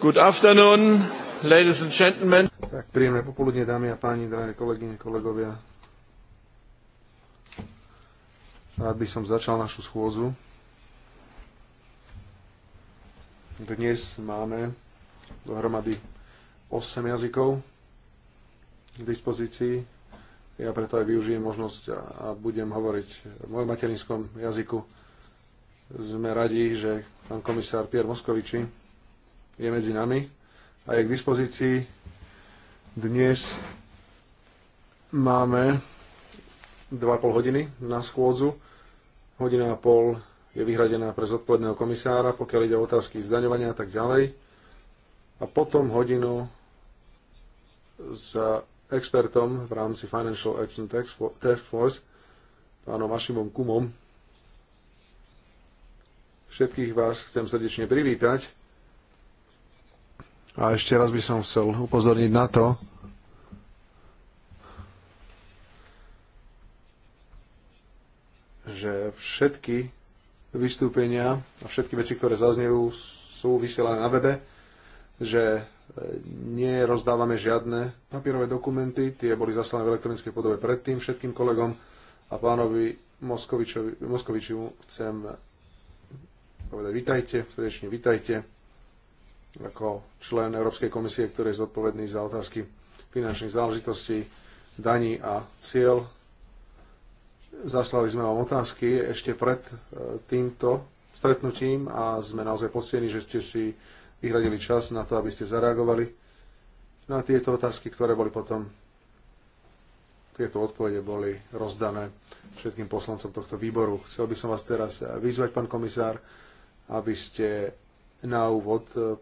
Good afternoon, ladies and gentlemen. Tak príjemné popoludne, dámy a páni, drahé kolegyne, kolegovia. Rád by som začal našu schôzu. Dnes máme dohromady 8 jazykov k dispozícii. Ja preto aj využijem možnosť a budem hovoriť v mojom materinskom jazyku sme radi, že pán komisár Pier Moskoviči je medzi nami a je k dispozícii. Dnes máme 2,5 hodiny na schôdzu. Hodina a pol je vyhradená pre zodpovedného komisára, pokiaľ ide o otázky zdaňovania a tak ďalej. A potom hodinu s expertom v rámci Financial Action Task Force, pánom Vašimom Kumom, Všetkých vás chcem srdečne privítať. A ešte raz by som chcel upozorniť na to, že všetky vystúpenia a všetky veci, ktoré zaznejú, sú vysielané na webe, že nerozdávame žiadne papierové dokumenty, tie boli zaslané v elektronickej podobe predtým všetkým kolegom a pánovi Moskovičovi, Moskovičimu chcem povedať vitajte, srdečne vitajte ako člen Európskej komisie, ktorý je zodpovedný za otázky finančných záležitostí, daní a cieľ. Zaslali sme vám otázky ešte pred e, týmto stretnutím a sme naozaj poctení, že ste si vyhradili čas na to, aby ste zareagovali na tieto otázky, ktoré boli potom tieto odpovede boli rozdané všetkým poslancom tohto výboru. Chcel by som vás teraz vyzvať, pán komisár, aby ste na úvod e,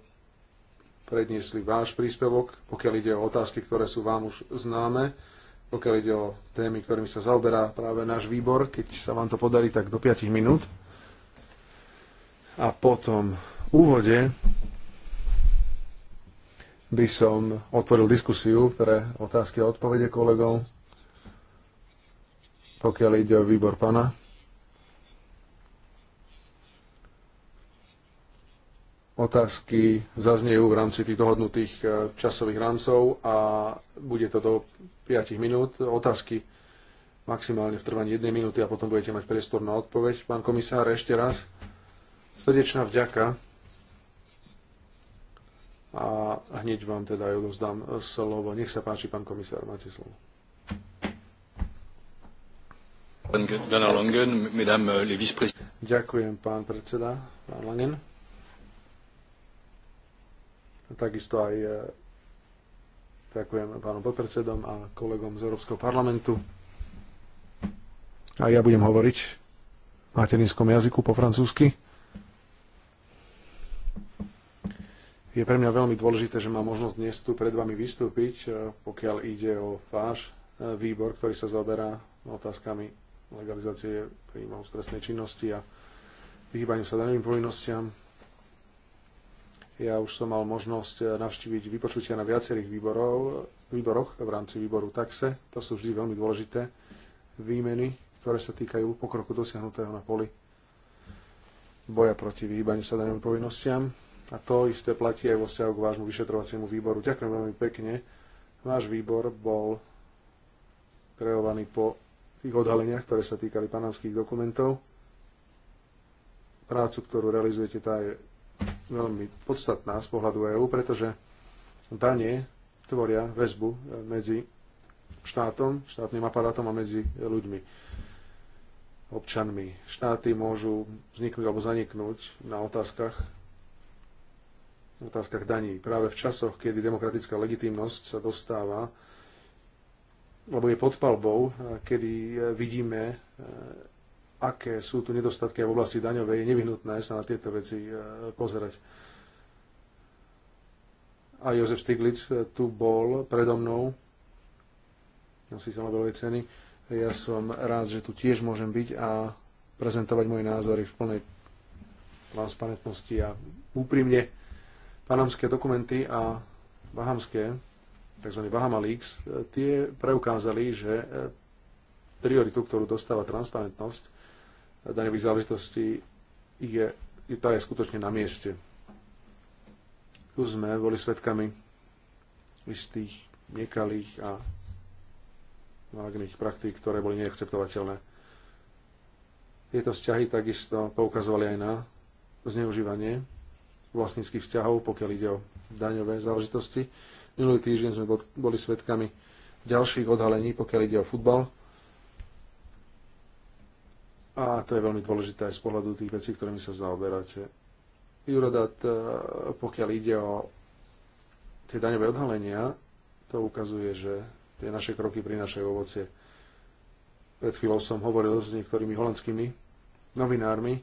predniesli váš príspevok, pokiaľ ide o otázky, ktoré sú vám už známe, pokiaľ ide o témy, ktorými sa zaoberá práve náš výbor, keď sa vám to podarí, tak do 5 minút. A potom v úvode by som otvoril diskusiu pre otázky a odpovede kolegov, pokiaľ ide o výbor pana. otázky zaznejú v rámci tých dohodnutých e, časových rámcov a bude to do 5 minút. Otázky maximálne v trvaní 1 minúty a potom budete mať priestor na odpoveď. Pán komisár, ešte raz srdečná vďaka a hneď vám teda aj odovzdám slovo. Nech sa páči, pán komisár, máte slovo. Ďakujem, pán predseda, pán Langen. Takisto aj e, ďakujem pánom podpredsedom a kolegom z Európskeho parlamentu. A ja budem hovoriť v materinskom jazyku po francúzsky. Je pre mňa veľmi dôležité, že mám možnosť dnes tu pred vami vystúpiť, e, pokiaľ ide o váš e, výbor, ktorý sa zaoberá otázkami legalizácie príjmov stresnej činnosti a vyhýbaniu sa daným povinnostiam ja už som mal možnosť eh, navštíviť vypočutia na viacerých výborov, výboroch v rámci výboru taxe. To sú vždy veľmi dôležité výmeny, ktoré sa týkajú pokroku dosiahnutého na poli boja proti vyhýbaniu sa daným povinnostiam. A to isté platí aj vo vzťahu k vášmu vyšetrovaciemu výboru. Ďakujem veľmi pekne. Náš výbor bol kreovaný po tých odhaleniach, ktoré sa týkali panamských dokumentov. Prácu, ktorú realizujete, tá je veľmi podstatná z pohľadu EÚ, pretože dane tvoria väzbu medzi štátom, štátnym aparátom a medzi ľuďmi, občanmi. Štáty môžu vzniknúť alebo zaniknúť na otázkach otázkach daní. Práve v časoch, kedy demokratická legitimnosť sa dostáva, alebo je pod palbou, kedy vidíme aké sú tu nedostatky v oblasti daňovej, je nevyhnutné sa na tieto veci e, pozerať. A Jozef Stiglic e, tu bol predo mnou, nositeľ veľkej ceny. Ja som rád, že tu tiež môžem byť a prezentovať moje názory v plnej transparentnosti a úprimne. Panamské dokumenty a bahamské, tzv. Bahama Leaks, e, tie preukázali, že prioritu, ktorú dostáva transparentnosť, daňových záležitostí je, je, tá je skutočne na mieste. Tu sme boli svedkami istých nekalých a vágných praktík, ktoré boli neakceptovateľné. Tieto vzťahy takisto poukazovali aj na zneužívanie vlastníckých vzťahov, pokiaľ ide o daňové záležitosti. Minulý týždeň sme boli svedkami ďalších odhalení, pokiaľ ide o futbal, a to je veľmi dôležité aj z pohľadu tých vecí, ktorými sa zaoberáte. Jurodat, e, pokiaľ ide o tie daňové odhalenia, to ukazuje, že tie naše kroky prinášajú ovocie. Pred chvíľou som hovoril s niektorými holandskými novinármi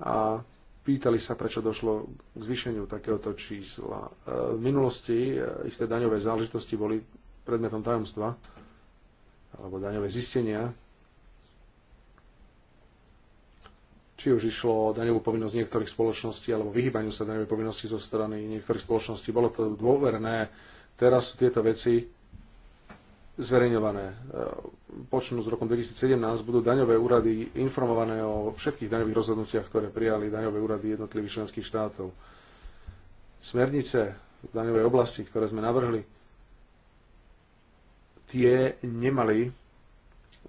a pýtali sa, prečo došlo k zvýšeniu takéhoto čísla. E, v minulosti e, isté daňové záležitosti boli predmetom tajomstva alebo daňové zistenia či už išlo o daňovú povinnosť niektorých spoločností alebo vyhýbaniu sa daňovej povinnosti zo strany niektorých spoločností. Bolo to dôverné. Teraz sú tieto veci zverejňované. Počnú z rokom 2017 budú daňové úrady informované o všetkých daňových rozhodnutiach, ktoré prijali daňové úrady jednotlivých členských štátov. Smernice v daňovej oblasti, ktoré sme navrhli, tie nemali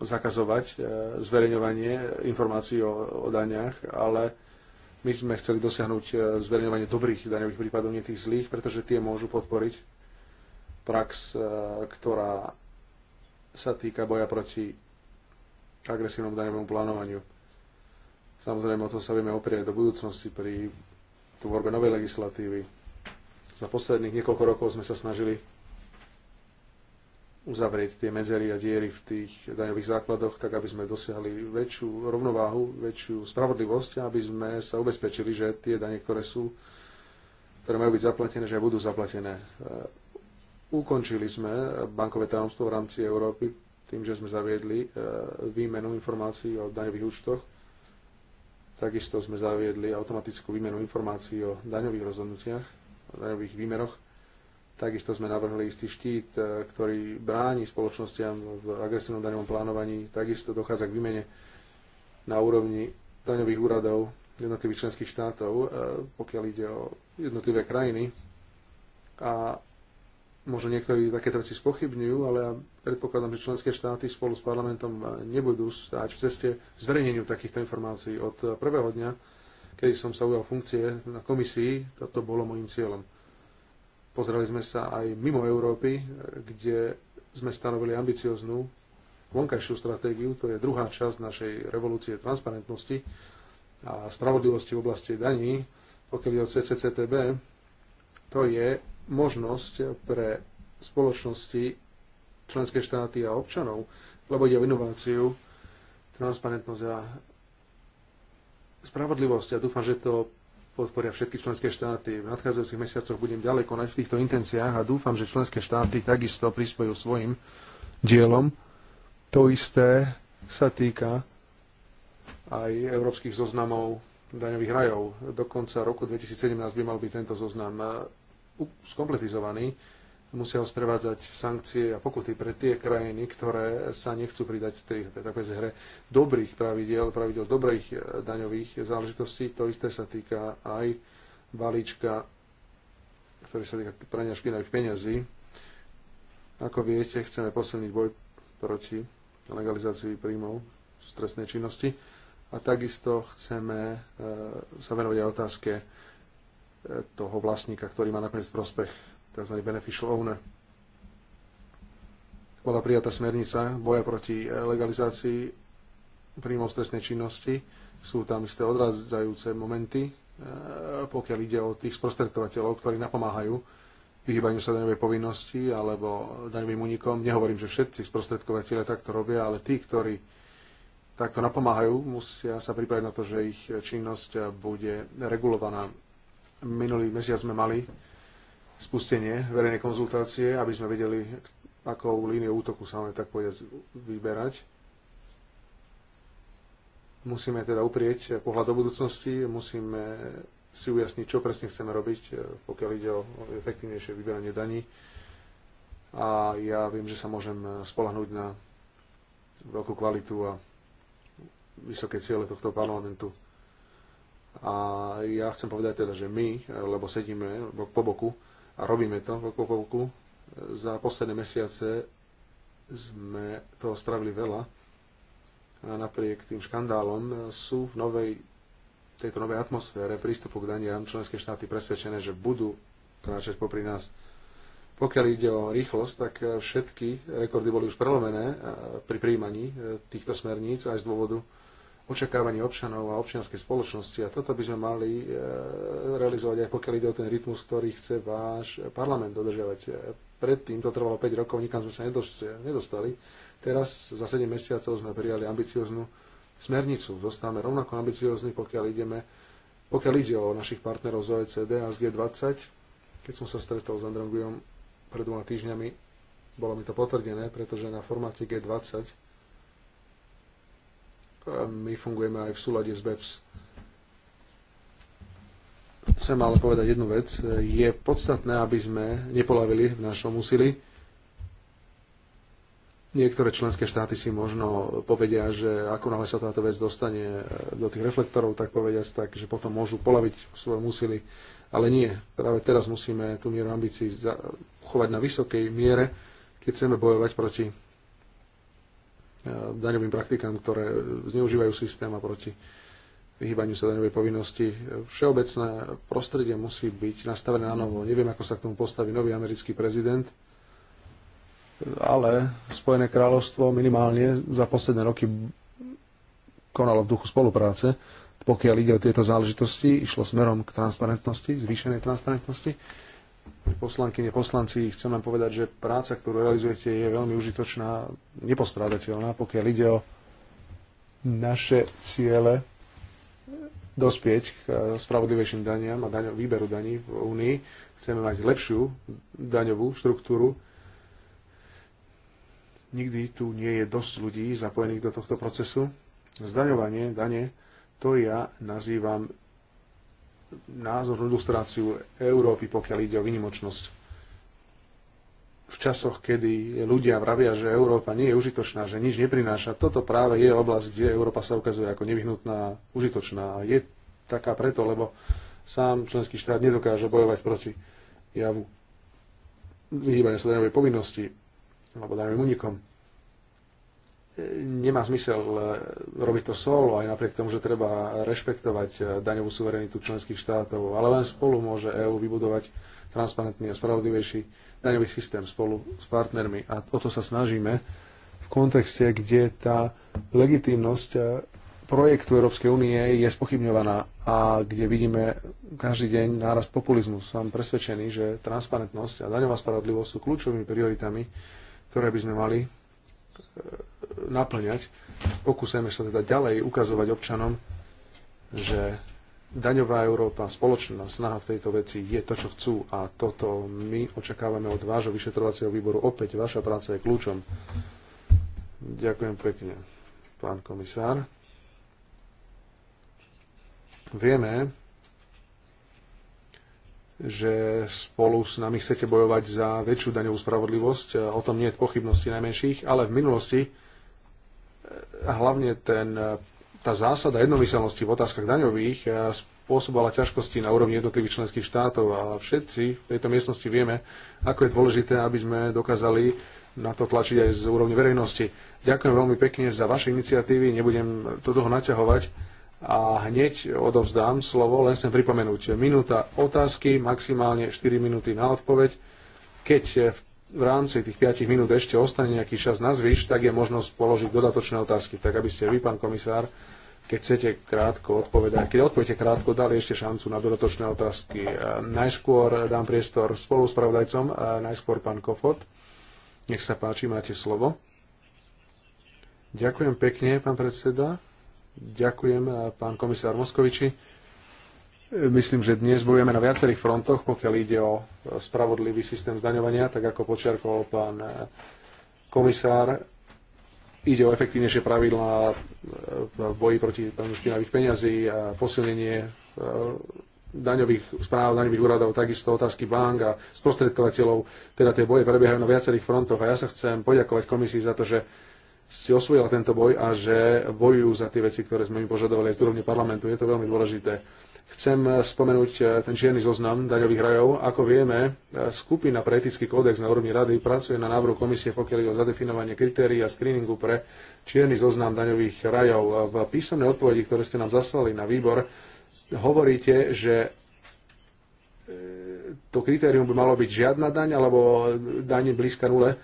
zakazovať e, zverejňovanie informácií o, o daniach, ale my sme chceli dosiahnuť e, zverejňovanie dobrých daňových prípadov, nie tých zlých, pretože tie môžu podporiť prax, e, ktorá sa týka boja proti agresívnom daňovému plánovaniu. Samozrejme, o to sa vieme oprieť do budúcnosti pri tvorbe novej legislatívy. Za posledných niekoľko rokov sme sa snažili uzavrieť tie medzery a diery v tých daňových základoch, tak aby sme dosiahli väčšiu rovnováhu, väčšiu spravodlivosť a aby sme sa ubezpečili, že tie dane, ktoré sú, ktoré majú byť zaplatené, že aj budú zaplatené. E, ukončili sme bankové tajomstvo v rámci Európy tým, že sme zaviedli e, výmenu informácií o daňových účtoch. Takisto sme zaviedli automatickú výmenu informácií o daňových rozhodnutiach, o daňových výmeroch Takisto sme navrhli istý štít, e, ktorý bráni spoločnostiam v agresívnom daňovom plánovaní. Takisto dochádza k výmene na úrovni daňových úradov jednotlivých členských štátov, e, pokiaľ ide o jednotlivé krajiny. A možno niektorí takéto veci spochybňujú, ale ja predpokladám, že členské štáty spolu s parlamentom e, nebudú stáť v ceste zverejneniu takýchto informácií. Od prvého dňa, kedy som sa ujal funkcie na komisii, toto bolo môjim cieľom. Pozerali sme sa aj mimo Európy, e, kde sme stanovili ambicioznú vonkajšiu stratégiu, to je druhá časť našej revolúcie transparentnosti a spravodlivosti v oblasti daní, pokiaľ je o CCCTB, to je možnosť pre spoločnosti, členské štáty a občanov, lebo ide o inováciu, transparentnosť a spravodlivosť. Ja dúfam, že to podporia všetky členské štáty. V nadchádzajúcich mesiacoch budem ďalej konať v týchto intenciách a dúfam, že členské štáty takisto prispojú svojim dielom. To isté sa týka aj európskych zoznamov daňových rajov. Do konca roku 2017 by mal byť tento zoznam eh, skompletizovaný musia ho sprevádzať sankcie a pokuty pre tie krajiny, ktoré sa nechcú pridať v tej takovej hre dobrých pravidiel, pravidel dobrých e, daňových záležitostí. To isté sa týka aj balíčka, ktorý sa týka prania špinavých peňazí. Ako viete, chceme posilniť boj proti legalizácii príjmov z trestnej činnosti a takisto chceme e, sa venovať aj otázke e, toho vlastníka, ktorý má nakoniec prospech tzv. beneficial owner. Bola prijatá smernica boja proti e, legalizácii príjmov stresnej činnosti. Sú tam isté odrádzajúce momenty, e, pokiaľ ide o tých sprostredkovateľov, ktorí napomáhajú vyhýbaniu sa daňovej povinnosti alebo daňovým únikom. Nehovorím, že všetci sprostredkovateľe takto robia, ale tí, ktorí takto napomáhajú, musia sa pripraviť na to, že ich činnosť bude regulovaná. Minulý mesiac sme mali spustenie verejnej konzultácie, aby sme vedeli, akou líniu útoku sa máme tak povedať vyberať. Musíme teda uprieť pohľad do budúcnosti, musíme si ujasniť, čo presne chceme robiť, eh, pokiaľ ide o efektívnejšie vyberanie daní. A ja viem, že sa môžem eh, spolahnúť na veľkú kvalitu a vysoké ciele tohto parlamentu. A ja chcem povedať teda, že my, eh, lebo sedíme po boku a robíme to v okolku. Za posledné mesiace sme toho spravili veľa a napriek tým škandálom sú v novej, tejto novej atmosfére prístupu k daniam členské štáty presvedčené, že budú kráčať popri nás. Pokiaľ ide o rýchlosť, tak všetky rekordy boli už prelomené pri príjmaní eh, týchto smerníc aj z dôvodu očakávaní občanov a občianskej spoločnosti. A toto by sme mali e, realizovať aj pokiaľ ide o ten rytmus, ktorý chce váš parlament dodržiavať. E, predtým to trvalo 5 rokov, nikam sme sa nedostali. Teraz za 7 mesiacov sme prijali ambicioznú smernicu. Zostávame rovnako ambiciozni, pokiaľ ideme pokiaľ ide o našich partnerov z OECD a z G20, keď som sa stretol s Androm Gujom pred dvoma týždňami, bolo mi to potvrdené, pretože na formáte G20 my fungujeme aj v súlade s BEPS. Chcem ale povedať jednu vec. Je podstatné, aby sme nepolavili v našom úsilí. Niektoré členské štáty si možno povedia, že ako náhle sa táto vec dostane eh, do tých reflektorov, tak povedia, tak, že potom môžu polaviť v svojom úsilí. Ale nie. Práve teraz musíme tú mieru ambícií chovať na vysokej miere, keď chceme bojovať proti E, daňovým praktikám, ktoré zneužívajú systém a proti vyhýbaniu sa daňovej povinnosti. E, všeobecné prostredie musí byť nastavené na novo. Neviem, ako sa k tomu postaví nový americký prezident, ale Spojené kráľovstvo minimálne za posledné roky konalo v duchu spolupráce. Pokiaľ ide o tieto záležitosti, išlo smerom k transparentnosti, zvýšenej transparentnosti poslankyne, poslanci, chcem vám povedať, že práca, ktorú realizujete, je veľmi užitočná, nepostrádateľná, pokiaľ ide o naše ciele dospieť k eh, spravodlivejším daniam a daňo, výberu daní v Únii. Chceme mať lepšiu daňovú štruktúru. Nikdy tu nie je dosť ľudí zapojených do tohto procesu. Zdaňovanie, dane, to ja nazývam názor, ilustráciu Európy, pokiaľ ide o vynimočnosť. V časoch, kedy ľudia vravia, že Európa nie je užitočná, že nič neprináša, toto práve je oblasť, kde Európa sa ukazuje ako nevyhnutná, užitočná. Je taká preto, lebo sám členský štát nedokáže bojovať proti javu vyhýbania sa daňovej povinnosti alebo daňovým únikom nemá zmysel e, robiť to solo, aj napriek tomu, že treba rešpektovať e, daňovú suverenitu členských štátov, ale len spolu môže EÚ vybudovať transparentný a spravodlivejší daňový systém spolu s partnermi. A o to sa snažíme v kontexte, kde tá legitímnosť e, projektu Európskej únie je spochybňovaná a kde vidíme každý deň nárast populizmu. Som presvedčený, že transparentnosť a daňová spravodlivosť sú kľúčovými prioritami, ktoré by sme mali E, naplňať. Pokúsame sa teda ďalej ukazovať občanom, že daňová Európa, spoločná snaha v tejto veci je to, čo chcú a toto my očakávame od vášho vyšetrovacieho výboru. Opäť vaša práca je kľúčom. Ďakujem pekne, pán komisár. Vieme, že spolu s nami chcete bojovať za väčšiu daňovú spravodlivosť. E, o tom nie je pochybnosti najmenších, ale v minulosti e, hlavne ten, e, tá zásada jednomyselnosti v otázkach daňových spôsobala ťažkosti na úrovni jednotlivých členských štátov a všetci v tejto miestnosti vieme, ako je dôležité, aby sme dokázali na to tlačiť aj z úrovne verejnosti. Ďakujem veľmi pekne za vaše iniciatívy, nebudem to dlho naťahovať a hneď odovzdám slovo, len chcem pripomenúť, minúta otázky, maximálne 4 minúty na odpoveď. Keď v rámci tých 5 minút ešte ostane nejaký čas na zvyš, tak je možnosť položiť dodatočné otázky, tak aby ste vy, pán komisár, keď chcete krátko odpovedať, keď odpovedete krátko, dali ešte šancu na dodatočné otázky. Najskôr dám priestor spolu s pravdajcom, najskôr pán Kofot. Nech sa páči, máte slovo. Ďakujem pekne, pán predseda. Ďakujem, eh, pán komisár Moskoviči. Myslím, že dnes bojujeme na viacerých frontoch, pokiaľ ide o eh, spravodlivý systém zdaňovania, tak ako počiarkol pán eh, komisár. Ide o efektívnejšie pravidlá v boji proti praniu špinavých peňazí, a posilnenie daňových správ, daňových úradov, takisto otázky bank a sprostredkovateľov. Teda tie boje prebiehajú na viacerých frontoch a ja sa chcem poďakovať komisii za to, že si osvojila tento boj a že bojujú za tie veci, ktoré sme im požadovali aj z úrovne parlamentu. Je to veľmi dôležité. Chcem eh, spomenúť eh, ten čierny zoznam daňových rajov. Ako vieme, eh, skupina pre etický kódex na úrovni rady pracuje na návrhu komisie, pokiaľ je o zadefinovanie kritérií a screeningu pre čierny zoznam daňových rajov. V písomnej odpovedi, ktoré ste nám zaslali na výbor, hovoríte, že to kritérium by malo byť žiadna daň alebo daň blízka nule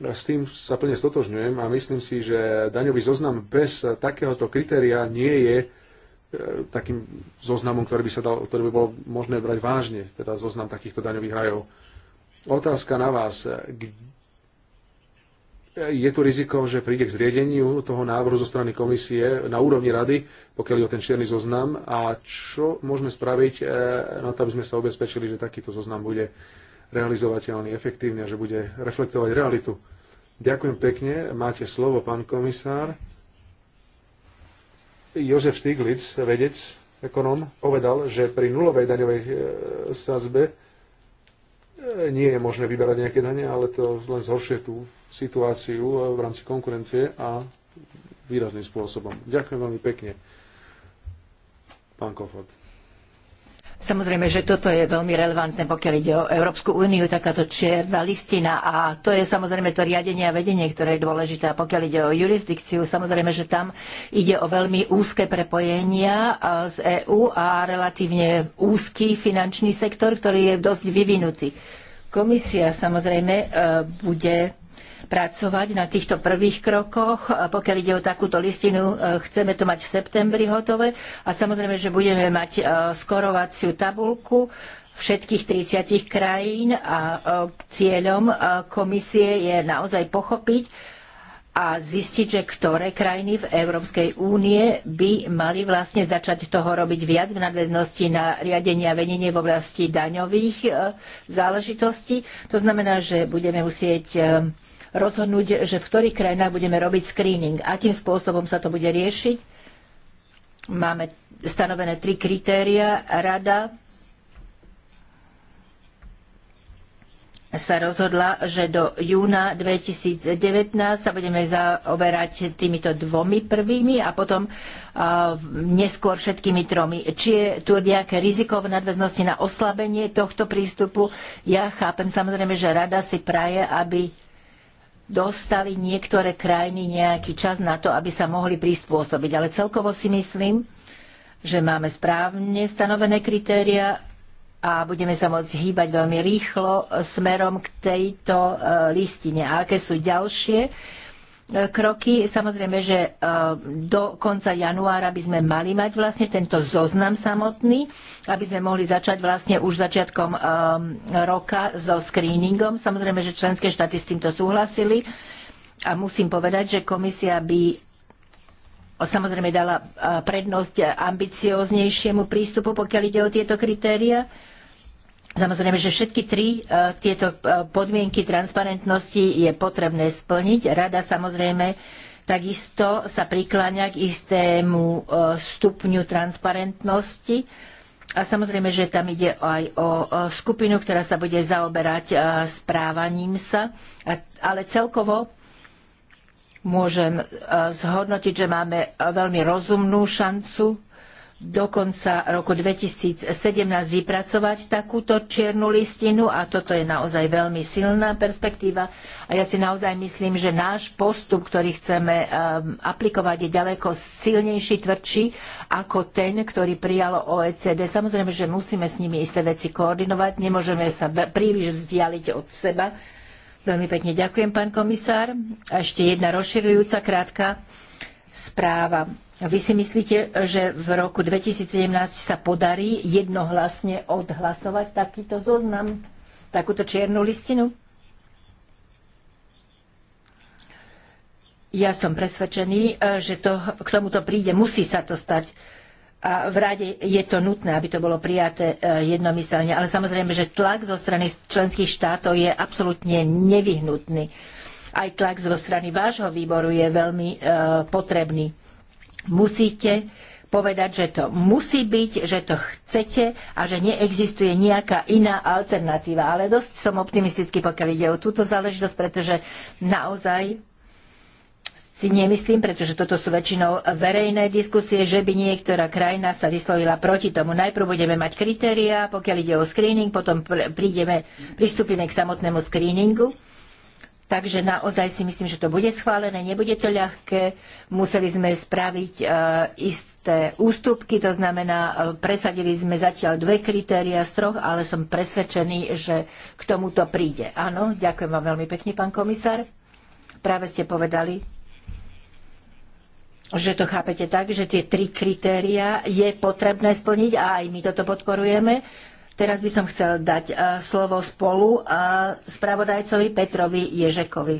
s tým sa plne stotožňujem a myslím si, že daňový zoznam bez takéhoto kritéria nie je e, takým zoznamom, ktorý by, sa dal, ktorý by bolo možné brať vážne, teda zoznam takýchto daňových rajov. Otázka na vás. Je tu riziko, že príde k zriedeniu toho návrhu zo strany komisie na úrovni rady, pokiaľ je o ten čierny zoznam? A čo môžeme spraviť e, na to, aby sme sa ubezpečili, že takýto zoznam bude realizovateľný, efektívny a že bude reflektovať realitu. Ďakujem pekne. Máte slovo, pán komisár. Jozef Stiglic, vedec, ekonom, povedal, že pri nulovej daňovej e, sazbe e, nie je možné vyberať nejaké dane, ale to len zhoršuje tú situáciu e, v rámci konkurencie a výrazným spôsobom. Ďakujem veľmi pekne. Pán Kofot. Samozrejme, že toto je veľmi relevantné, pokiaľ ide o Európsku úniu, takáto čierna listina a to je samozrejme to riadenie a vedenie, ktoré je dôležité. A pokiaľ ide o jurisdikciu, samozrejme, že tam ide o veľmi úzke prepojenia z EÚ a relatívne úzky finančný sektor, ktorý je dosť vyvinutý. Komisia samozrejme e, bude pracovať na týchto prvých krokoch. A pokiaľ ide o takúto listinu, e, chceme to mať v septembri hotové a samozrejme, že budeme mať e, skorovaciu tabulku všetkých 30 krajín a e, cieľom komisie je naozaj pochopiť, a zistiť, že ktoré krajiny v Európskej únie by mali vlastne začať toho robiť viac v nadväznosti na riadenie a venenie v oblasti daňových záležitostí. To znamená, že budeme musieť rozhodnúť, že v ktorých krajinách budeme robiť screening, akým spôsobom sa to bude riešiť. Máme stanovené tri kritéria. Rada sa rozhodla, že do júna 2019 sa budeme zaoberať týmito dvomi prvými a potom neskôr všetkými tromi. Či je tu nejaké riziko v nadväznosti na oslabenie tohto prístupu? Ja chápem samozrejme, že rada si praje, aby dostali niektoré krajiny nejaký čas na to, aby sa mohli prispôsobiť. Ale celkovo si myslím, že máme správne stanovené kritéria a budeme sa môcť hýbať veľmi rýchlo smerom k tejto e, listine. A aké sú ďalšie? kroky. Samozrejme, že e, do konca januára by sme mali mať vlastne tento zoznam samotný, aby sme mohli začať vlastne už začiatkom e, roka so screeningom. Samozrejme, že členské štáty s týmto súhlasili a musím povedať, že komisia by e, samozrejme dala prednosť ambicioznejšiemu prístupu, pokiaľ ide o tieto kritéria Samozrejme, že všetky tri e, tieto e, podmienky transparentnosti je potrebné splniť. Rada samozrejme takisto sa prikláňa k istému e, stupňu transparentnosti. A samozrejme, že tam ide aj o skupinu, ktorá sa bude zaoberať správaním sa. Ale celkovo môžem zhodnotiť, že máme veľmi rozumnú šancu do konca roku 2017 vypracovať takúto čiernu listinu a toto je naozaj veľmi silná perspektíva a ja si naozaj myslím, že náš postup, ktorý chceme um, aplikovať, je ďaleko silnejší, tvrdší ako ten, ktorý prijalo OECD. Samozrejme, že musíme s nimi isté veci koordinovať, nemôžeme sa príliš vzdialiť od seba. Veľmi pekne ďakujem, pán komisár. A ešte jedna rozširujúca krátka správa. Vy si myslíte, že v roku 2017 sa podarí jednohlasne odhlasovať takýto zoznam, takúto čiernu listinu? Ja som presvedčený, eh, že to, k tomuto príde, musí sa to stať. A v rade je to nutné, aby to bolo prijaté eh, jednomyselne. Ale samozrejme, že tlak zo strany členských štátov je absolútne nevyhnutný aj tlak zo strany vášho výboru je veľmi e, potrebný. Musíte povedať, že to musí byť, že to chcete a že neexistuje nejaká iná alternatíva. Ale dosť som optimistický, pokiaľ ide o túto záležitosť, pretože naozaj si nemyslím, pretože toto sú väčšinou verejné diskusie, že by niektorá krajina sa vyslovila proti tomu. Najprv budeme mať kritériá, pokiaľ ide o screening, potom prídeme, pristúpime k samotnému screeningu Takže naozaj si myslím, že to bude schválené, nebude to ľahké. Museli sme spraviť e, isté ústupky, to znamená, e, presadili sme zatiaľ dve kritéria z troch, ale som presvedčený, že k tomuto príde. Áno, ďakujem vám veľmi pekne, pán komisár. Práve ste povedali, že to chápete tak, že tie tri kritéria je potrebné splniť a aj my toto podporujeme Teraz by som chcel dať e, slovo spolu e, spravodajcovi Petrovi Ježekovi.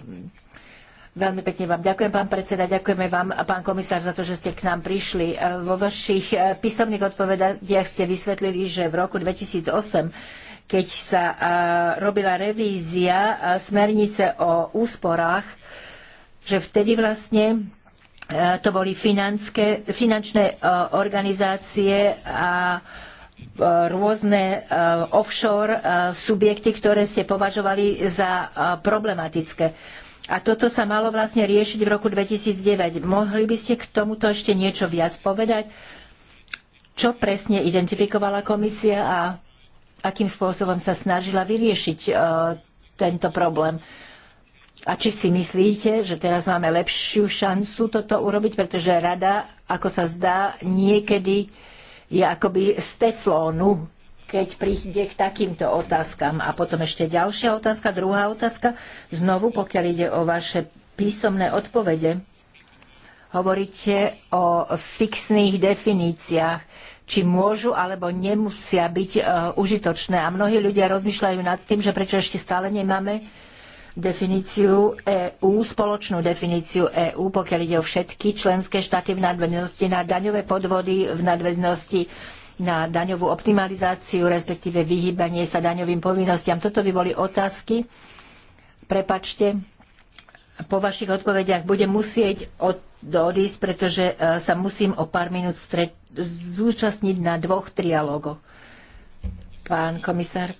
Veľmi pekne vám ďakujem, pán predseda, ďakujeme vám, pán komisár, za to, že ste k nám prišli. E, vo vašich písomných odpovediach ste vysvetlili, že v roku 2008 keď sa robila revízia smernice o úsporách, že vtedy vlastne to boli finančné organizácie a rôzne e, offshore e, subjekty, ktoré ste považovali za e, problematické. A toto sa malo vlastne riešiť v roku 2009. Mohli by ste k tomuto ešte niečo viac povedať? Čo presne identifikovala komisia a akým spôsobom sa snažila vyriešiť tento problém? A či si myslíte, že teraz máme lepšiu šancu toto urobiť, pretože rada, ako sa zdá, niekedy je akoby z teflónu, keď príde k takýmto otázkam. A potom ešte ďalšia otázka, druhá otázka. Znovu, pokiaľ ide o vaše písomné odpovede, hovoríte o fixných definíciách, či môžu alebo nemusia byť uh, užitočné. A mnohí ľudia rozmýšľajú nad tým, že prečo ešte stále nemáme definíciu EÚ, spoločnú definíciu EÚ, pokiaľ ide o všetky členské štáty v nadväznosti na daňové podvody, v nadväznosti na daňovú optimalizáciu, respektíve vyhýbanie sa daňovým povinnostiam. Toto by boli otázky. Prepačte, po vašich odpovediach budem musieť od, odísť, pretože e, sa musím o pár minút stret, zúčastniť na dvoch trialógoch. Pán komisár,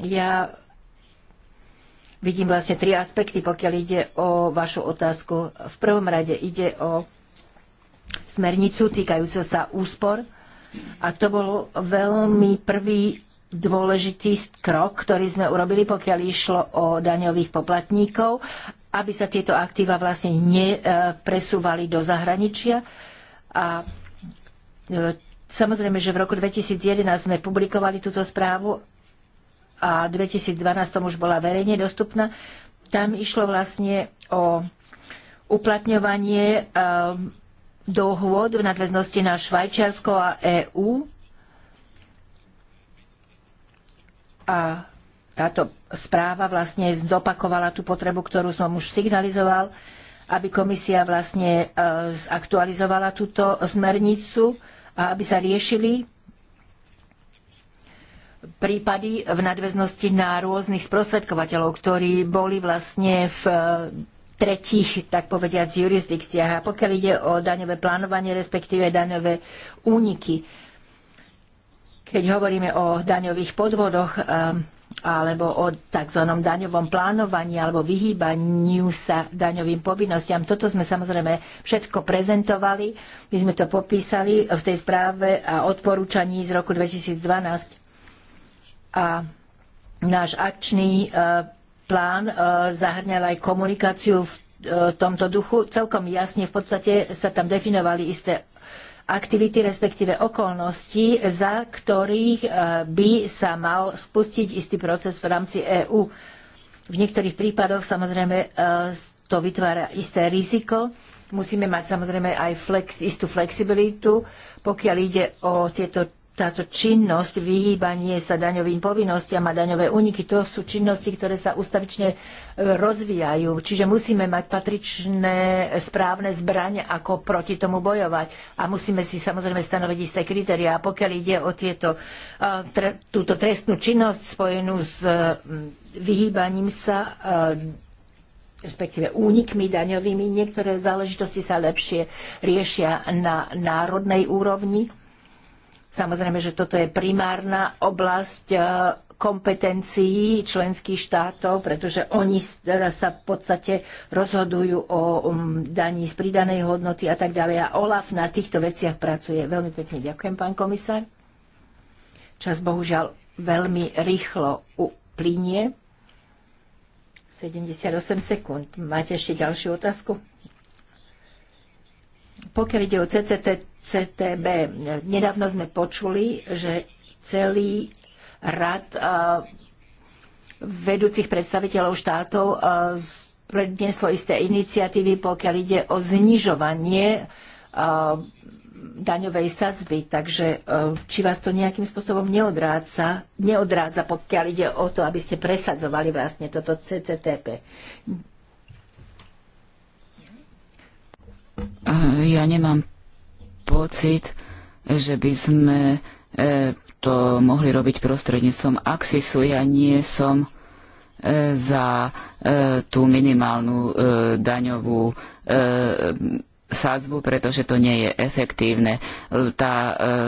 ja vidím vlastne tri aspekty, pokiaľ ide o vašu otázku. V prvom rade ide o smernicu týkajúcu sa úspor a to bol veľmi prvý dôležitý krok, ktorý sme urobili, pokiaľ išlo o daňových poplatníkov, aby sa tieto aktíva vlastne nepresúvali do zahraničia. A e, samozrejme, že v roku 2011 sme publikovali túto správu a 2012 tom už bola verejne dostupná. Tam išlo vlastne o uplatňovanie ehm, dohôd v nadväznosti na Švajčiarsko a EÚ. A táto správa vlastne zdopakovala tú potrebu, ktorú som už signalizoval, aby komisia vlastne ehm, zaktualizovala túto smernicu a aby sa riešili prípady v nadväznosti na rôznych sprostredkovateľov, ktorí boli vlastne v e, tretích, tak povediať, jurisdikciách. A pokiaľ ide o daňové plánovanie, respektíve daňové úniky, keď hovoríme o daňových podvodoch e, alebo o tzv. daňovom plánovaní alebo vyhýbaniu sa daňovým povinnostiam. Toto sme samozrejme všetko prezentovali, my sme to popísali v tej správe a odporúčaní z roku 2012 a náš akčný e, plán e, zahrňal aj komunikáciu v e, tomto duchu. Celkom jasne v podstate sa tam definovali isté aktivity, respektíve okolnosti, za ktorých by sa mal spustiť istý proces v rámci EÚ. V niektorých prípadoch samozrejme to vytvára isté riziko. Musíme mať samozrejme aj flex, istú flexibilitu, pokiaľ ide o tieto táto činnosť, vyhýbanie sa daňovým povinnostiam a daňové úniky, to sú činnosti, ktoré sa ustavične e, rozvíjajú. Čiže musíme mať patričné správne zbranie, ako proti tomu bojovať. A musíme si samozrejme stanoviť isté kritériá. A pokiaľ ide o tieto, túto trestnú činnosť spojenú s vyhýbaním sa e, respektíve únikmi daňovými, niektoré záležitosti sa lepšie riešia na národnej úrovni Samozrejme, že toto je primárna oblasť e, kompetencií členských štátov, pretože oni sa v podstate rozhodujú o um, daní z pridanej hodnoty a tak ďalej. A OLAF na týchto veciach pracuje. Veľmi pekne ďakujem, pán komisár. Čas bohužiaľ veľmi rýchlo uplynie. 78 sekúnd. Máte ešte ďalšiu otázku? Pokiaľ ide o CCT, CTB. Nedávno sme počuli, že celý rad e, vedúcich predstaviteľov štátov e, prednieslo isté iniciatívy, pokiaľ ide o znižovanie e, daňovej sadzby. Takže či vás to nejakým spôsobom neodrádza, neodrádza, pokiaľ ide o to, aby ste presadzovali vlastne toto CCTP? Ja nemám pocit, že by sme e, to mohli robiť prostredníctvom Axisu. Ja nie som e, za e, tú minimálnu daňovú sadzbu, pretože to nie je efektívne. Tá,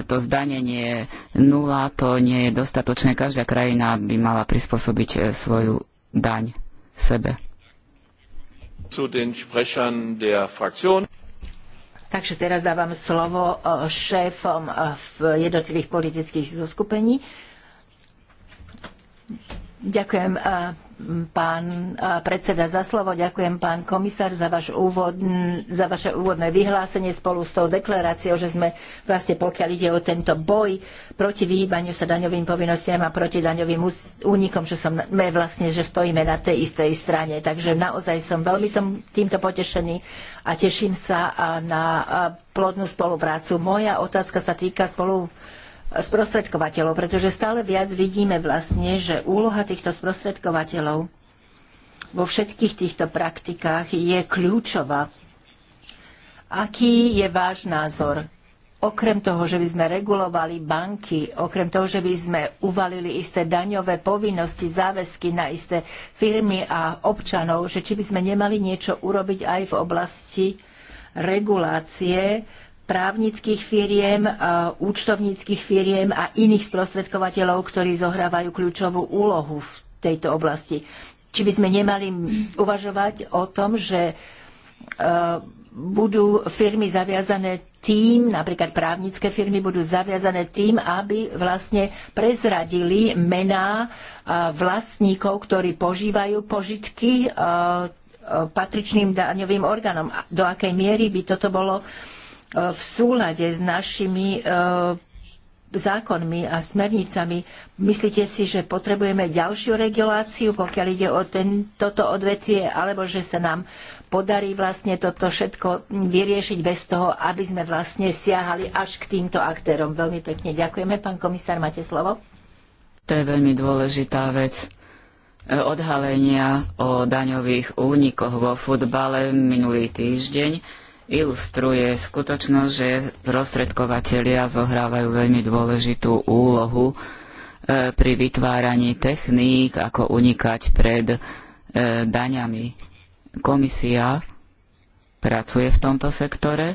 to zdanenie nula, to nie je dostatočné. Každá krajina by mala prispôsobiť svoju daň sebe. Zu den Sprechern der Fraktion. Takže teraz dávam slovo e, šéfom e, v jednotlivých politických zoskupení. Ďakujem e, pán predseda za slovo, ďakujem pán komisár za, vaš úvod, za vaše úvodné vyhlásenie spolu s tou deklaráciou, že sme vlastne pokiaľ ide o tento boj proti vyhýbaniu sa daňovým povinnostiam a proti daňovým únikom, že sme vlastne, že stojíme na tej istej strane. Takže naozaj som veľmi tom, týmto potešený a teším sa na plodnú spoluprácu. Moja otázka sa týka spolupráce sprostredkovateľov, pretože stále viac vidíme vlastne, že úloha týchto sprostredkovateľov vo všetkých týchto praktikách je kľúčová. Aký je váš názor? Okrem toho, že by sme regulovali banky, okrem toho, že by sme uvalili isté daňové povinnosti, záväzky na isté firmy a občanov, že či by sme nemali niečo urobiť aj v oblasti regulácie právnických firiem, e, účtovníckých firiem a iných sprostredkovateľov, ktorí zohrávajú kľúčovú úlohu v tejto oblasti. Či by sme nemali uvažovať o tom, že e, budú firmy zaviazané tým, napríklad právnické firmy budú zaviazané tým, aby vlastne prezradili mená e, vlastníkov, ktorí požívajú požitky patričným daňovým orgánom. Do akej miery by toto bolo v súlade s našimi e, zákonmi a smernicami. Myslíte si, že potrebujeme ďalšiu reguláciu, pokiaľ ide o ten, toto odvetvie, alebo že sa nám podarí vlastne toto všetko vyriešiť bez toho, aby sme vlastne siahali až k týmto aktérom. Veľmi pekne ďakujeme. Pán komisár, máte slovo? To je veľmi dôležitá vec. E, odhalenia o daňových únikoch vo futbale minulý týždeň ilustruje skutočnosť, že prostredkovateľia zohrávajú veľmi dôležitú úlohu e, pri vytváraní techník, ako unikať pred e, daňami. Komisia pracuje v tomto sektore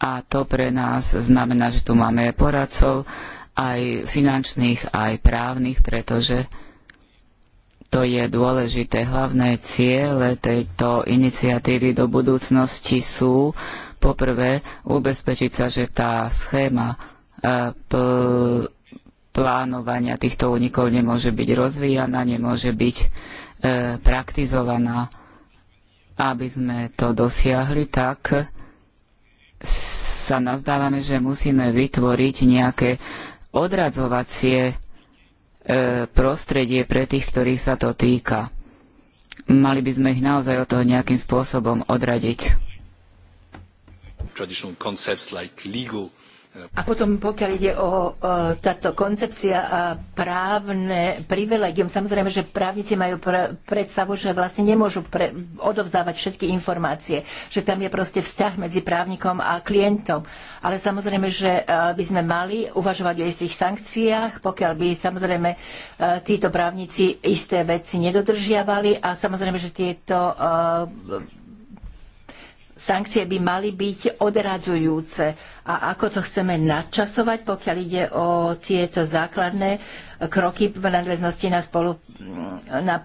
a to pre nás znamená, že tu máme poradcov aj finančných, aj právnych, pretože to je dôležité. Hlavné ciele tejto iniciatívy do budúcnosti sú poprvé ubezpečiť sa, že tá schéma e, plánovania týchto únikov nemôže byť rozvíjana, nemôže byť e, praktizovaná. Aby sme to dosiahli, tak sa nazdávame, že musíme vytvoriť nejaké odradzovacie E, prostredie pre tých, ktorých sa to týka. Mali by sme ich naozaj od toho nejakým spôsobom odradiť. Traditional concepts like legal a potom, pokiaľ ide o, o táto koncepcia a právne privilegium, samozrejme, že právnici majú pr- predstavu, že vlastne nemôžu pre, odovzdávať všetky informácie, že tam je proste vzťah medzi právnikom a klientom. Ale samozrejme, že e, by sme mali uvažovať o istých sankciách, pokiaľ by samozrejme e, títo právnici isté veci nedodržiavali a samozrejme, že tieto e, sankcie by mali byť odradzujúce. A ako to chceme nadčasovať, pokiaľ ide o tieto základné kroky v nadväznosti na spolu na e,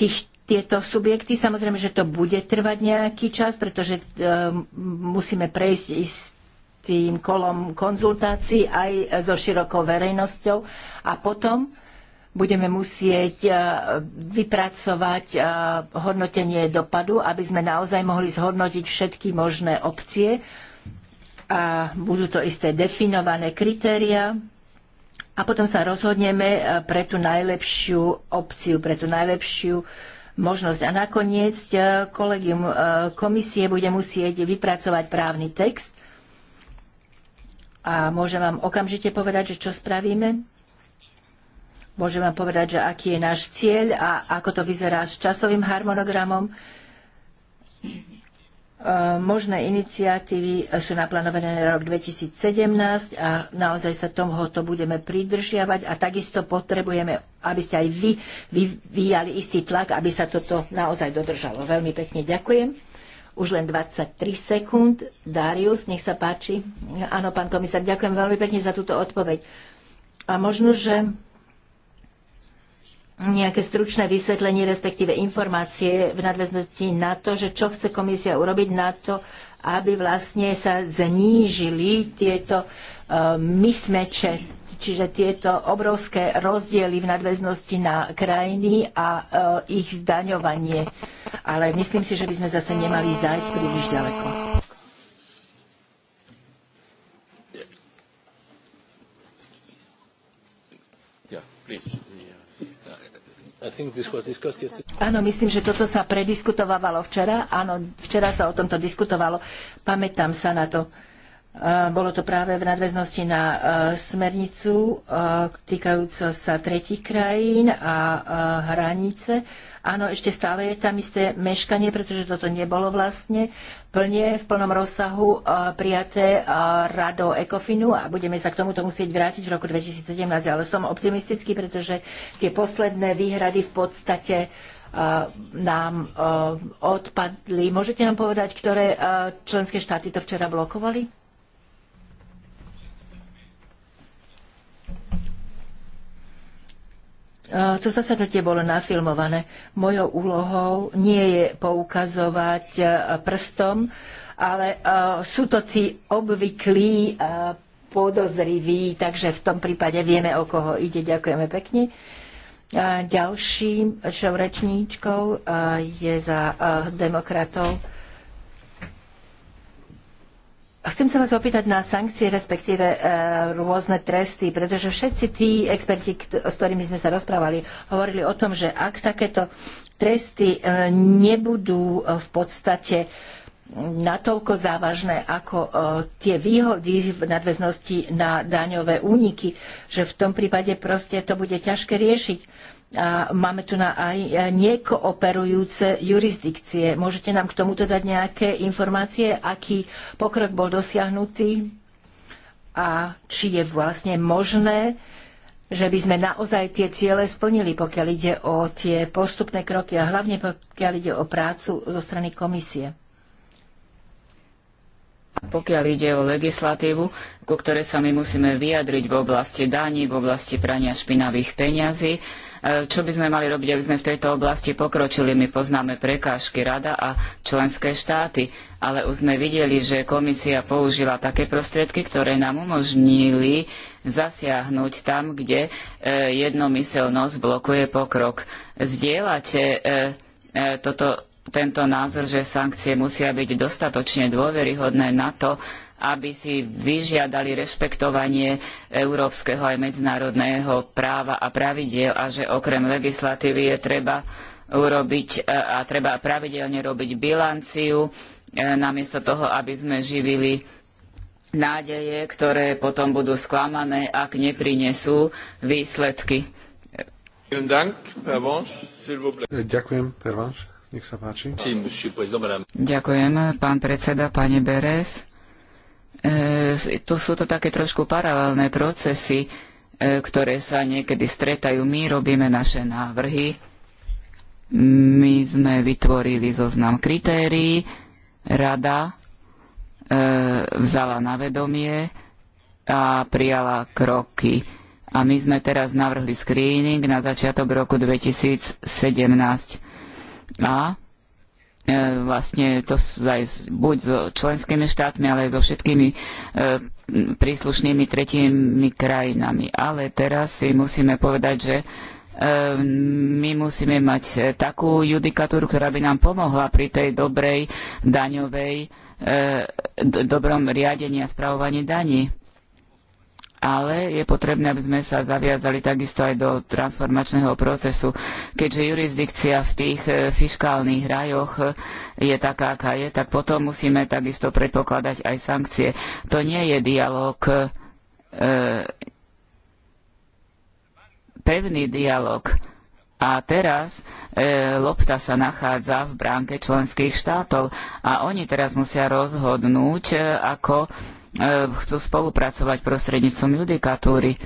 tých, tieto subjekty. Samozrejme, že to bude trvať nejaký čas, pretože e, musíme prejsť ist, tým kolom konzultácií aj so širokou verejnosťou a potom budeme musieť e, vypracovať e, hodnotenie dopadu, aby sme naozaj mohli zhodnotiť všetky možné opcie a budú to isté definované kritéria a potom sa rozhodneme e, pre tú najlepšiu opciu, pre tú najlepšiu možnosť. A nakoniec kolegium komisie bude musieť vypracovať právny text a môžem vám okamžite povedať, že čo spravíme? Môžem vám povedať, že aký je náš cieľ a ako to vyzerá s časovým harmonogramom. Ehm, možné iniciatívy sú naplánované na rok 2017 a naozaj sa tomuto budeme pridržiavať a takisto potrebujeme, aby ste aj vy vyvíjali istý tlak, aby sa toto naozaj dodržalo. Veľmi pekne ďakujem. Už len 23 sekúnd. Darius, nech sa páči. Áno, pán komisár, ďakujem veľmi pekne za túto odpoveď. A možno, že nejaké stručné vysvetlenie, respektíve informácie v nadväznosti na to, že čo chce komisia urobiť na to, aby vlastne sa znížili tieto uh, mismeče, čiže tieto obrovské rozdiely v nadväznosti na krajiny a uh, ich zdaňovanie. Ale myslím si, že by sme zase nemali zájsť príliš ďaleko. Áno, myslím, že toto sa prediskutovalo včera. Áno, včera sa o tomto diskutovalo. Pamätám sa na to. Bolo to práve v nadväznosti na smernicu týkajúco sa tretich krajín a hranice. Áno, ešte stále je tam isté meškanie, pretože toto nebolo vlastne plne v plnom rozsahu e, prijaté e, rado ECOFINu a budeme sa k tomuto musieť vrátiť v roku 2017, ale som optimistický, pretože tie posledné výhrady v podstate e, nám odpadli. Môžete nám povedať, ktoré členské štáty to včera blokovali? Eh, to zasadnutie bolo nafilmované. Mojou úlohou nie je poukazovať eh, prstom, ale eh, sú to tí obvyklí podozriví, takže v tom prípade vieme, o koho ide. Ďakujeme pekne. A ďalším rečníčkou je za demokratov Chcem sa vás opýtať na sankcie, respektíve e, rôzne tresty, pretože všetci tí experti, s ktorými sme sa rozprávali, hovorili o tom, že ak takéto tresty e, nebudú e, v podstate natoľko závažné ako e, tie výhody v nadväznosti na daňové úniky, že v tom prípade proste to bude ťažké riešiť a máme tu na aj e, niekooperujúce jurisdikcie. Môžete nám k tomuto dať nejaké informácie, aký pokrok bol dosiahnutý a či je vlastne možné, že by sme naozaj tie ciele splnili, pokiaľ ide o tie postupné kroky a hlavne pokiaľ ide o prácu zo strany komisie. Pokiaľ ide o legislatívu, ku ktorej sa my musíme vyjadriť v oblasti daní, v oblasti prania špinavých peňazí, E, čo by sme mali robiť, aby sme v tejto oblasti pokročili? My poznáme prekážky rada a členské štáty, ale už sme videli, že komisia použila také prostriedky, ktoré nám umožnili zasiahnuť tam, kde e, jednomyseľnosť blokuje pokrok. Zdieľate e, toto, tento názor, že sankcie musia byť dostatočne dôveryhodné na to, aby si vyžiadali rešpektovanie európskeho aj medzinárodného práva a pravidiel a že okrem legislatívy je treba urobiť e, a treba pravidelne robiť bilanciu, e, namiesto toho, aby sme živili nádeje, ktoré potom budú sklamané, ak neprinesú výsledky. E, ďakujem, Ďakujem, pán predseda, pani Beres. E, tu sú to také trošku paralelné procesy, e, ktoré sa niekedy stretajú. My robíme naše návrhy, my sme vytvorili zoznam kritérií, rada e, vzala na vedomie a prijala kroky. A my sme teraz navrhli screening na začiatok roku 2017. A E, vlastne to aj buď so členskými štátmi, ale aj so všetkými e, príslušnými tretími krajinami. Ale teraz si musíme povedať, že e, my musíme mať takú judikatúru, ktorá by nám pomohla pri tej dobrej daňovej, dobrom riadení a spravovaní daní ale je potrebné, aby sme sa zaviazali takisto aj do transformačného procesu, keďže jurisdikcia v tých eh, fiškálnych rajoch eh, je taká, aká je, tak potom musíme takisto predpokladať aj sankcie. To nie je dialog, eh, pevný dialog. A teraz e, lopta sa nachádza v bránke členských štátov a oni teraz musia rozhodnúť, e, ako E, chcú spolupracovať prostredníctvom judikatúry,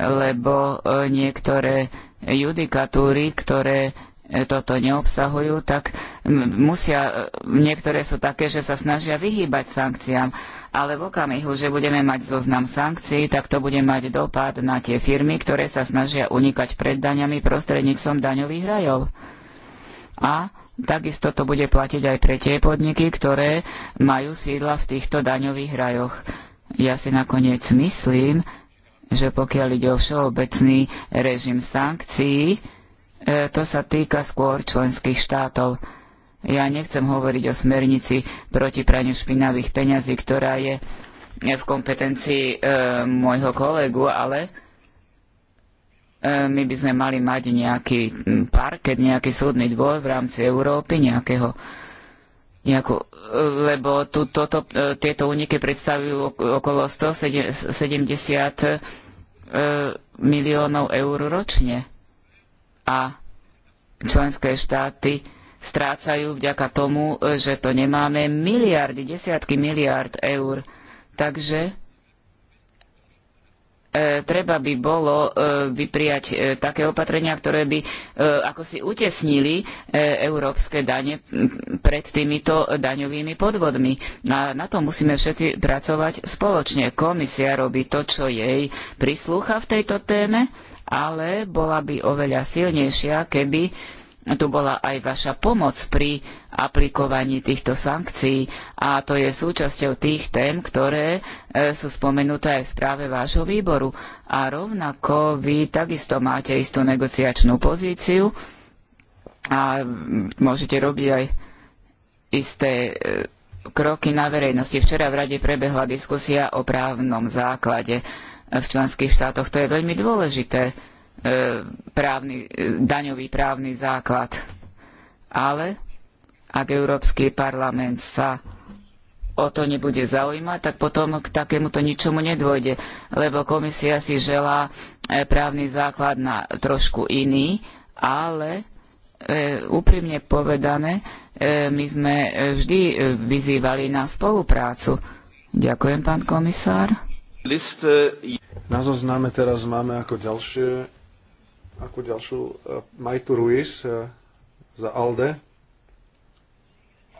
lebo e, niektoré judikatúry, ktoré e, toto neobsahujú, tak musia, niektoré sú také, že sa snažia vyhýbať sankciám, ale v okamihu, že budeme mať zoznam sankcií, tak to bude mať dopad na tie firmy, ktoré sa snažia unikať pred daňami prostredníctvom daňových rajov. A Takisto to bude platiť aj pre tie podniky, ktoré majú sídla v týchto daňových rajoch. Ja si nakoniec myslím, že pokiaľ ide o všeobecný režim sankcií, e, to sa týka skôr členských štátov. Ja nechcem hovoriť o smernici proti praniu špinavých peňazí, ktorá je v kompetencii e, môjho kolegu, ale E, my by sme mali mať nejaký parket, nejaký súdny dvor v rámci Európy, nejakého nejakú, lebo tu, toto, e, tieto úniky predstavujú okolo 170 e, miliónov eur ročne. A členské štáty strácajú vďaka tomu, že to nemáme miliardy, desiatky miliard eur. Takže E, treba by bolo e, vyprijať prijať e, také opatrenia, ktoré by ako si utesnili európske dane pred týmito daňovými podvodmi. A na tom musíme všetci pracovať spoločne. Komisia robí to, čo jej prislúcha v tejto téme, ale bola by oveľa silnejšia, keby tu bola aj vaša pomoc pri aplikovaní týchto sankcií a to je súčasťou tých tém, ktoré e, sú spomenuté aj v správe vášho výboru. A rovnako vy takisto máte istú negociačnú pozíciu a môžete robiť aj isté e, kroky na verejnosti. Včera v rade prebehla diskusia o právnom základe v členských štátoch. To je veľmi dôležité E, právny, e, daňový právny základ. Ale ak Európsky parlament sa o to nebude zaujímať, tak potom k takémuto ničomu nedôjde, lebo komisia si želá e, právny základ na trošku iný, ale e, úprimne povedané, e, my sme vždy vyzývali na spoluprácu. Ďakujem, pán komisár. Na zozname teraz máme ako ďalšie ako ďalšiu e, Majtu Ruiz e, za ALDE.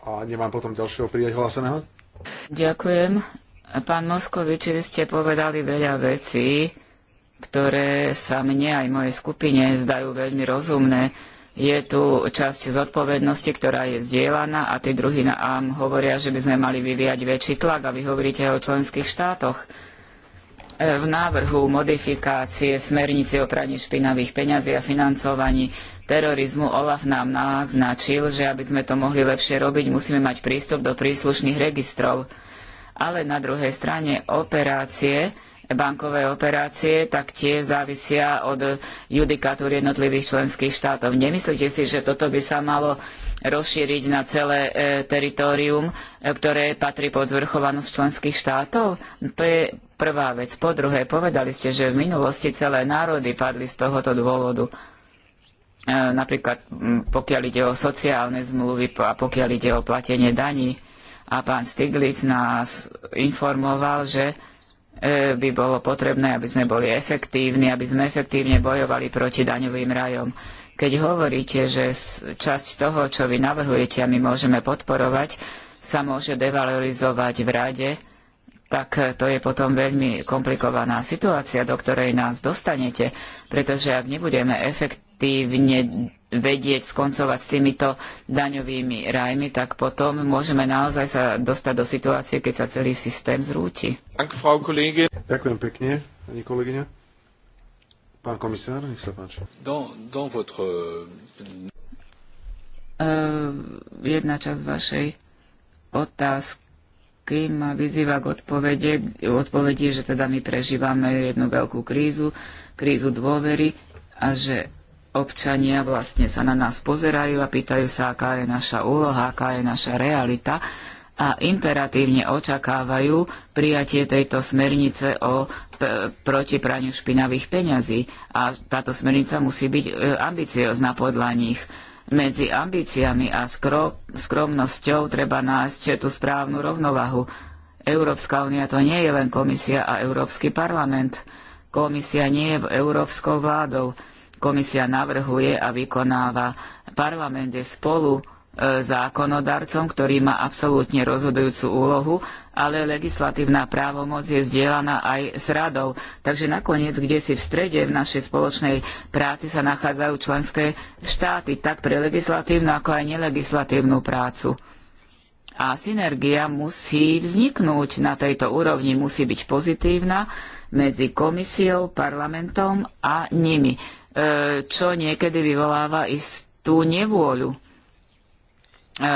A nemám potom ďalšieho prihláseného. Ďakujem. Pán Moskovič, vy ste povedali veľa vecí, ktoré sa mne aj mojej skupine zdajú veľmi rozumné je tu časť zodpovednosti, ktorá je zdieľaná a tí druhí nám hovoria, že by sme mali vyvíjať väčší tlak a vy hovoríte aj o členských štátoch. E, v návrhu modifikácie smernice o praní špinavých peňazí a financovaní terorizmu Olaf nám naznačil, že aby sme to mohli lepšie robiť, musíme mať prístup do príslušných registrov. Ale na druhej strane operácie, bankové operácie, tak tie závisia od judikatúry jednotlivých členských štátov. Nemyslíte si, že toto by sa malo rozšíriť na celé e, teritórium, e, ktoré patrí pod zvrchovanosť členských štátov? To je prvá vec. Po druhé, povedali ste, že v minulosti celé národy padli z tohoto dôvodu. E, napríklad pokiaľ ide o sociálne zmluvy a pokiaľ ide o platenie daní. A pán Stiglitz nás informoval, že E, by bolo potrebné, aby sme boli efektívni, aby sme efektívne bojovali proti daňovým rajom. Keď hovoríte, že časť toho, čo vy navrhujete a my môžeme podporovať, sa môže devalorizovať v rade, tak to je potom veľmi komplikovaná situácia, do ktorej nás dostanete, pretože ak nebudeme efektívne vedieť skoncovať s týmito daňovými rajmi, tak potom môžeme naozaj sa dostať do situácie, keď sa celý systém zrúti. Ďakujem pekne, pani kolegyňa. Pán komisár, nech sa páči. Dans, dans votre... uh, jedna časť vašej otázky ma vyzýva k odpovede, odpovedi, že teda my prežívame jednu veľkú krízu, krízu dôvery a že občania vlastne sa na nás pozerajú a pýtajú sa, aká je naša úloha, aká je naša realita a imperatívne očakávajú prijatie tejto smernice o proti praniu špinavých peňazí. A táto smernica musí byť e, ambiciozná podľa nich. Medzi ambíciami a skro- skromnosťou treba nájsť tú správnu rovnovahu. Európska únia to nie je len komisia a Európsky parlament. Komisia nie je európskou vládou komisia navrhuje a vykonáva. Parlament je spolu e, zákonodarcom, ktorý má absolútne rozhodujúcu úlohu, ale legislatívna právomoc je zdieľaná aj s radou. Takže nakoniec, kde si v strede v našej spoločnej práci sa nachádzajú členské štáty, tak pre legislatívnu ako aj nelegislatívnu prácu. A synergia musí vzniknúť na tejto úrovni, musí byť pozitívna medzi komisiou, parlamentom a nimi E, čo niekedy vyvoláva istú nevôľu. E,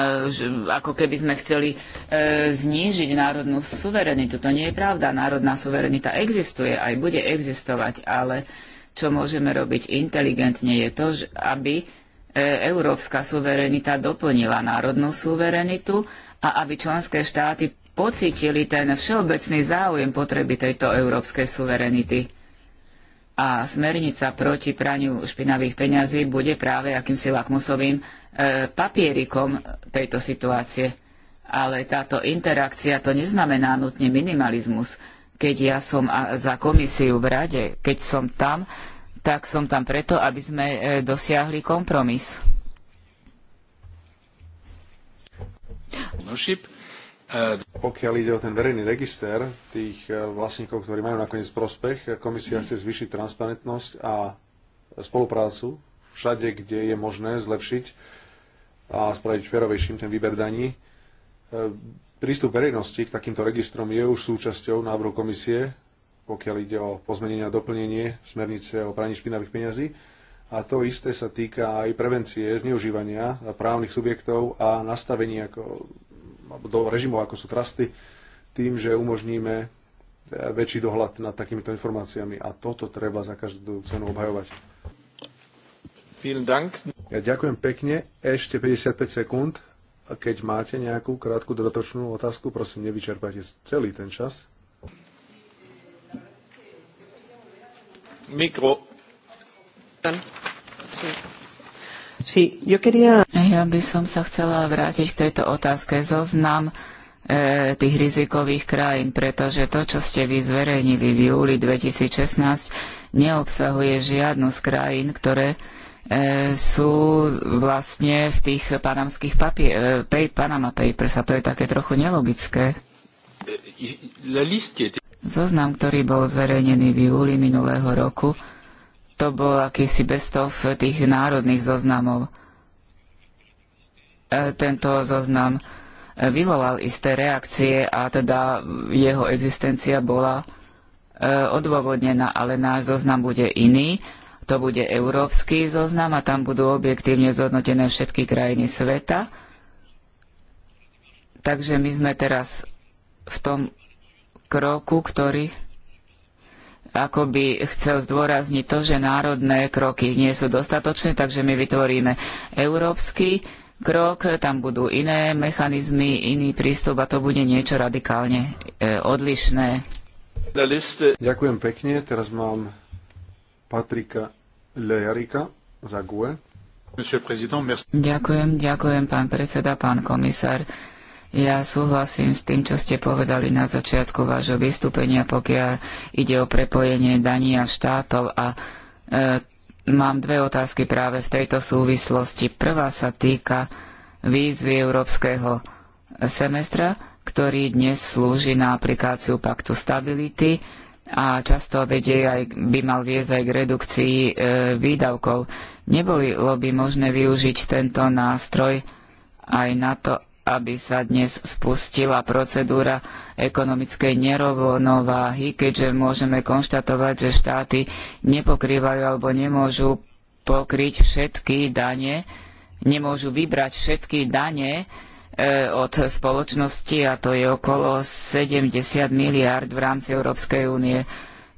ako keby sme chceli e, znížiť národnú suverenitu. To nie je pravda. Národná suverenita existuje, aj bude existovať, ale čo môžeme robiť inteligentne je to, aby európska suverenita doplnila národnú suverenitu a aby členské štáty pocítili ten všeobecný záujem potreby tejto európskej suverenity a smernica proti praniu špinavých peňazí bude práve akýmsi lakmusovým e, papierikom tejto situácie. Ale táto interakcia to neznamená nutne minimalizmus. Keď ja som za komisiu v rade, keď som tam, tak som tam preto, aby sme e, dosiahli kompromis. Ownership E, pokiaľ ide o ten verejný register tých e, vlastníkov, ktorí majú nakoniec prospech, komisia chce zvýšiť transparentnosť a spoluprácu všade, kde je možné zlepšiť a spraviť ferovejším ten výber daní. E, prístup verejnosti k takýmto registrom je už súčasťou návrhu komisie, pokiaľ ide o pozmenenie a doplnenie smernice o praní špinavých peňazí. A to isté sa týka aj prevencie zneužívania právnych subjektov a nastavenia ako do režimov, ako sú trusty, tým, že umožníme e, väčší dohľad nad takýmito informáciami a toto treba za každú cenu obhajovať. Ja ďakujem pekne. Ešte 55 sekúnd. Keď máte nejakú krátku dodatočnú otázku, prosím, nevyčerpajte celý ten čas. Mikro. Dann. Sí, yo quería... Ja by som sa chcela vrátiť k tejto otázke. Zoznam e, tých rizikových krajín, pretože to, čo ste vy zverejnili v júli 2016, neobsahuje žiadnu z krajín, ktoré e, sú vlastne v tých panamských papier, e, pay, Panama Papers a to je také trochu nelogické. E, Zoznam, ktorý bol zverejnený v júli minulého roku, to bol akýsi bestov tých národných zoznamov. E, tento zoznam vyvolal isté reakcie a teda jeho existencia bola e, odôvodnená, ale náš zoznam bude iný. To bude európsky zoznam a tam budú objektívne zhodnotené všetky krajiny sveta. Takže my sme teraz v tom kroku, ktorý ako by chcel zdôrazniť to, že národné kroky nie sú dostatočné, takže my vytvoríme európsky krok, tam budú iné mechanizmy, iný prístup a to bude niečo radikálne e, odlišné. Ďakujem pekne, teraz mám Patrika Lejarika za GUE. Ďakujem, ďakujem pán predseda, pán komisár. Ja súhlasím s tým, čo ste povedali na začiatku vášho vystúpenia, pokiaľ ide o prepojenie daní a štátov a e, mám dve otázky práve v tejto súvislosti. Prvá sa týka výzvy európskeho semestra, ktorý dnes slúži na aplikáciu paktu stability a často vedie aj, by mal viesť aj k redukcii e, výdavkov. Nebolo by možné využiť tento nástroj aj na to, aby sa dnes spustila procedúra ekonomickej nerovnováhy, keďže môžeme konštatovať, že štáty nepokrývajú alebo nemôžu pokryť všetky dane, nemôžu vybrať všetky dane e, od spoločnosti a to je okolo 70 miliárd v rámci Európskej únie.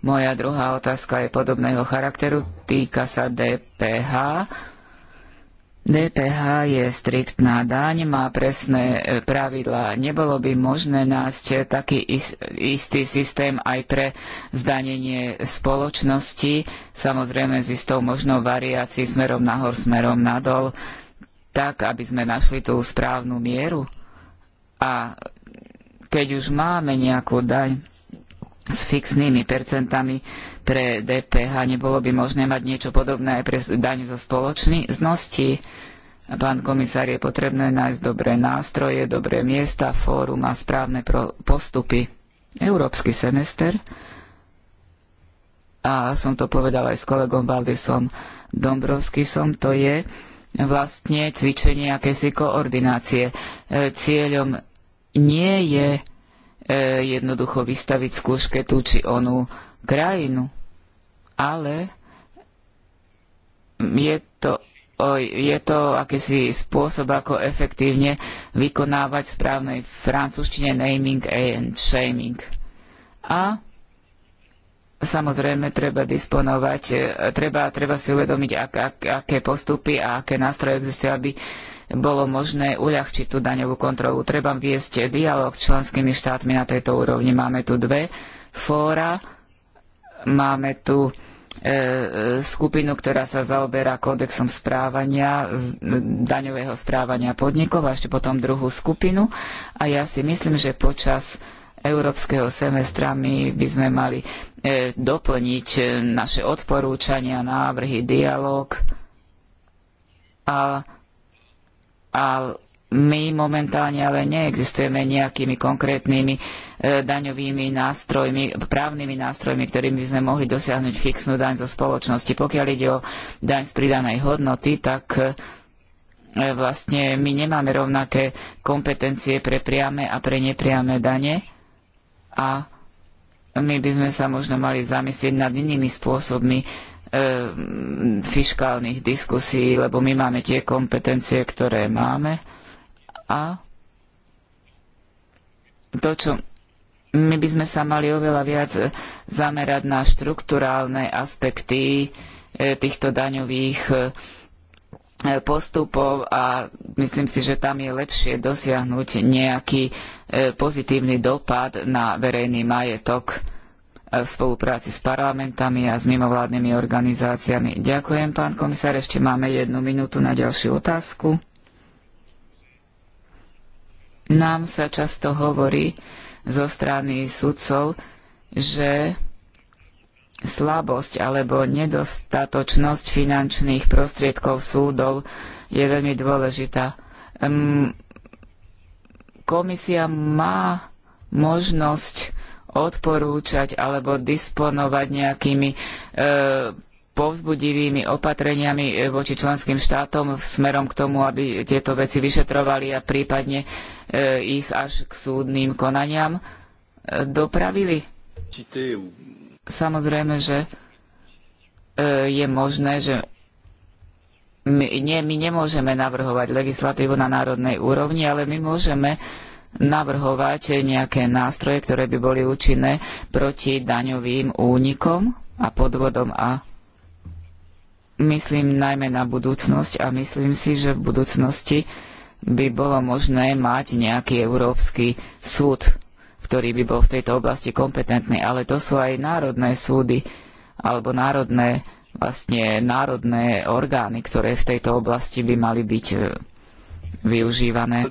Moja druhá otázka je podobného charakteru, týka sa DPH DPH je striktná daň, má presné e, pravidlá. Nebolo by možné nájsť e, taký istý systém aj pre zdanenie spoločnosti, samozrejme s istou možnou variácií smerom nahor, smerom nadol, tak, aby sme našli tú správnu mieru. A keď už máme nejakú daň s fixnými percentami, pre DPH. Nebolo by možné mať niečo podobné aj pre daň zo spoločnosti. Pán komisár, je potrebné nájsť dobré nástroje, dobré miesta, fórum a správne postupy. Európsky semester. A som to povedal aj s kolegom Valdisom Dombrovskisom, to je vlastne cvičenie akési koordinácie. E, cieľom nie je e, jednoducho vystaviť skúške tú či onú krajinu ale je to, je to akýsi spôsob, ako efektívne vykonávať správnej francúzštine naming and shaming. A samozrejme treba disponovať, e, treba, treba si uvedomiť, ak, ak, aké postupy a aké nástroje existujú, aby bolo možné uľahčiť tú daňovú kontrolu. Treba viesť dialog s členskými štátmi na tejto úrovni. Máme tu dve fóra, máme tu E, skupinu, ktorá sa zaoberá kódexom správania, daňového správania podnikov a ešte potom druhú skupinu. A ja si myslím, že počas európskeho semestra my by sme mali e, doplniť e, naše odporúčania, návrhy, dialog a, a my momentálne ale neexistujeme nejakými konkrétnymi e, daňovými nástrojmi, právnymi nástrojmi, ktorými by sme mohli dosiahnuť fixnú daň zo spoločnosti. Pokiaľ ide o daň z pridanej hodnoty, tak e, vlastne my nemáme rovnaké kompetencie pre priame a pre nepriame dane a my by sme sa možno mali zamyslieť nad inými spôsobmi e, fiškálnych diskusí, lebo my máme tie kompetencie, ktoré máme a to, čo my by sme sa mali oveľa viac zamerať na štrukturálne aspekty e, týchto daňových e, postupov a myslím si, že tam je lepšie dosiahnuť nejaký e, pozitívny dopad na verejný majetok v spolupráci s parlamentami a s mimovládnymi organizáciami. Ďakujem, pán komisár. Ešte máme jednu minútu na ďalšiu otázku. Nám sa často hovorí zo strany sudcov, že slabosť alebo nedostatočnosť finančných prostriedkov súdov je veľmi dôležitá. Komisia má možnosť odporúčať alebo disponovať nejakými e, povzbudivými opatreniami e, voči členským štátom smerom k tomu, aby tieto veci vyšetrovali a prípadne e, ich až k súdnym konaniam e, dopravili? Samozrejme, že je možné, že my, nie, my nemôžeme navrhovať legislatívu na národnej úrovni, ale my môžeme navrhovať nejaké nástroje, ktoré by boli účinné proti daňovým únikom a podvodom a myslím najmä na budúcnosť a myslím si, že v budúcnosti by bolo možné mať nejaký európsky súd, ktorý by bol v tejto oblasti kompetentný, ale to sú aj národné súdy alebo národné vlastne národné orgány, ktoré v tejto oblasti by mali byť e, využívané.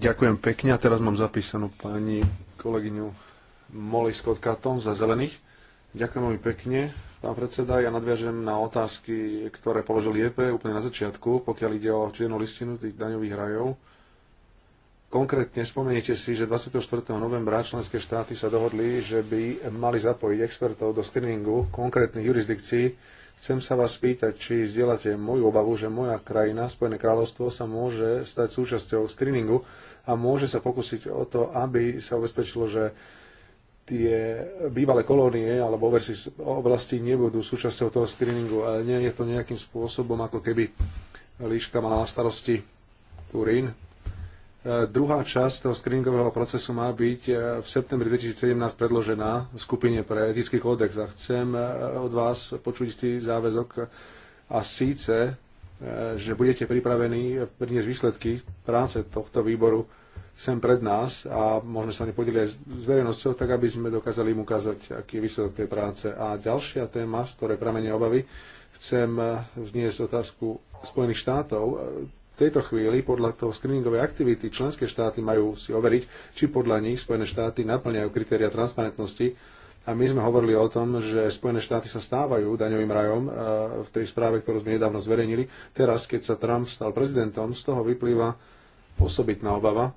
Ďakujem pekne a teraz mám zapísanú pani kolegyňu Molly Scott Caton za zelených. Ďakujem veľmi pekne. Pán predseda, ja nadviažem na otázky, ktoré položil JP úplne na začiatku, pokiaľ ide o čiernu listinu tých daňových rajov. Konkrétne spomeniete si, že 24. novembra členské štáty sa dohodli, že by mali zapojiť expertov do screeningu konkrétnych jurisdikcií. Chcem sa vás spýtať, či zdieľate moju obavu, že moja krajina, Spojené kráľovstvo, sa môže stať súčasťou screeningu a môže sa pokúsiť o to, aby sa ubezpečilo, že tie bývalé kolónie alebo overseas oblasti nebudú súčasťou toho screeningu, ale nie je to nejakým spôsobom, ako keby Líška mala na starosti Turín. E, druhá časť toho screeningového procesu má byť e, v septembri 2017 predložená v skupine pre etický kódex a chcem e, od vás počuť istý záväzok a síce, že budete pripravení priniesť výsledky práce tohto výboru sem pred nás a môžeme sa nepodeliť aj s verejnosťou, tak aby sme dokázali im ukázať, aký je výsledok tej práce. A ďalšia téma, z ktorej pramenia obavy, chcem eh, vzniesť otázku Spojených štátov. Eh, v tejto chvíli podľa toho screeningovej aktivity členské štáty majú si overiť, či podľa nich Spojené štáty naplňajú kritéria transparentnosti. A my sme hovorili o tom, že Spojené štáty sa stávajú daňovým rajom eh, v tej správe, ktorú sme nedávno zverejnili. Teraz, keď sa Trump stal prezidentom, z toho vyplýva osobitná obava,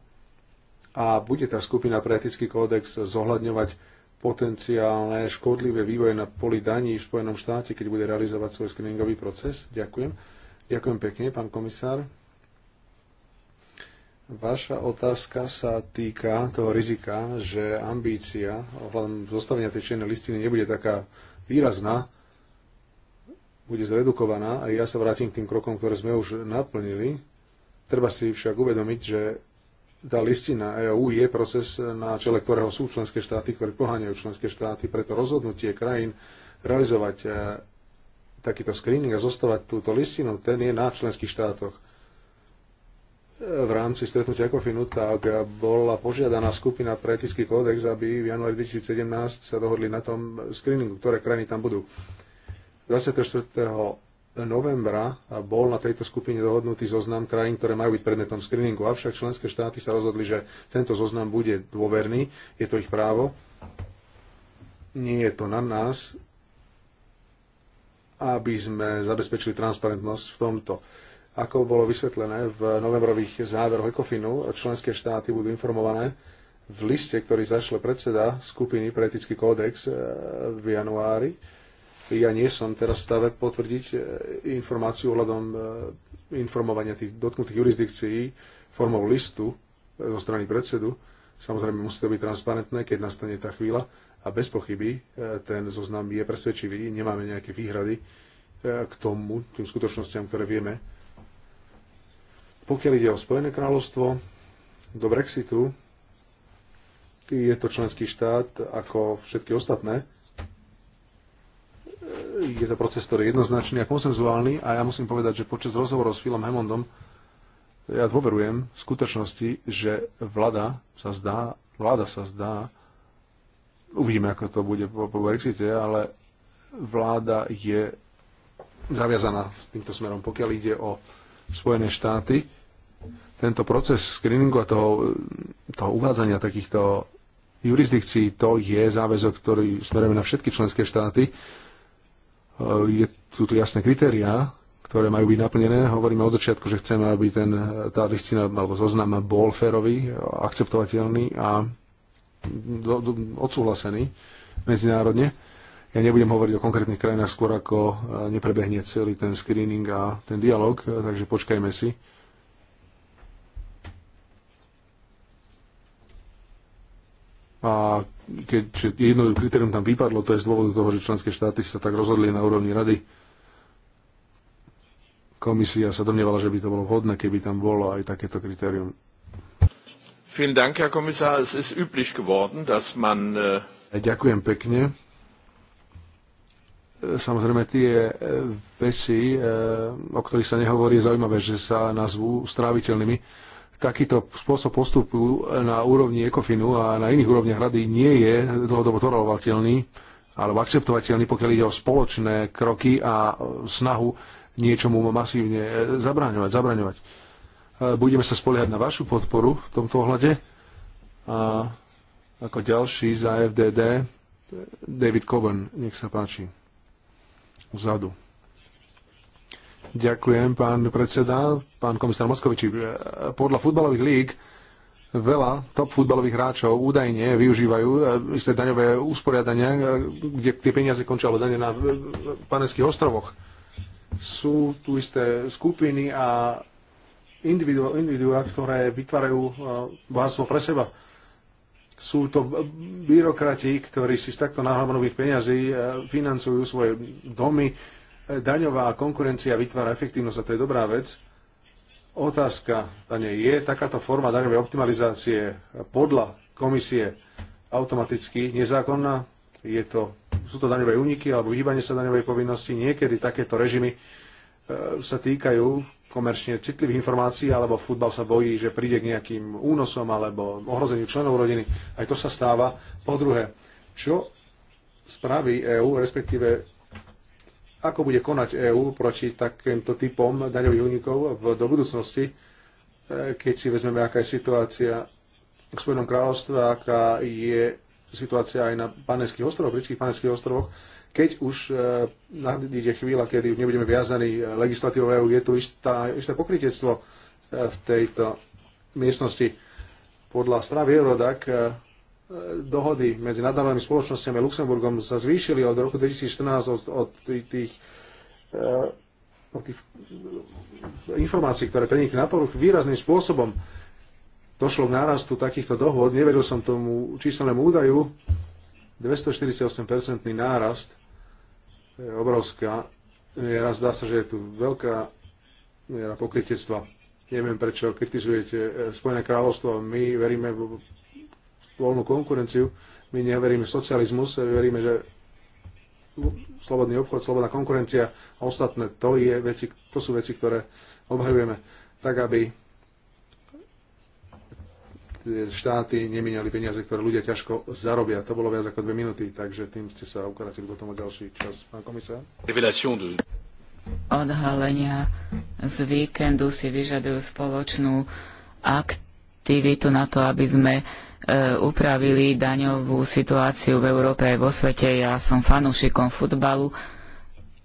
a bude tá skupina pre etický kódex zohľadňovať potenciálne škodlivé vývoje na poli daní v Spojenom štáte, keď bude realizovať svoj screeningový proces? Ďakujem. Ďakujem pekne, pán komisár. Vaša otázka sa týka toho rizika, že ambícia ohľadom zostavenia tej čiernej listiny nebude taká výrazná, bude zredukovaná a ja sa vrátim k tým krokom, ktoré sme už naplnili. Treba si však uvedomiť, že tá listina EÚ je proces, na čele ktorého sú členské štáty, ktoré poháňajú členské štáty, preto rozhodnutie krajín realizovať e, takýto screening a zostavať túto listinu, ten je na členských štátoch. E, v rámci stretnutia Ekofinu tak bola požiadaná skupina pre etický kódex, aby v januári 2017 sa dohodli na tom screeningu, ktoré krajiny tam budú. 24 novembra bol na tejto skupine dohodnutý zoznam krajín, ktoré majú byť predmetom screeningu. Avšak členské štáty sa rozhodli, že tento zoznam bude dôverný, je to ich právo. Nie je to na nás, aby sme zabezpečili transparentnosť v tomto. Ako bolo vysvetlené v novembrových záveroch ECOFINu, členské štáty budú informované v liste, ktorý zašle predseda skupiny pre etický kódex eh, v januári ja nie som teraz v stave potvrdiť e, informáciu ohľadom e, informovania tých dotknutých jurisdikcií formou listu e, zo strany predsedu. Samozrejme musí to byť transparentné, keď nastane tá chvíľa a bez pochyby ten zoznam je presvedčivý, nemáme nejaké výhrady k tomu, tým skutočnostiam, ktoré vieme. Pokiaľ ide o Spojené kráľovstvo, do Brexitu je to členský štát ako všetky ostatné, je to proces, ktorý je jednoznačný a konsenzuálny a ja musím povedať, že počas rozhovorov s Philom Hammondom ja dôverujem v skutočnosti, že vláda sa zdá, vláda sa zdá, uvidíme, ako to bude po, po Brexite, ale vláda je zaviazaná týmto smerom. Pokiaľ ide o Spojené štáty, tento proces screeningu a toho, toho uvádzania takýchto jurisdikcií, to je záväzok, ktorý smerujeme na všetky členské štáty Eh, je, sú tu jasné kritériá, ktoré majú byť naplnené. Hovoríme od začiatku, že chceme, aby ten, eh, tá listina alebo zoznam bol férový, akceptovateľný a do, do, odsúhlasený medzinárodne. Ja nebudem hovoriť o konkrétnych krajinách skôr, ako eh, neprebehne celý ten screening a ten dialog, takže počkajme si A keď jedno kritérium tam vypadlo, to je z dôvodu toho, že členské štáty sa tak rozhodli na úrovni rady. Komisia sa domnievala, že by to bolo vhodné, keby tam bolo aj takéto kritérium. Vielen Dank, Herr Kommissar. Es ist üblich geworden, dass man... Äh, ďakujem pekne. Äh, samozrejme, tie äh, veci, o ktorých sa nehovorí, je zaujímavé, že sa nazvú stráviteľnými takýto spôsob postupu na úrovni ECOFINu a na iných úrovniach rady nie je dlhodobo tolerovateľný alebo akceptovateľný, pokiaľ ide o spoločné kroky a snahu niečomu masívne zabraňovať. zabraňovať. Budeme sa spoliehať na vašu podporu v tomto ohľade. A ako ďalší za FDD David Coburn, nech sa páči. Vzadu. Ďakujem, pán predseda, pán komisár Moskoviči. Eh, podľa futbalových líg veľa top futbalových hráčov údajne využívajú eh, isté daňové usporiadania, eh, kde tie peniaze končia ale dane na panenských ostrovoch. Sú tu isté skupiny a individuá, ktoré vytvárajú bohatstvo pre seba. Sú to byrokrati, ktorí si z takto náhľadných peňazí financujú svoje domy, E, daňová konkurencia vytvára efektívnosť a to je dobrá vec. Otázka dane je takáto forma daňovej optimalizácie podľa komisie automaticky nezákonná. Je to, sú to daňové úniky alebo vyhýbanie sa daňovej povinnosti. Niekedy takéto režimy e, sa týkajú komerčne citlivých informácií, alebo futbal sa bojí, že príde k nejakým únosom alebo ohrozeniu členov rodiny. Aj to sa stáva. Po druhé, čo spraví EÚ, respektíve ako bude konať EÚ proti takýmto typom daňových únikov v, do budúcnosti, e, keď si vezmeme, aká je situácia v Spojenom kráľovstve, aká je situácia aj na panenských ostrovoch, britských panenských ostrovoch, keď už e, nadíde chvíľa, kedy už nebudeme viazaní legislatívou EÚ, je tu istá, isté pokritectvo e, v tejto miestnosti. Podľa správy Eurodac E, dohody medzi nadnárodnými spoločnosťami a Luxemburgom sa zvýšili od roku 2014 od, od tých tých e, e, informácií, ktoré prenikli na poruch, výrazným spôsobom došlo k nárastu takýchto dohod. Neveril som tomu číselnému údaju. 248-percentný nárast je obrovská. Raz dá sa, že je tu veľká miera pokrytectva. Neviem, prečo kritizujete Spojené kráľovstvo. My veríme v voľnú konkurenciu. My neveríme v socializmus, veríme, že slobodný obchod, slobodná konkurencia a ostatné, to, je veci, to sú veci, ktoré obhajujeme tak, aby štáty nemínali peniaze, ktoré ľudia ťažko zarobia. To bolo viac ako dve minúty, takže tým ste sa ukratili potom o ďalší čas. Pán komisár? Odhalenia z víkendu si vyžadujú spoločnú aktivitu na to, aby sme E, upravili daňovú situáciu v Európe aj vo svete. Ja som fanúšikom futbalu,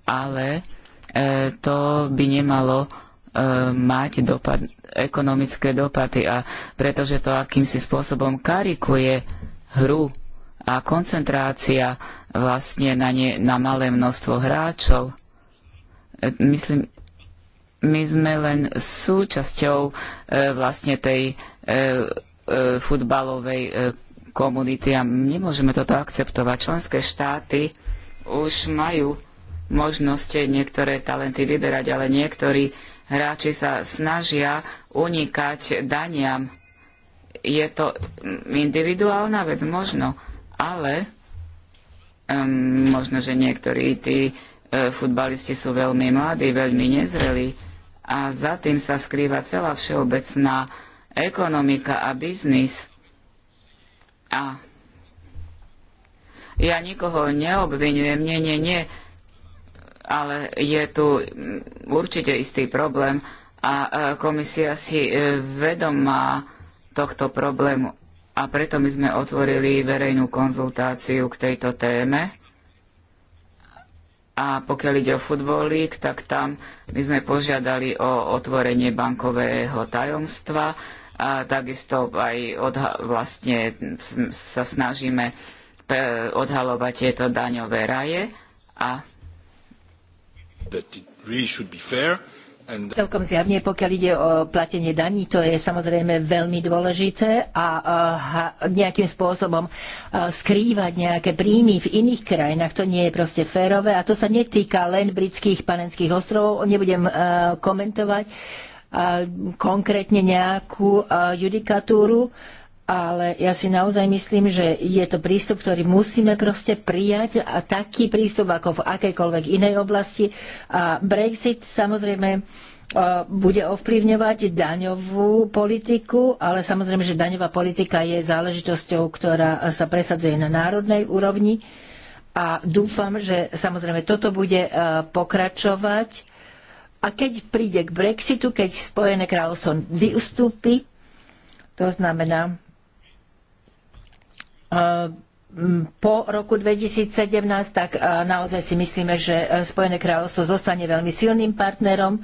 ale e, to by nemalo e, mať dopad, ekonomické dopady a pretože to akýmsi spôsobom karikuje hru a koncentrácia vlastne na, ne, na malé množstvo hráčov. Myslím, my sme len súčasťou e, vlastne tej e, E, futbalovej e, komunity a nemôžeme toto akceptovať. Členské štáty už majú možnosť niektoré talenty vyberať, ale niektorí hráči sa snažia unikať daniam. Je to individuálna vec, možno, ale um, možno, že niektorí tí e, futbalisti sú veľmi mladí, veľmi nezrelí a za tým sa skrýva celá všeobecná ekonomika a biznis. A ja nikoho neobvinujem, nie, nie, nie, ale je tu určite istý problém a e, komisia si e, vedomá tohto problému a preto my sme otvorili verejnú konzultáciu k tejto téme. A pokiaľ ide o futbolík, tak tam my sme požiadali o otvorenie bankového tajomstva a takisto aj vlastne sa snažíme e, odhalovať tieto daňové raje a Celkom zjavne, pokiaľ ide o platenie daní, to je samozrejme veľmi dôležité a, nejakým spôsobom e, skrývať nejaké príjmy v iných krajinách, to nie je proste férové a to sa netýka len britských panenských ostrovov, nebudem e, komentovať konkrétne nejakú judikatúru, ale ja si naozaj myslím, že je to prístup, ktorý musíme proste prijať a taký prístup ako v akejkoľvek inej oblasti. A Brexit samozrejme bude ovplyvňovať daňovú politiku, ale samozrejme, že daňová politika je záležitosťou, ktorá sa presadzuje na národnej úrovni. A dúfam, že samozrejme toto bude pokračovať a keď príde k Brexitu, keď Spojené kráľovstvo vyustúpi, to znamená eh, po roku 2017, tak eh, naozaj si myslíme, že eh, Spojené kráľovstvo zostane veľmi silným partnerom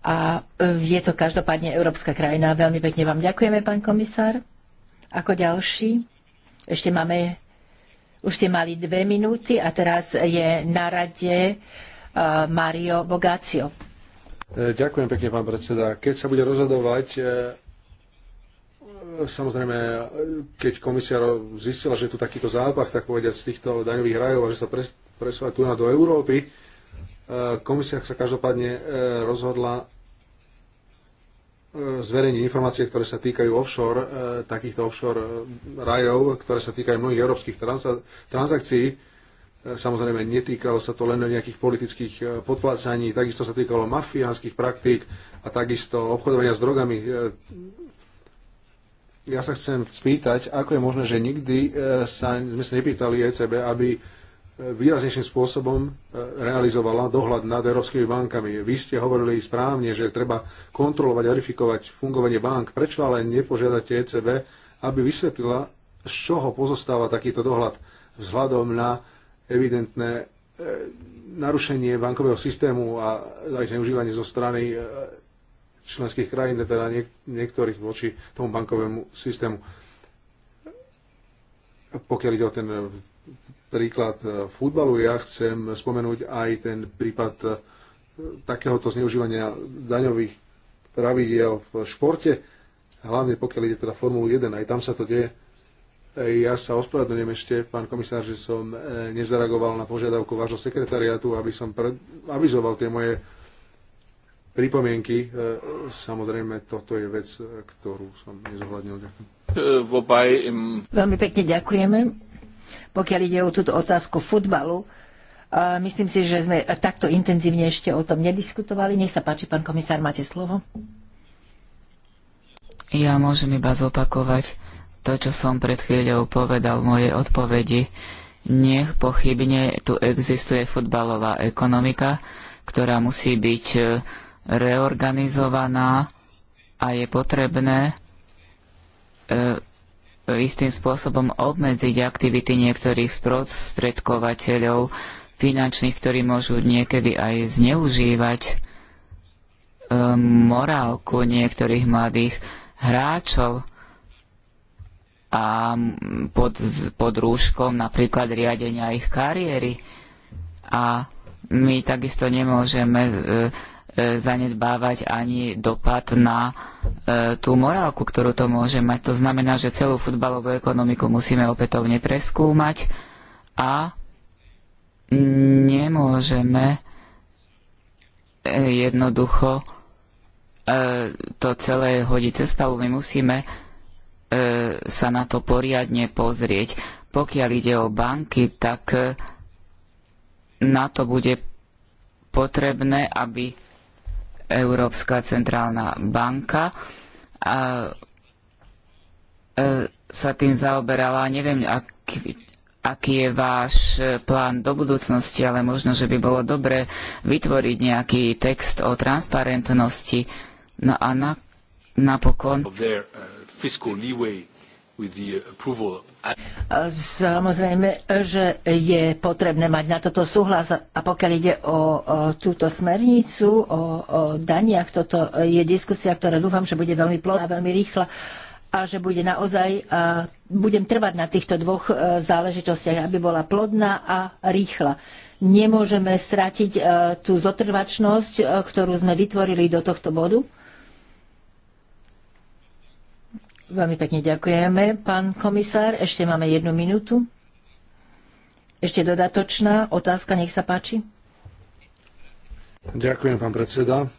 a je to každopádne európska krajina. Veľmi pekne vám ďakujeme, pán komisár. Ako ďalší, ešte máme, už ste mali dve minúty a teraz je na rade Eh, Mario e, Ďakujem pekne, pán predseda. Keď sa bude rozhodovať, e, samozrejme, keď komisia zistila, že je tu takýto zápach, tak povediať, z týchto daňových rajov a že sa presúva tu na do Európy, e, komisia sa každopádne rozhodla zverejniť informácie, ktoré sa týkajú offshore, takýchto offshore rajov, ktoré sa týkajú mnohých európskych transakcií Samozrejme, netýkalo sa to len nejakých politických e, podplácaní, takisto sa týkalo mafiánskych praktík a takisto obchodovania s drogami. E, ja sa chcem spýtať, ako je možné, že nikdy e, sa, sme sa nepýtali ECB, aby výraznejším spôsobom realizovala dohľad nad európskymi bankami. Vy ste hovorili správne, že treba kontrolovať a verifikovať fungovanie bank. Prečo ale nepožiadate ECB, aby vysvetlila, z čoho pozostáva takýto dohľad vzhľadom na evidentné e, narušenie bankového systému a aj zneužívanie zo strany e, členských krajín, teda niektorých voči tomu bankovému systému. Pokiaľ ide o ten e, príklad futbalu, ja chcem spomenúť aj ten prípad takéhoto zneužívania daňových pravidiel v športe, hlavne pokiaľ ide teda Formulu 1, aj tam sa to deje ja sa ospravedlňujem ešte, pán komisár, že som e, nezareagoval na požiadavku vášho sekretariátu, aby som pred, avizoval tie moje pripomienky. E, samozrejme, toto je vec, e, ktorú som nezohľadnil. Ďakujem. Veľmi pekne ďakujeme. Pokiaľ ide o túto otázku futbalu, myslím si, že sme takto intenzívne ešte o tom nediskutovali. Nech sa páči, pán komisár, máte slovo. Ja môžem iba zopakovať to, čo som pred chvíľou povedal v mojej odpovedi. Nech pochybne tu existuje futbalová ekonomika, ktorá musí byť e, reorganizovaná a je potrebné e, istým spôsobom obmedziť aktivity niektorých sprostredkovateľov finančných, ktorí môžu niekedy aj zneužívať e, morálku niektorých mladých hráčov a pod, pod rúškom napríklad riadenia ich kariéry. A my takisto nemôžeme e, e, zanedbávať ani dopad na e, tú morálku, ktorú to môže mať. To znamená, že celú futbalovú ekonomiku musíme opätovne preskúmať a nemôžeme e, jednoducho e, to celé hodiť cez palu. My musíme E, sa na to poriadne pozrieť. Pokiaľ ide o banky, tak e, na to bude potrebné, aby Európska centrálna banka a, e, sa tým zaoberala. Neviem, aký, aký je váš plán do budúcnosti, ale možno, že by bolo dobre vytvoriť nejaký text o transparentnosti. No a na, napokon. uh Samozrejme, že je potrebné mať na toto súhlas a pokiaľ ide o, o túto smernicu, o, o daniach, toto je diskusia, ktorá dúfam, že bude veľmi plodná, veľmi rýchla a že bude naozaj, a budem trvať na týchto dvoch e, záležitostiach, aby bola plodná a rýchla. Nemôžeme stratiť e, tú zotrvačnosť, e, ktorú sme vytvorili do tohto bodu Veľmi pekne ďakujeme, pán komisár. Ešte máme jednu minútu. Ešte dodatočná otázka, nech sa páči. Ďakujem, pán predseda.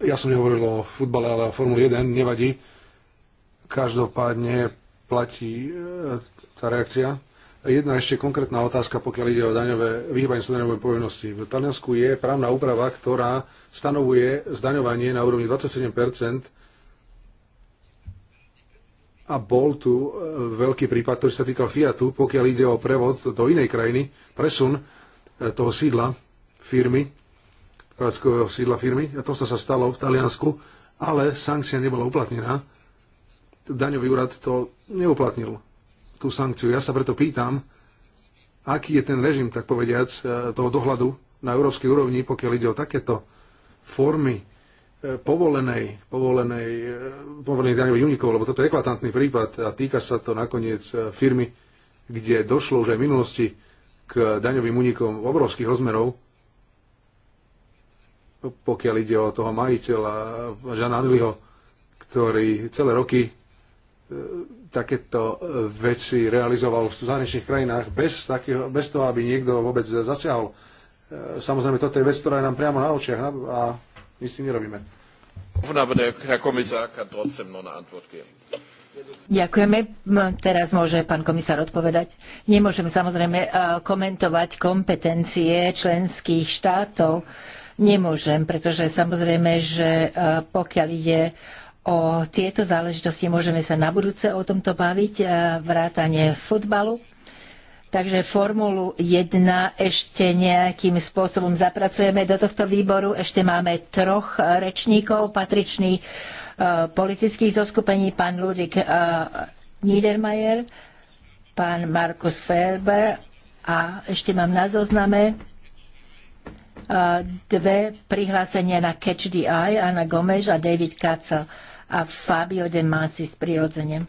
Ja som nehovoril o futbale, ale o Formule 1, nevadí. Každopádne platí e, tá reakcia. Jedna ešte konkrétna otázka, pokiaľ ide o daňové, vyhýbanie sa daňovej povinnosti. V Taliansku je právna úprava, ktorá stanovuje zdaňovanie na úrovni 27 a bol tu e, veľký prípad, ktorý sa týkal Fiatu, pokiaľ ide o prevod do inej krajiny, presun e, toho sídla firmy, prevádzkového sídla firmy. A to sa stalo v Taliansku, ale sankcia nebola uplatnená. Daňový úrad to neuplatnil, tú sankciu. Ja sa preto pýtam, aký je ten režim, tak povediac, e, toho dohľadu na európskej úrovni, pokiaľ ide o takéto formy E, povolenej, povolenej, e, povolených daňových unikov, lebo toto je eklatantný prípad a týka sa to nakoniec e, firmy, kde došlo už aj v minulosti k daňovým únikom obrovských rozmerov, pokiaľ ide o toho majiteľa Žana Anliho, ktorý celé roky takéto veci realizoval v zahraničných krajinách bez, takého, bez toho, aby niekto vôbec zasiahol. Samozrejme, toto je vec, ktorá je nám priamo na očiach a nič s nerobíme. Ďakujeme. Teraz môže pán komisár odpovedať. Nemôžem samozrejme e, komentovať kompetencie členských štátov. Nemôžem, pretože samozrejme, že e, pokiaľ ide o tieto záležitosti, môžeme sa na budúce o tomto baviť, e, vrátanie futbalu. Takže Formulu 1 ešte nejakým spôsobom zapracujeme do tohto výboru. Ešte máme troch e, rečníkov, patričných uh, politických zoskupení, pán Ludik uh, e, Niedermayer, pán Markus Ferber a ešte mám na zozname uh, dve prihlásenia na Catch the Eye, Anna Gomež a David Kacel a Fabio De s prirodzene.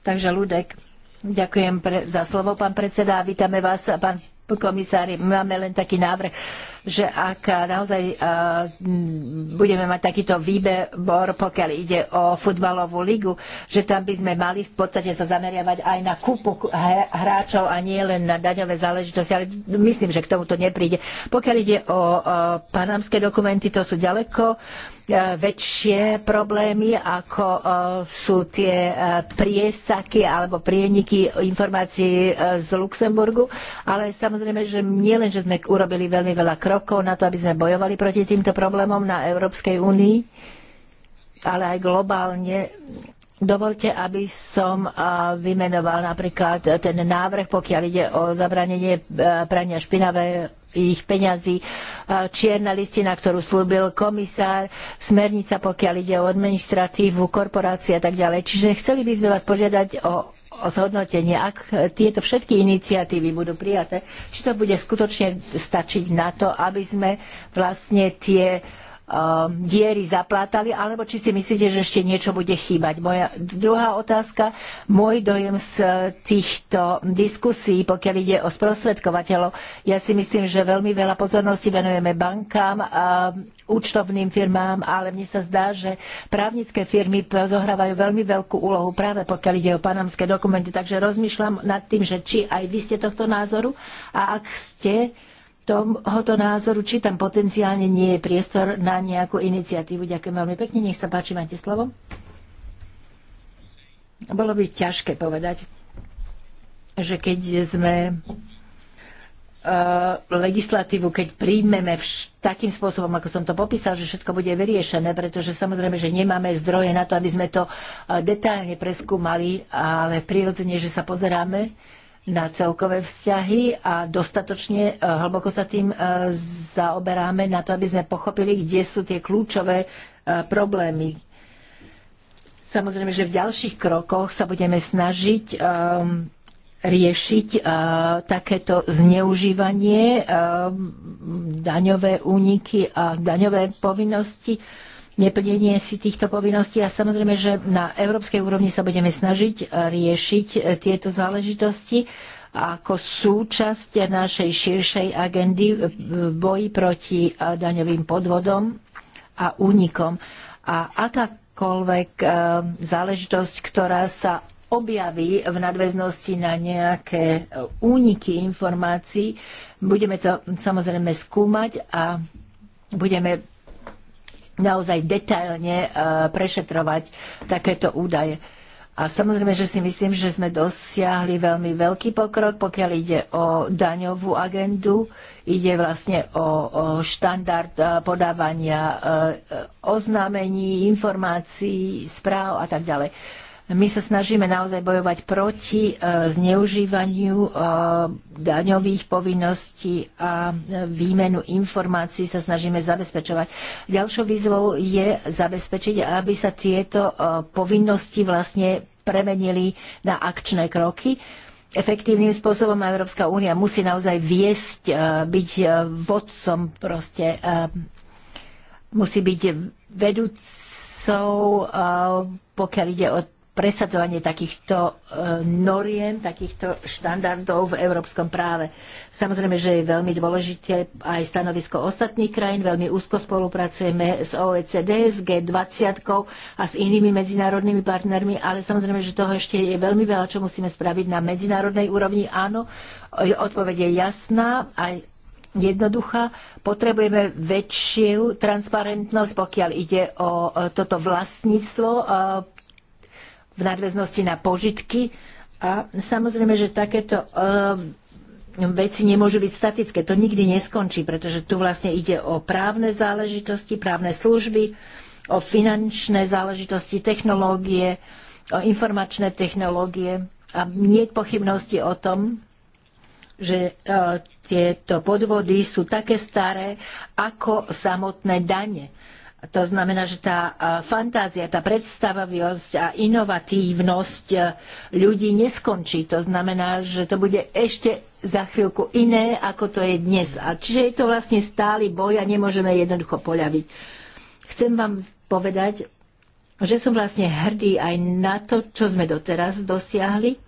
Takže Ludek. Ďakujem pre, za slovo, pán predseda. Vítame vás, pán komisár. Máme len taký návrh že ak naozaj e, budeme mať takýto výbor, pokiaľ ide o futbalovú ligu, že tam by sme mali v podstate sa zameriavať aj na kúpu hráčov a nie len na daňové záležitosti, ale myslím, že k tomuto nepríde. Pokiaľ ide o e, panamské dokumenty, to sú ďaleko e, väčšie problémy, ako sú tie priesaky alebo prieniky informácií z Luxemburgu, ale samozrejme, že nie len, že sme urobili veľmi veľa krokov, krokov na to, aby sme bojovali proti týmto problémom na Európskej únii, ale aj globálne. Dovolte, aby som vymenoval napríklad ten návrh, pokiaľ ide o zabranenie e, prania špinavých peňazí, e, čierna listina, ktorú slúbil komisár, smernica, pokiaľ ide o administratívu, korporácie a tak ďalej. Čiže chceli by sme vás požiadať o zhodnotenie, ak tieto všetky iniciatívy budú prijaté, či to bude skutočne stačiť na to, aby sme vlastne tie Um, diery zaplátali, alebo či si myslíte, že ešte niečo bude chýbať. Moja druhá otázka, môj dojem z týchto diskusí, pokiaľ ide o sprostredkovateľov, ja si myslím, že veľmi veľa pozornosti venujeme bankám, a účtovným firmám, ale mne sa zdá, že právnické firmy zohrávajú veľmi veľkú úlohu práve pokiaľ ide o panamské dokumenty. Takže rozmýšľam nad tým, že či aj vy ste tohto názoru a ak ste, tohoto názoru, či tam potenciálne nie je priestor na nejakú iniciatívu. Ďakujem veľmi pekne, nech sa páči, máte slovo. Bolo by ťažké povedať, že keď sme e, legislatívu, keď príjmeme vš- takým spôsobom, ako som to popísal, že všetko bude vyriešené, pretože samozrejme, že nemáme zdroje na to, aby sme to e, detailne preskúmali, ale prirodzene, že sa pozeráme na celkové vzťahy a dostatočne e, hlboko sa tým e, zaoberáme na to, aby sme pochopili, kde sú tie kľúčové e, problémy. Samozrejme, že v ďalších krokoch sa budeme snažiť um, riešiť uh, takéto zneužívanie, uh, daňové úniky a daňové povinnosti. Uh, neplnenie si týchto povinností a samozrejme, že na európskej úrovni sa budeme snažiť eh, riešiť eh, tieto záležitosti ako súčasť našej širšej agendy eh, v boji proti daňovým podvodom a únikom. A akákoľvek záležitosť, ktorá sa objaví v nadväznosti na nejaké úniky informácií, budeme to samozrejme skúmať a budeme naozaj detailne e, prešetrovať takéto údaje. A samozrejme, že si myslím, že sme dosiahli veľmi veľký pokrok, pokiaľ ide o daňovú agendu, ide vlastne o, o štandard e, podávania e, oznámení, informácií, správ a tak ďalej. My sa snažíme naozaj bojovať proti e, zneužívaniu e, daňových povinností a e, výmenu informácií sa snažíme zabezpečovať. Ďalšou výzvou je zabezpečiť, aby sa tieto povinnosti vlastne premenili na akčné kroky efektívnym spôsobom Európska únia musí naozaj viesť, byť vodcom proste, musí byť vedúcou, pokiaľ ide o presadzovanie takýchto e, noriem, takýchto štandardov v európskom práve. Samozrejme, že je veľmi dôležité aj stanovisko ostatných krajín. Veľmi úzko spolupracujeme s OECD, s G20 a s inými medzinárodnými partnermi, ale samozrejme, že toho ešte je veľmi veľa, čo musíme spraviť na medzinárodnej úrovni. Áno, e, odpoveď je jasná. Aj jednoduchá. Potrebujeme väčšiu transparentnosť, pokiaľ ide o e, toto vlastníctvo v nadväznosti na požitky. A samozrejme, že takéto ehm, veci nemôžu byť statické. To nikdy neskončí, pretože tu vlastne ide o právne záležitosti, právne služby, o finančné záležitosti, technológie, o informačné technológie. A nie je pochybnosti o tom, že e, tieto podvody sú také staré ako samotné dane. To znamená, že tá e, fantázia, tá predstavavosť a inovatívnosť e, ľudí neskončí. To znamená, že to bude ešte za chvíľku iné, ako to je dnes. A čiže je to vlastne stály boj a nemôžeme jednoducho poľaviť. Chcem vám povedať, že som vlastne hrdý aj na to, čo sme doteraz dosiahli,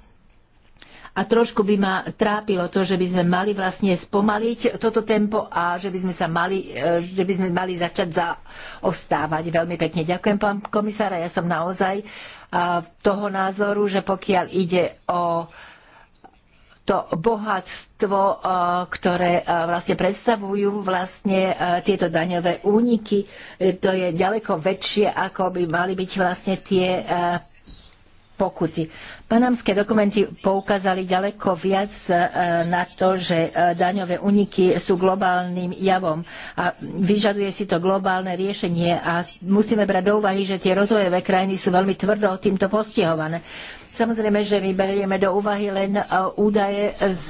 a trošku by ma trápilo to, že by sme mali vlastne spomaliť toto tempo a že by sme sa mali, e, že by sme mali začať zaostávať. Veľmi pekne ďakujem, pán komisára. Ja som naozaj e, toho názoru, že pokiaľ ide o to bohatstvo, e, ktoré vlastne predstavujú vlastne tieto daňové úniky, to je ďaleko väčšie, ako by mali byť vlastne tie pokuty. Panamské dokumenty poukázali ďaleko viac e, na to, že e, daňové úniky sú globálnym javom a vyžaduje si to globálne riešenie a musíme brať do úvahy, že tie rozvojové krajiny sú veľmi tvrdo týmto postihované. Samozrejme, že my berieme do úvahy len e, údaje z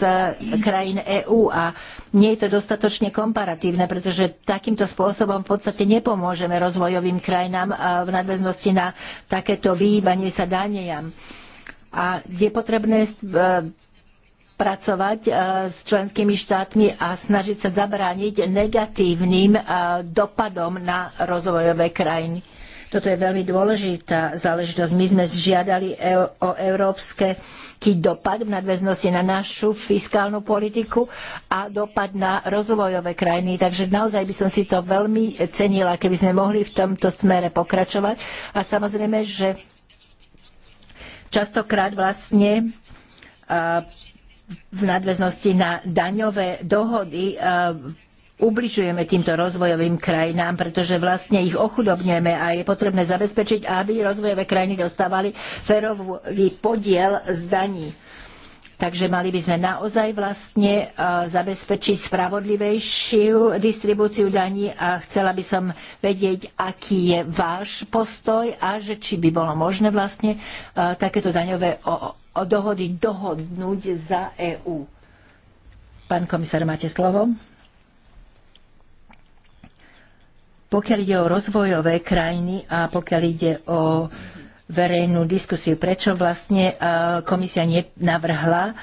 krajín EÚ a nie je to dostatočne komparatívne, pretože takýmto spôsobom v podstate nepomôžeme rozvojovým krajinám v nadväznosti na takéto vyhýbanie sa daniam a je potrebné e, pracovať e, s členskými štátmi a snažiť sa zabrániť negatívnym e, dopadom na rozvojové krajiny. Toto je veľmi dôležitá záležitosť. My sme žiadali o európske dopad v nadväznosti na našu fiskálnu politiku a dopad na rozvojové krajiny. Takže naozaj by som si to veľmi cenila, keby sme mohli v tomto smere pokračovať. A samozrejme, že Častokrát vlastne v nadväznosti na daňové dohody ubližujeme týmto rozvojovým krajinám, pretože vlastne ich ochudobňujeme a je potrebné zabezpečiť, aby rozvojové krajiny dostávali férový podiel z daní. Takže mali by sme naozaj vlastne e, zabezpečiť spravodlivejšiu distribúciu daní a chcela by som vedieť, aký je váš postoj a že či by bolo možné vlastne e, takéto daňové dohody dohodnúť za EÚ. Pán komisár, máte slovo. Pokiaľ ide o rozvojové krajiny a pokiaľ ide o uh, verejnú diskusiu, prečo vlastne e, komisia nenavrhla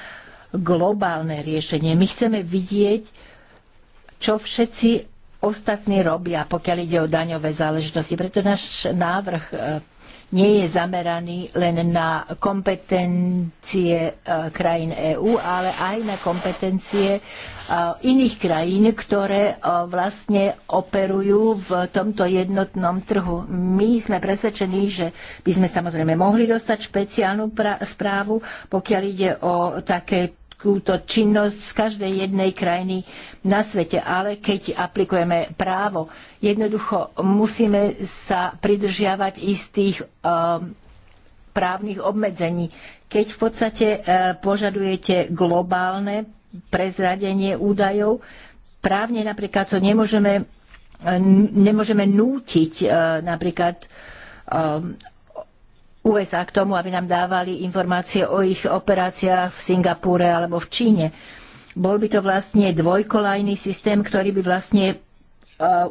globálne riešenie. My chceme vidieť, čo všetci ostatní robia, pokiaľ ide o daňové záležitosti. Preto náš návrh e, nie je zameraný len na kompetencie e, krajín EÚ, ale aj na kompetencie e, iných krajín, ktoré e, vlastne operujú v tomto jednotnom trhu. My sme presvedčení, že by sme samozrejme mohli dostať špeciálnu správu, pokiaľ ide o také takúto činnosť z každej jednej krajiny na svete. Ale keď aplikujeme právo, jednoducho musíme sa pridržiavať istých um, právnych obmedzení. Keď v podstate uh, požadujete globálne prezradenie údajov, právne napríklad to nemôžeme, nemôžeme nútiť uh, napríklad um, USA k tomu, aby nám dávali informácie o ich operáciách v Singapúre alebo v Číne. Bol by to vlastne dvojkolajný systém, ktorý by vlastne e,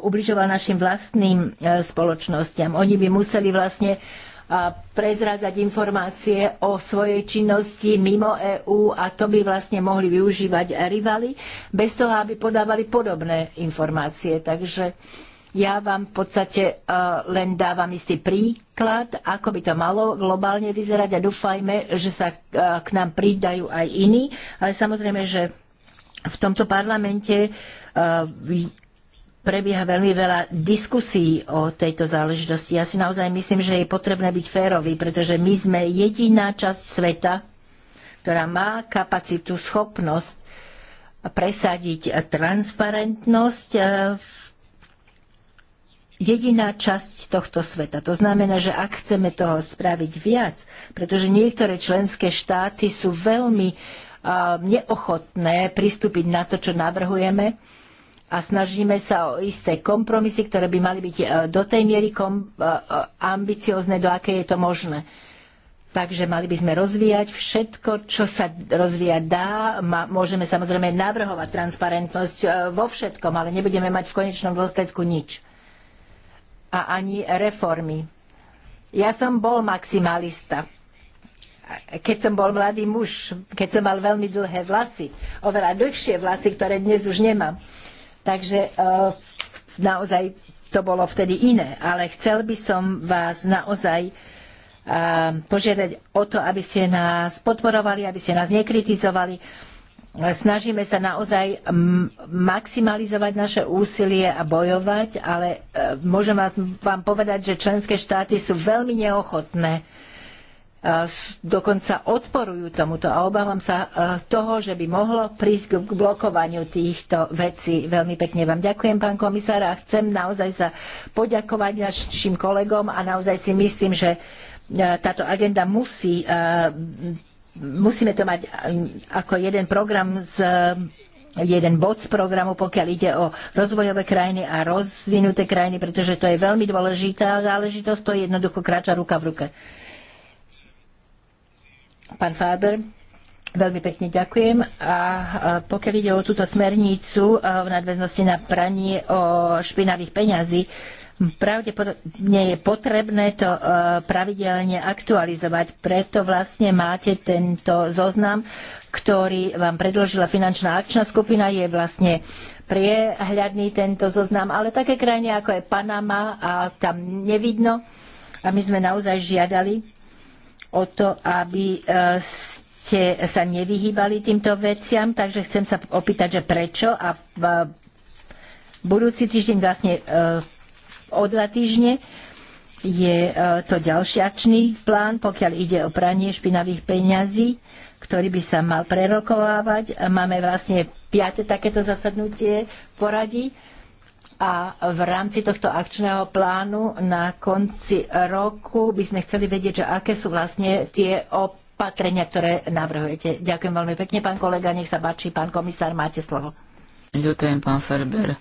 ubližoval našim vlastným e, spoločnostiam. Oni by museli vlastne e, prezrádzať informácie o svojej činnosti mimo EÚ a to by vlastne mohli využívať rivali bez toho, aby podávali podobné informácie. Takže ja vám v podstate e, len dávam istý príklad, ako by to malo globálne vyzerať a dúfajme, že sa e, k nám pridajú aj iní. Ale samozrejme, že v tomto parlamente e, prebieha veľmi veľa diskusí o tejto záležitosti. Ja si naozaj myslím, že je potrebné byť férový, pretože my sme jediná časť sveta, ktorá má kapacitu, schopnosť presadiť transparentnosť v jediná časť tohto sveta. To znamená, že ak chceme toho spraviť viac, pretože niektoré členské štáty sú veľmi uh, neochotné pristúpiť na to, čo navrhujeme a snažíme sa o isté kompromisy, ktoré by mali byť uh, do tej miery kom, uh, ambiciozne, do aké je to možné. Takže mali by sme rozvíjať všetko, čo sa rozvíjať dá. môžeme samozrejme navrhovať transparentnosť vo všetkom, ale nebudeme mať v konečnom dôsledku nič a ani reformy. Ja som bol maximalista. Keď som bol mladý muž, keď som mal veľmi dlhé vlasy, oveľa dlhšie vlasy, ktoré dnes už nemám. Takže eh, naozaj to bolo vtedy iné. Ale chcel by som vás naozaj eh, požiadať o to, aby ste nás podporovali, aby ste nás nekritizovali snažíme sa naozaj maximalizovať naše úsilie a bojovať, ale e, môžem vám povedať, že členské štáty sú veľmi neochotné e, dokonca odporujú tomuto a obávam sa e, toho, že by mohlo prísť k blokovaniu týchto vecí. Veľmi pekne vám ďakujem, pán komisár, a chcem naozaj sa poďakovať našim kolegom a naozaj si myslím, že táto agenda musí musíme to mať um, ako jeden program z um, jeden bod z programu, pokiaľ ide o rozvojové krajiny a rozvinuté krajiny, pretože to je veľmi dôležitá záležitosť, to jednoducho kráča ruka v ruke. Pán Faber, veľmi pekne ďakujem. A pokiaľ ide o túto smernicu v nadväznosti na pranie o špinavých peňazí, Pravdepodobne je potrebné to e, pravidelne aktualizovať, preto vlastne máte tento zoznam, ktorý vám predložila finančná akčná skupina, je vlastne priehľadný tento zoznam, ale také krajiny ako je Panama a tam nevidno. A my sme naozaj žiadali o to, aby e, ste sa nevyhýbali týmto veciam, takže chcem sa opýtať, že prečo a v e, budúci týždeň vlastne o dva týždne. Je e, to ďalší akčný plán, pokiaľ ide o pranie špinavých peňazí, ktorý by sa mal prerokovávať. Máme vlastne piate takéto zasadnutie poradí a v rámci tohto akčného plánu na konci roku by sme chceli vedieť, že aké sú vlastne tie opatrenia, ktoré navrhujete. Ďakujem veľmi pekne, pán kolega, nech sa páči, pán komisár, máte slovo. Ďakujem, pán Ferber.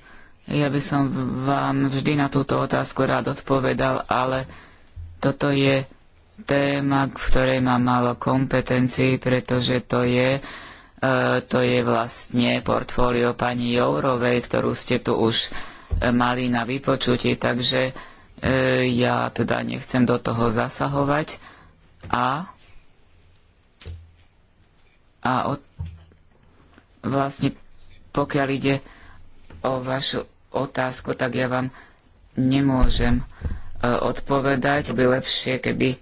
Ja by som vám vždy na túto otázku rád odpovedal, ale toto je téma, v ktorej mám málo kompetencií, pretože to je, e, to je vlastne portfólio pani Jourovej, ktorú ste tu už e, mali na vypočutí, takže e, ja teda nechcem do toho zasahovať a, a od, vlastne pokiaľ ide o vašu otázku, tak ja vám nemôžem e, odpovedať. By lepšie, keby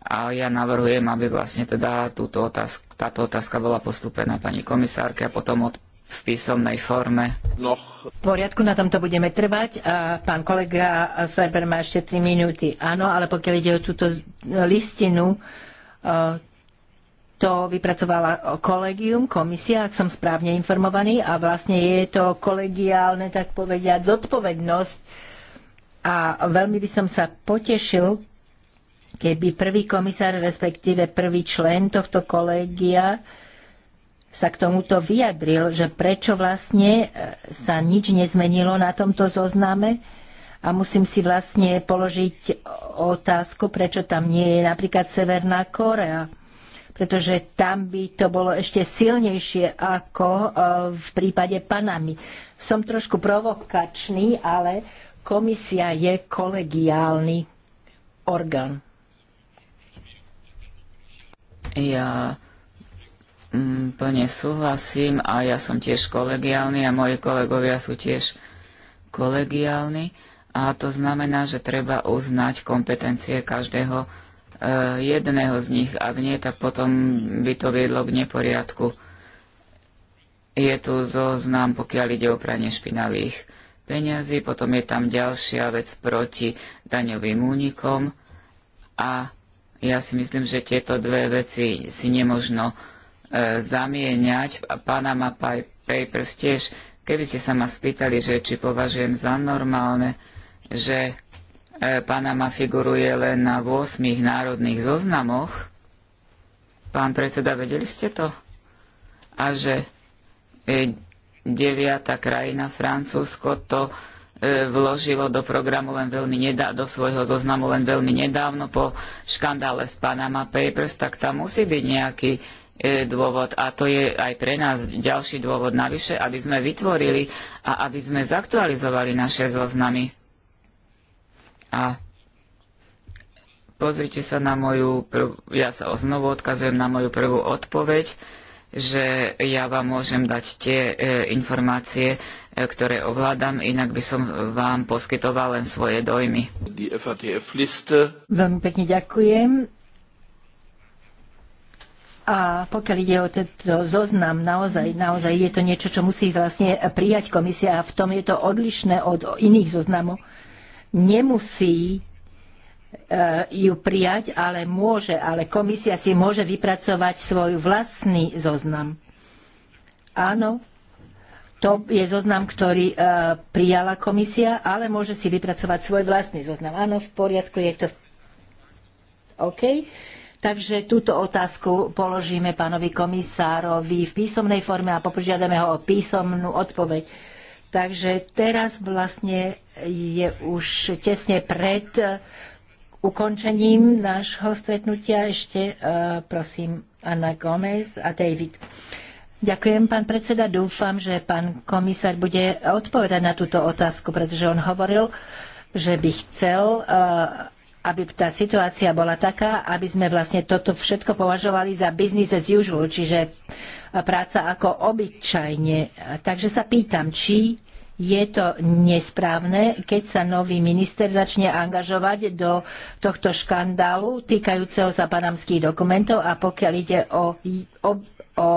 a ja navrhujem, aby vlastne teda túto otázku, táto otázka bola postúpená pani komisárke a potom od, v písomnej forme. No. V poriadku, na tomto budeme trvať. A pán kolega Ferber má ešte 3 minúty. Áno, ale pokiaľ ide o túto listinu, e, to vypracovala kolegium, komisia, ak som správne informovaný, a vlastne je to kolegiálne, tak povediať, zodpovednosť. A veľmi by som sa potešil, keby prvý komisár, respektíve prvý člen tohto kolegia sa k tomuto vyjadril, že prečo vlastne e, sa nič nezmenilo na tomto zozname, a musím si vlastne položiť otázku, prečo tam nie je napríklad Severná Korea pretože tam by to bolo ešte silnejšie ako e, v prípade Panamy. Som trošku provokačný, ale komisia je kolegiálny orgán. Ja mm, plne súhlasím a ja som tiež kolegiálny a moji kolegovia sú tiež kolegiálni a to znamená, že treba uznať kompetencie každého Eh, jedného z nich. Ak nie, tak potom by to viedlo k neporiadku. Je tu zoznam, pokiaľ ide o pranie špinavých peňazí, potom je tam ďalšia vec proti daňovým únikom a ja si myslím, že tieto dve veci si nemožno e, zamieňať. Panama Papers tiež, keby ste sa ma spýtali, že či považujem za normálne, že E, Panama figuruje len na 8 národných zoznamoch. Pán predseda, vedeli ste to? A že e, deviata krajina, Francúzsko, to e, vložilo do programu len veľmi nedá, do svojho zoznamu len veľmi nedávno po škandále s Panama Papers, tak tam musí byť nejaký dôvod a to je aj pre nás ďalší dôvod navyše, aby sme vytvorili a aby sme zaktualizovali naše zoznamy. A pozrite sa na moju prv... ja sa znovu odkazujem na moju prvú odpoveď, že ja vám môžem dať tie e, informácie, e, ktoré ovládam, inak by som vám poskytoval len svoje dojmy. Veľmi pekne ďakujem. A pokiaľ ide o tento zoznam, naozaj, naozaj je to niečo, čo musí vlastne prijať komisia a v tom je to odlišné od iných zoznamov nemusí eh, ju prijať, ale môže, ale komisia si môže vypracovať svoj vlastný zoznam. Áno, to je zoznam, ktorý eh, prijala komisia, ale môže si vypracovať svoj vlastný zoznam. Áno, v poriadku je to. OK. Takže túto otázku položíme pánovi komisárovi v písomnej forme a popožiadame ho o písomnú odpoveď. Takže teraz vlastne je už tesne pred e, ukončením nášho stretnutia ešte e, prosím Anna Gomez a David. Ďakujem, pán predseda. Dúfam, že pán komisár bude odpovedať na túto otázku, pretože on hovoril, že by chcel e, aby tá situácia bola taká, aby sme vlastne toto všetko považovali za business as usual, čiže práca ako obyčajne. Takže sa pýtam, či je to nesprávne, keď sa nový minister začne angažovať do tohto škandálu týkajúceho sa panamských dokumentov a pokiaľ ide o, o, o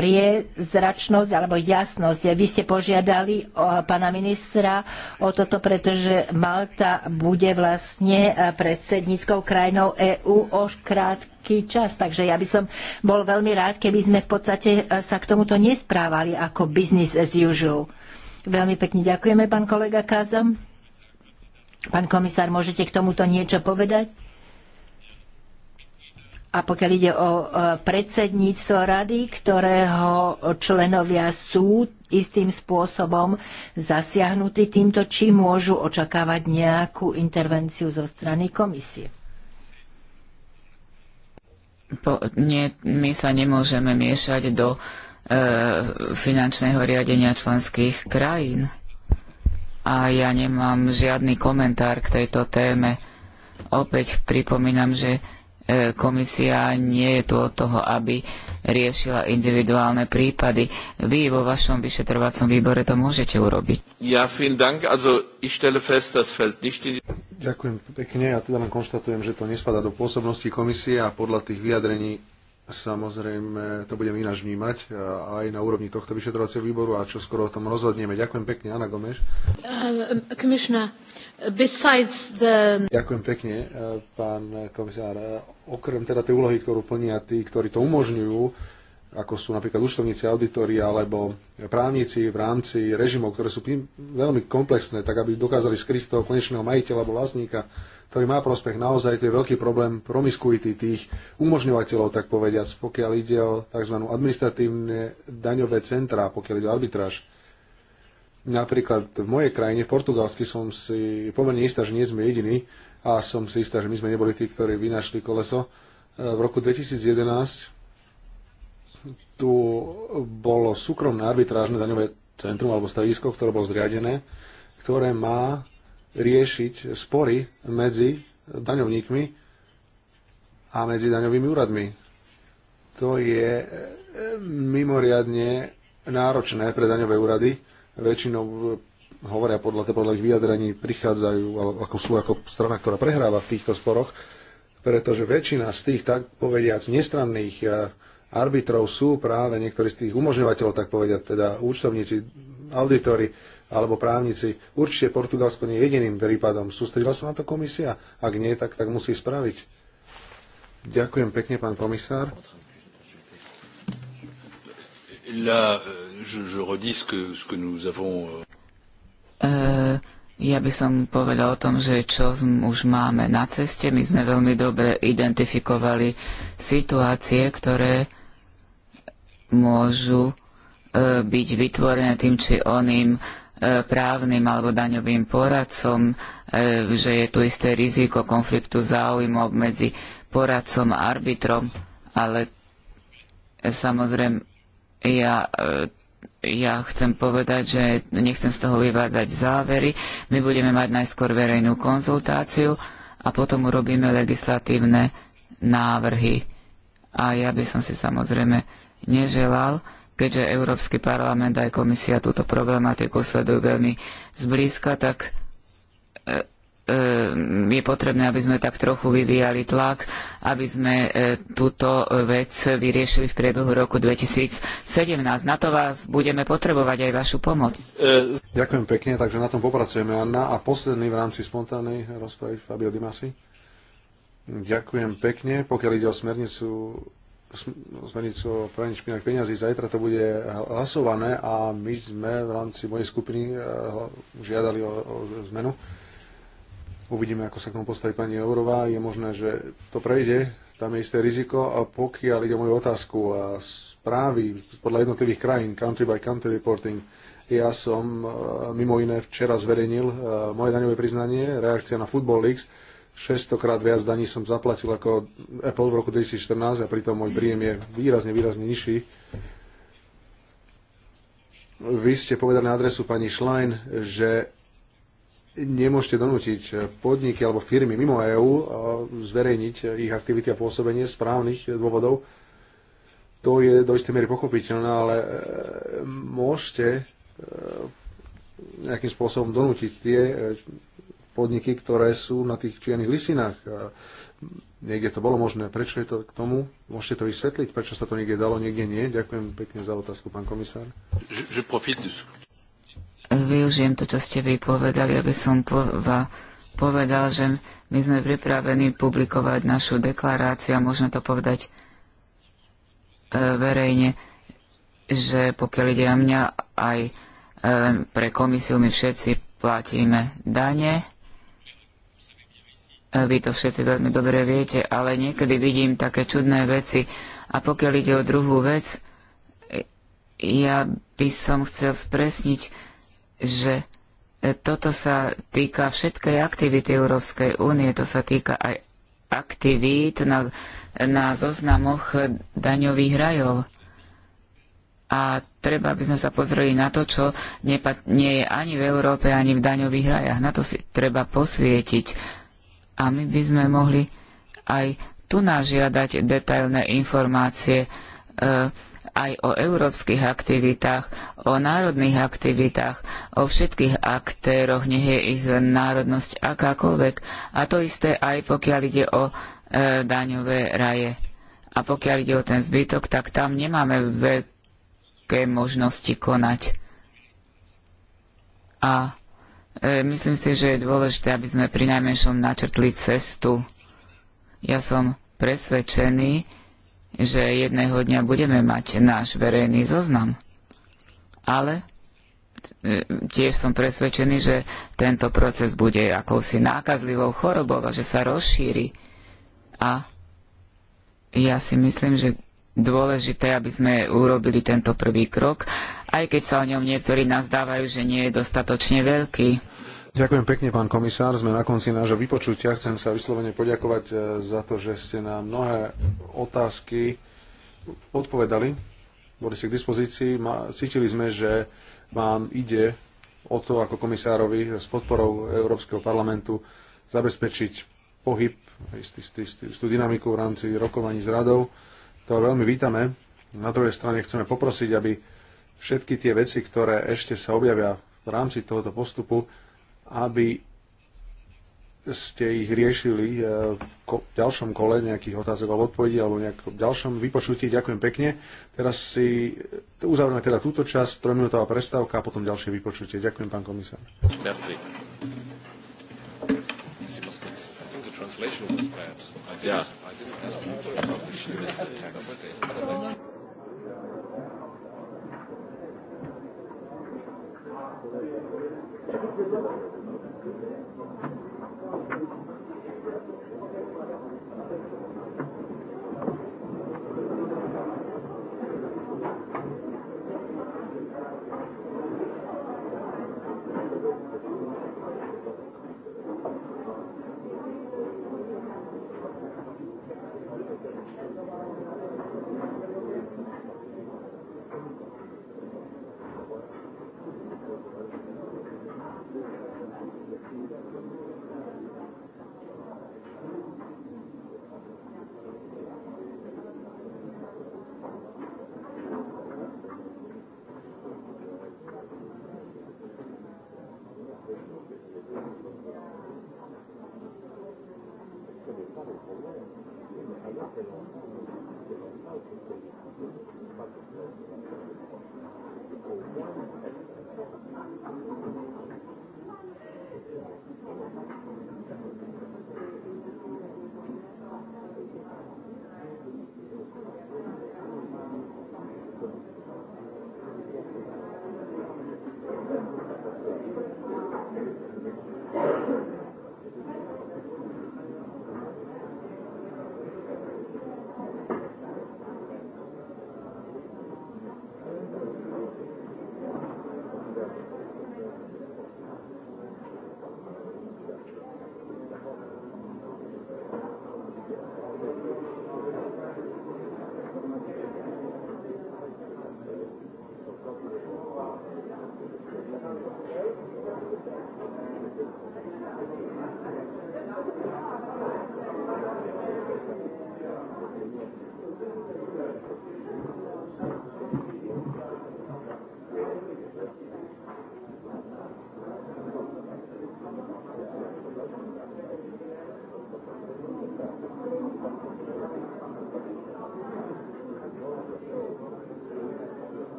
priezračnosť alebo jasnosť. Vy ste požiadali eh, pána ministra o toto, pretože Malta bude vlastne eh, predsedníckou krajinou EÚ o krátky čas. Takže ja by som bol veľmi rád, keby sme v podstate eh, sa k tomuto nesprávali ako business as usual. Veľmi pekne ďakujeme, pán kolega Kázam. Pán komisár, môžete k tomuto niečo povedať? a pokiaľ ide o e, predsedníctvo rady, ktorého členovia sú istým spôsobom zasiahnutí týmto, či môžu očakávať nejakú intervenciu zo strany komisie. Po, nie, my sa nemôžeme miešať do e, finančného riadenia členských krajín. A ja nemám žiadny komentár k tejto téme. Opäť pripomínam, že E, komisia nie je tu od toho, aby riešila individuálne prípady. Vy vo vašom vyšetrovacom výbore to môžete urobiť. Ja, dank. Also, ich stelle fest, das fällt nicht in... Ďakujem pekne. Ja teda len konštatujem, že to nespada do pôsobnosti komisie a podľa tých vyjadrení Samozrejme, to budem ináč vnímať e, aj na úrovni tohto vyšetrovacieho výboru a čo skoro o tom rozhodneme. Ďakujem pekne, Anna Gomeš. Uh, the... Ďakujem pekne, e, pán komisár. E, okrem teda tej úlohy, ktorú plnia tí, ktorí to umožňujú, ako sú napríklad účtovníci, auditori alebo právnici v rámci režimov, ktoré sú veľmi komplexné, tak aby dokázali skryť toho konečného majiteľa alebo vlastníka ktorý má prospech. Naozaj to je veľký problém promiskuity tých umožňovateľov, tak povediac, pokiaľ ide o tzv. administratívne daňové centrá, pokiaľ ide o arbitráž. Napríklad v mojej krajine, v Portugalsky, som si pomerne istá, že nie sme jediní a som si istá, že my sme neboli tí, ktorí vynašli koleso. E, v roku 2011 tu bolo súkromné arbitrážne daňové centrum alebo stavisko, ktoré bolo zriadené, ktoré má riešiť spory medzi daňovníkmi a medzi daňovými úradmi. To je e, mimoriadne náročné pre daňové úrady. Väčšinou e, hovoria podľa, podľa ich vyjadrení, prichádzajú, ako sú ako strana, ktorá prehráva v týchto sporoch, pretože väčšina z tých, tak povediac, nestranných e, arbitrov sú práve niektorí z tých umožňovateľov, tak povediať, teda účtovníci, auditori, alebo právnici. Určite Portugalsko nie je jediným prípadom. Sústredila sa na to komisia? Ak nie, tak, tak musí spraviť. Ďakujem pekne, pán komisár. La, je, je redis que, que nous avons... Uh, ja by som povedal o tom, že čo už máme na ceste. My sme veľmi dobre identifikovali situácie, ktoré môžu eh, byť vytvorené tým či oným právnym alebo daňovým poradcom, e, že je tu isté riziko konfliktu záujmov medzi poradcom a arbitrom, ale samozrejme ja, e, ja chcem povedať, že nechcem z toho vyvádzať závery. My budeme mať najskôr verejnú konzultáciu a potom urobíme legislatívne návrhy. A ja by som si samozrejme neželal, keďže Európsky parlament aj komisia túto problematiku sledujú veľmi zblízka, tak e, e, je potrebné, aby sme tak trochu vyvíjali tlak, aby sme e, túto vec vyriešili v priebehu roku 2017. Na to vás budeme potrebovať aj vašu pomoc. Ďakujem pekne, takže na tom popracujeme, Anna. A posledný v rámci spontánnej rozpravy Fabio Dimasi. Ďakujem pekne. Pokiaľ ide o smernicu zmeniť no, o praní špinavých peňazí. Zajtra to bude hlasované a my sme v rámci mojej skupiny eh, žiadali o, o zmenu. Uvidíme, ako sa k tomu postaví pani Eurová. Je možné, že to prejde. Tam je isté riziko. A pokiaľ ide o moju otázku a správy podľa jednotlivých krajín, country by country reporting, ja som eh, mimo iné včera zverejnil eh, moje daňové priznanie, reakcia na Football Leagues, 600 krát viac daní som zaplatil ako Apple v roku 2014 a pritom môj príjem je výrazne, výrazne nižší. Vy ste povedali na adresu pani Schlein, že nemôžete donútiť podniky alebo firmy mimo EÚ eh, zverejniť ich aktivity a pôsobenie správnych dôvodov. To je do istej miery pochopiteľné, ale eh, môžete eh, nejakým spôsobom donútiť tie podniky, ktoré sú na tých čiernych lisinách. Niekde to bolo možné. Prečo je to k tomu? Môžete to vysvetliť? Prečo sa to niekde dalo, niekde nie? Ďakujem pekne za otázku, pán komisár. Je, je Využijem to, čo ste vy povedali, aby som povedal, že my sme pripravení publikovať našu deklaráciu a môžeme to povedať e, verejne, že pokiaľ ide o mňa, aj e, pre komisiu my všetci platíme dane E, vy to všetci veľmi dobre viete, ale niekedy vidím také čudné veci. A pokiaľ ide o druhú vec, e, ja by som chcel spresniť, že e, toto sa týka všetkej aktivity Európskej únie, to sa týka aj aktivít na, na zoznamoch daňových rajov. A treba, aby sme sa pozreli na to, čo nie je ani v Európe, ani v daňových rajach. Na to si treba posvietiť a my by sme mohli aj tu nažiadať detailné informácie e, aj o európskych aktivitách, o národných aktivitách, o všetkých aktéroch, nech je ich národnosť akákoľvek. A to isté aj pokiaľ ide o e, daňové raje. A pokiaľ ide o ten zbytok, tak tam nemáme veľké možnosti konať. A E, myslím si, že je dôležité, aby sme pri najmenšom načrtli cestu. Ja som presvedčený, že jedného dňa budeme mať náš verejný zoznam. Ale e, tiež som presvedčený, že tento proces bude akousi nákazlivou chorobou a že sa rozšíri. A ja si myslím, že dôležité, aby sme urobili tento prvý krok aj keď sa o ňom niektorí nazdávajú, že nie je dostatočne veľký. Ďakujem pekne, pán komisár. Sme na konci nášho vypočutia. Chcem sa vyslovene poďakovať e, za to, že ste na mnohé otázky odpovedali. Boli ste k dispozícii. Cítili sme, že vám ide o to, ako komisárovi s podporou Európskeho parlamentu zabezpečiť pohyb, istý, istý, istý, istú dynamiku v rámci rokovaní s radou. To veľmi vítame. Na druhej strane chceme poprosiť, aby všetky tie veci, ktoré ešte sa objavia v rámci tohoto postupu, aby ste ich riešili eh, v ďalšom kole nejakých otázok alebo odpovedí alebo nejakom ďalšom vypočutí. Ďakujem pekne. Teraz si eh, uzavrieme teda túto časť, trojminútová prestávka a potom ďalšie vypočutie. Ďakujem, pán komisár. Merci. yeah. Thank you.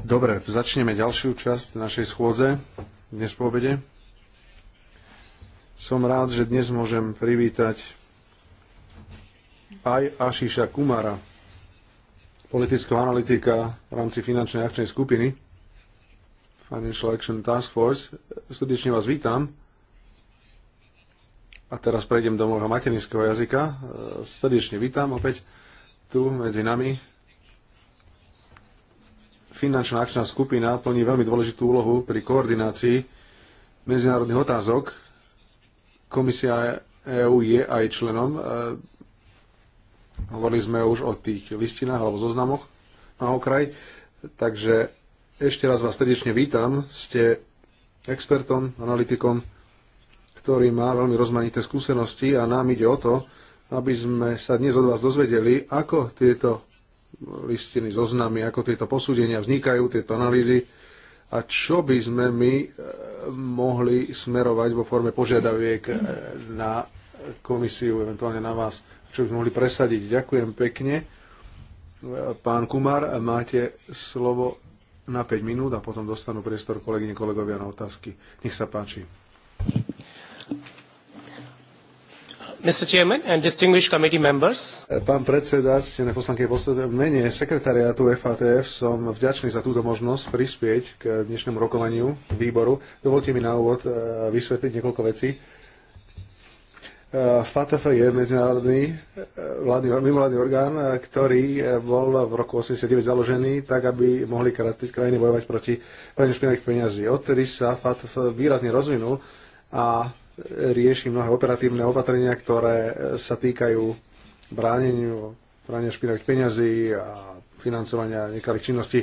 Dobre, začneme ďalšiu časť našej schôdze dnes po obede. Som rád, že dnes môžem privítať aj Ašiša Kumara, politického analytika v rámci finančnej akčnej skupiny Financial Action Task Force. Srdečne vás vítam. A teraz prejdem do môjho materinského jazyka. E, srdečne vítam opäť tu medzi nami. Finančná akčná skupina plní veľmi dôležitú úlohu pri koordinácii medzinárodných otázok. Komisia EÚ je aj členom. E, hovorili sme už o tých listinách alebo zoznamoch na okraj. Takže ešte raz vás srdečne vítam. Ste expertom, analytikom, ktorý má veľmi rozmanité skúsenosti a nám ide o to, aby sme sa dnes od vás dozvedeli, ako tieto listiny, zoznamy, ako tieto posúdenia vznikajú, tieto analýzy a čo by sme my e, mohli smerovať vo forme požiadaviek e, na komisiu, eventuálne na vás, čo by sme mohli presadiť. Ďakujem pekne. Pán Kumar, máte slovo na 5 minút a potom dostanú priestor kolegyne, kolegovia na otázky. Nech sa páči. Mr. Chairman and distinguished committee members. Pán predseda, ste na poslanky posledné mene sekretariátu FATF som vďačný za túto možnosť prispieť k dnešnému rokovaniu výboru. Dovolte mi na úvod e, vysvetliť niekoľko vecí. FATF e, je medzinárodný e, vládny, mimovládny orgán, ktorý bol v roku 89 založený tak, aby mohli krajiny bojovať proti praniu špinavých peňazí. Odtedy sa FATF výrazne rozvinul a rieši mnohé operatívne opatrenia, ktoré e, sa týkajú bráneniu, bránenia špinavých peňazí a financovania nekalých činností.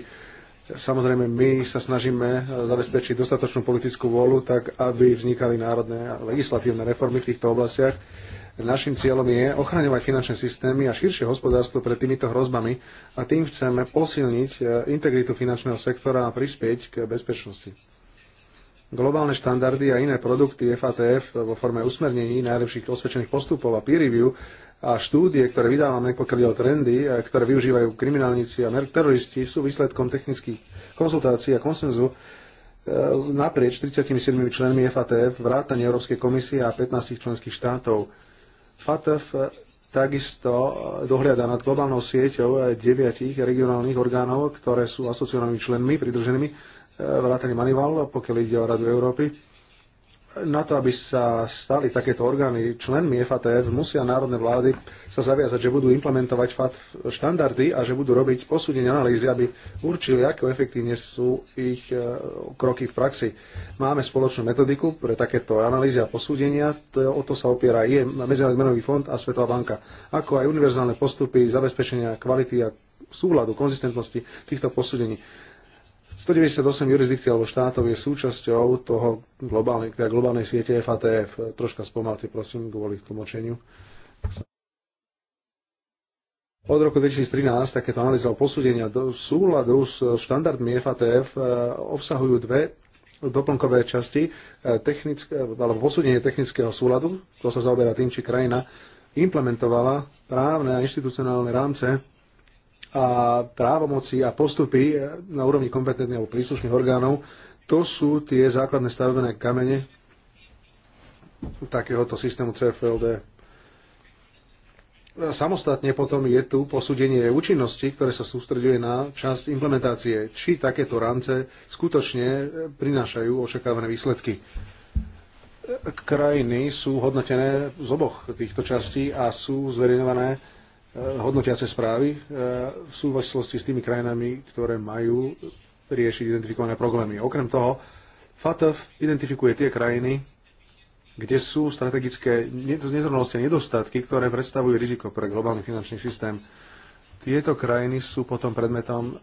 Samozrejme, my sa snažíme e, zabezpečiť dostatočnú politickú vôľu, tak aby vznikali národné a legislatívne reformy v týchto oblastiach. Našim cieľom je ochraňovať finančné systémy a širšie hospodárstvo pred týmito hrozbami a tým chceme posilniť e, integritu finančného sektora a prispieť k bezpečnosti globálne štandardy a iné produkty FATF vo forme usmernení najlepších osvedčených postupov a peer review a štúdie, ktoré vydávame, pokiaľ ide o trendy, e, ktoré využívajú kriminálnici a teroristi, sú výsledkom technických konzultácií a konsenzu e, naprieč 37 členmi FATF, vrátane Európskej komisie a 15 členských štátov. FATF e, takisto dohliada nad globálnou sieťou deviatich regionálnych orgánov, ktoré sú asociovanými členmi, pridruženými vrátane Manival, pokiaľ ide o Radu Európy. Na to, aby sa stali takéto orgány členmi FATF, musia národné vlády sa zaviazať, že budú implementovať FAT štandardy a že budú robiť posúdenie analýzy, aby určili, ako efektívne sú ich e, kroky v praxi. Máme spoločnú metodiku pre takéto analýzy a posúdenia. To, o to sa opiera aj Medzinárodný menový fond a Svetová banka, ako aj univerzálne postupy zabezpečenia kvality a súhľadu, konzistentnosti týchto posúdení. 198 jurisdikcií alebo štátov je súčasťou toho globálnej, teda globálnej siete FATF. Troška spomalte, prosím, kvôli tlmočeniu. Od roku 2013 takéto analýza o posúdenia do súladu s štandardmi FATF eh, obsahujú dve doplnkové časti, eh, technické, alebo posúdenie technického súladu, to sa zaoberá tým, či krajina implementovala právne a inštitucionálne rámce a právomoci a postupy na úrovni kompetentných alebo príslušných orgánov, to sú tie základné stavebné kamene takéhoto systému CFLD. Samostatne potom je tu posúdenie účinnosti, ktoré sa sústreďuje na časť implementácie, či takéto rance skutočne prinášajú očakávané výsledky krajiny sú hodnotené z oboch týchto častí a sú zverejňované Eh, hodnotiace správy eh, v súvislosti s tými krajinami, ktoré majú riešiť identifikované problémy. Okrem toho, FATF identifikuje tie krajiny, kde sú strategické nezrovnosti a nedostatky, ktoré predstavujú riziko pre globálny finančný systém. Tieto krajiny sú potom predmetom eh,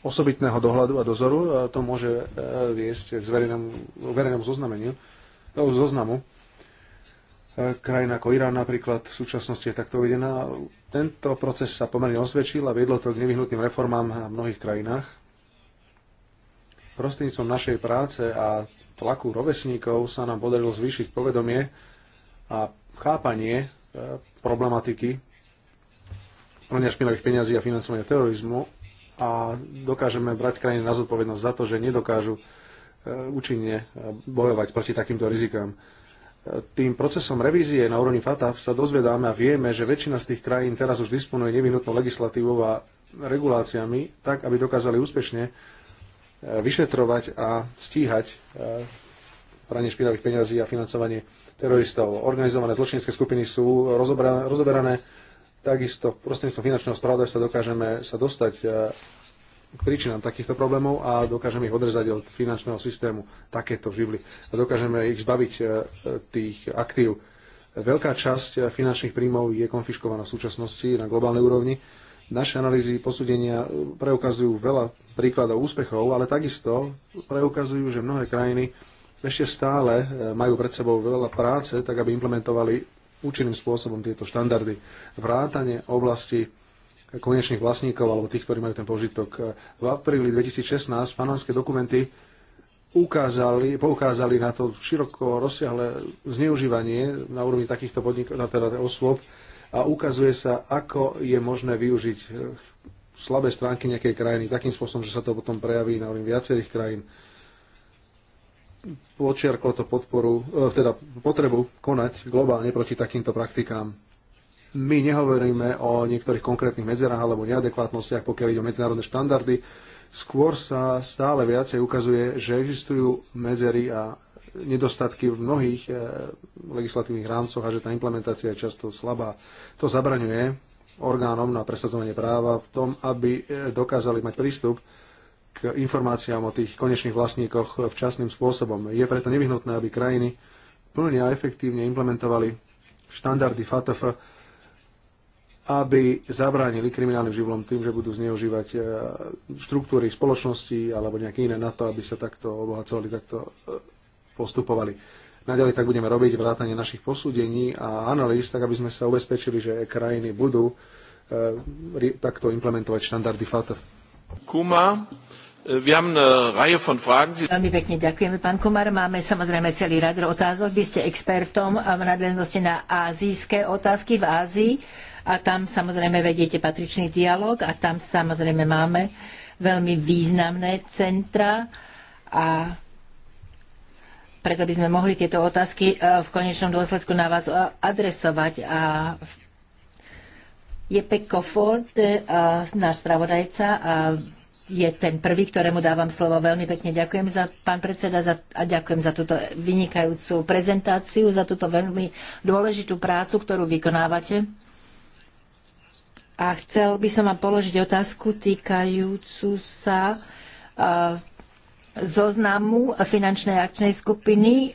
osobitného dohľadu a dozoru. To môže viesť k verejnému zoznameniu, zoznamu E, krajina ako Irán napríklad v súčasnosti je takto uvedená. Tento proces sa pomerne osvedčil a viedlo to k nevyhnutným reformám v mnohých krajinách. Prostredníctvom našej práce a tlaku rovesníkov sa nám podarilo zvýšiť povedomie a chápanie e, problematiky plnia špinavých peňazí a financovania terorizmu a dokážeme brať krajiny na zodpovednosť za to, že nedokážu e, účinne bojovať proti takýmto rizikám tým procesom revízie na úrovni FATF sa dozvedáme a vieme, že väčšina z tých krajín teraz už disponuje nevyhnutnou legislatívou a reguláciami, tak aby dokázali úspešne e, vyšetrovať a stíhať e, pranie špinavých peňazí a financovanie teroristov. Organizované zločinecké skupiny sú rozoberané, takisto prostredníctvom finančného spravodajstva dokážeme sa dostať e, k príčinám takýchto problémov a dokážeme ich odrezať od finančného systému takéto živly a dokážeme ich zbaviť e, e, tých aktív. Veľká časť e, finančných príjmov je konfiškovaná v súčasnosti na globálnej úrovni. Naše analýzy posúdenia preukazujú veľa príkladov úspechov, ale takisto preukazujú, že mnohé krajiny ešte stále majú pred sebou veľa práce, tak aby implementovali účinným spôsobom tieto štandardy. Vrátanie oblasti konečných vlastníkov alebo tých, ktorí majú ten požitok. V apríli 2016 panamské dokumenty ukázali, poukázali na to široko rozsiahle zneužívanie na úrovni takýchto podnikov, teda osôb a ukazuje sa, ako je možné využiť slabé stránky nejakej krajiny takým spôsobom, že sa to potom prejaví na úrovni viacerých krajín. Počiarklo to podporu, e, teda potrebu konať globálne proti takýmto praktikám my nehovoríme o niektorých konkrétnych medzerách alebo neadekvátnostiach, pokiaľ ide o medzinárodné štandardy. Skôr sa stále viacej ukazuje, že existujú medzery a nedostatky v mnohých eh, legislatívnych rámcoch a že tá implementácia je často slabá. To zabraňuje orgánom na presadzovanie práva v tom, aby eh, dokázali mať prístup k informáciám o tých konečných vlastníkoch včasným spôsobom. Je preto nevyhnutné, aby krajiny plne a efektívne implementovali štandardy FATF aby zabránili kriminálnym živlom tým, že budú zneužívať e, štruktúry spoločnosti alebo nejaké iné na to, aby sa takto obohacovali, takto e, postupovali. Naďalej tak budeme robiť vrátanie našich posúdení a analýz, tak aby sme sa ubezpečili, že krajiny budú e, takto implementovať štandardy FATF. Kuma, Wir haben eine Reihe von Fragen. Veľmi pekne ďakujeme, pán Kumar. Máme samozrejme celý rad otázok. Vy ste expertom v nadležnosti na azijské otázky v Ázii a tam samozrejme vediete patričný dialog a tam samozrejme máme veľmi významné centra a preto by sme mohli tieto otázky e, v konečnom dôsledku na vás e, adresovať. A je Pekko Ford, e, náš spravodajca, a je ten prvý, ktorému dávam slovo. Veľmi pekne ďakujem za pán predseda za, a ďakujem za túto vynikajúcu prezentáciu, za túto veľmi dôležitú prácu, ktorú vykonávate. A chcel by som vám položiť otázku týkajúcu sa zoznamu finančnej akčnej skupiny,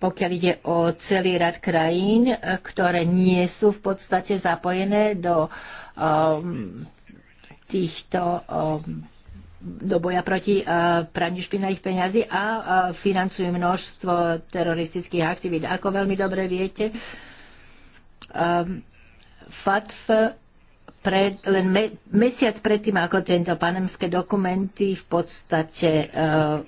pokiaľ ide o celý rad krajín, ktoré nie sú v podstate zapojené do týchto do boja proti praniu špinavých peňazí a financujú množstvo teroristických aktivít. Ako veľmi dobre viete, FATF pred, len me, mesiac predtým, ako tento panemské dokumenty v podstate uh,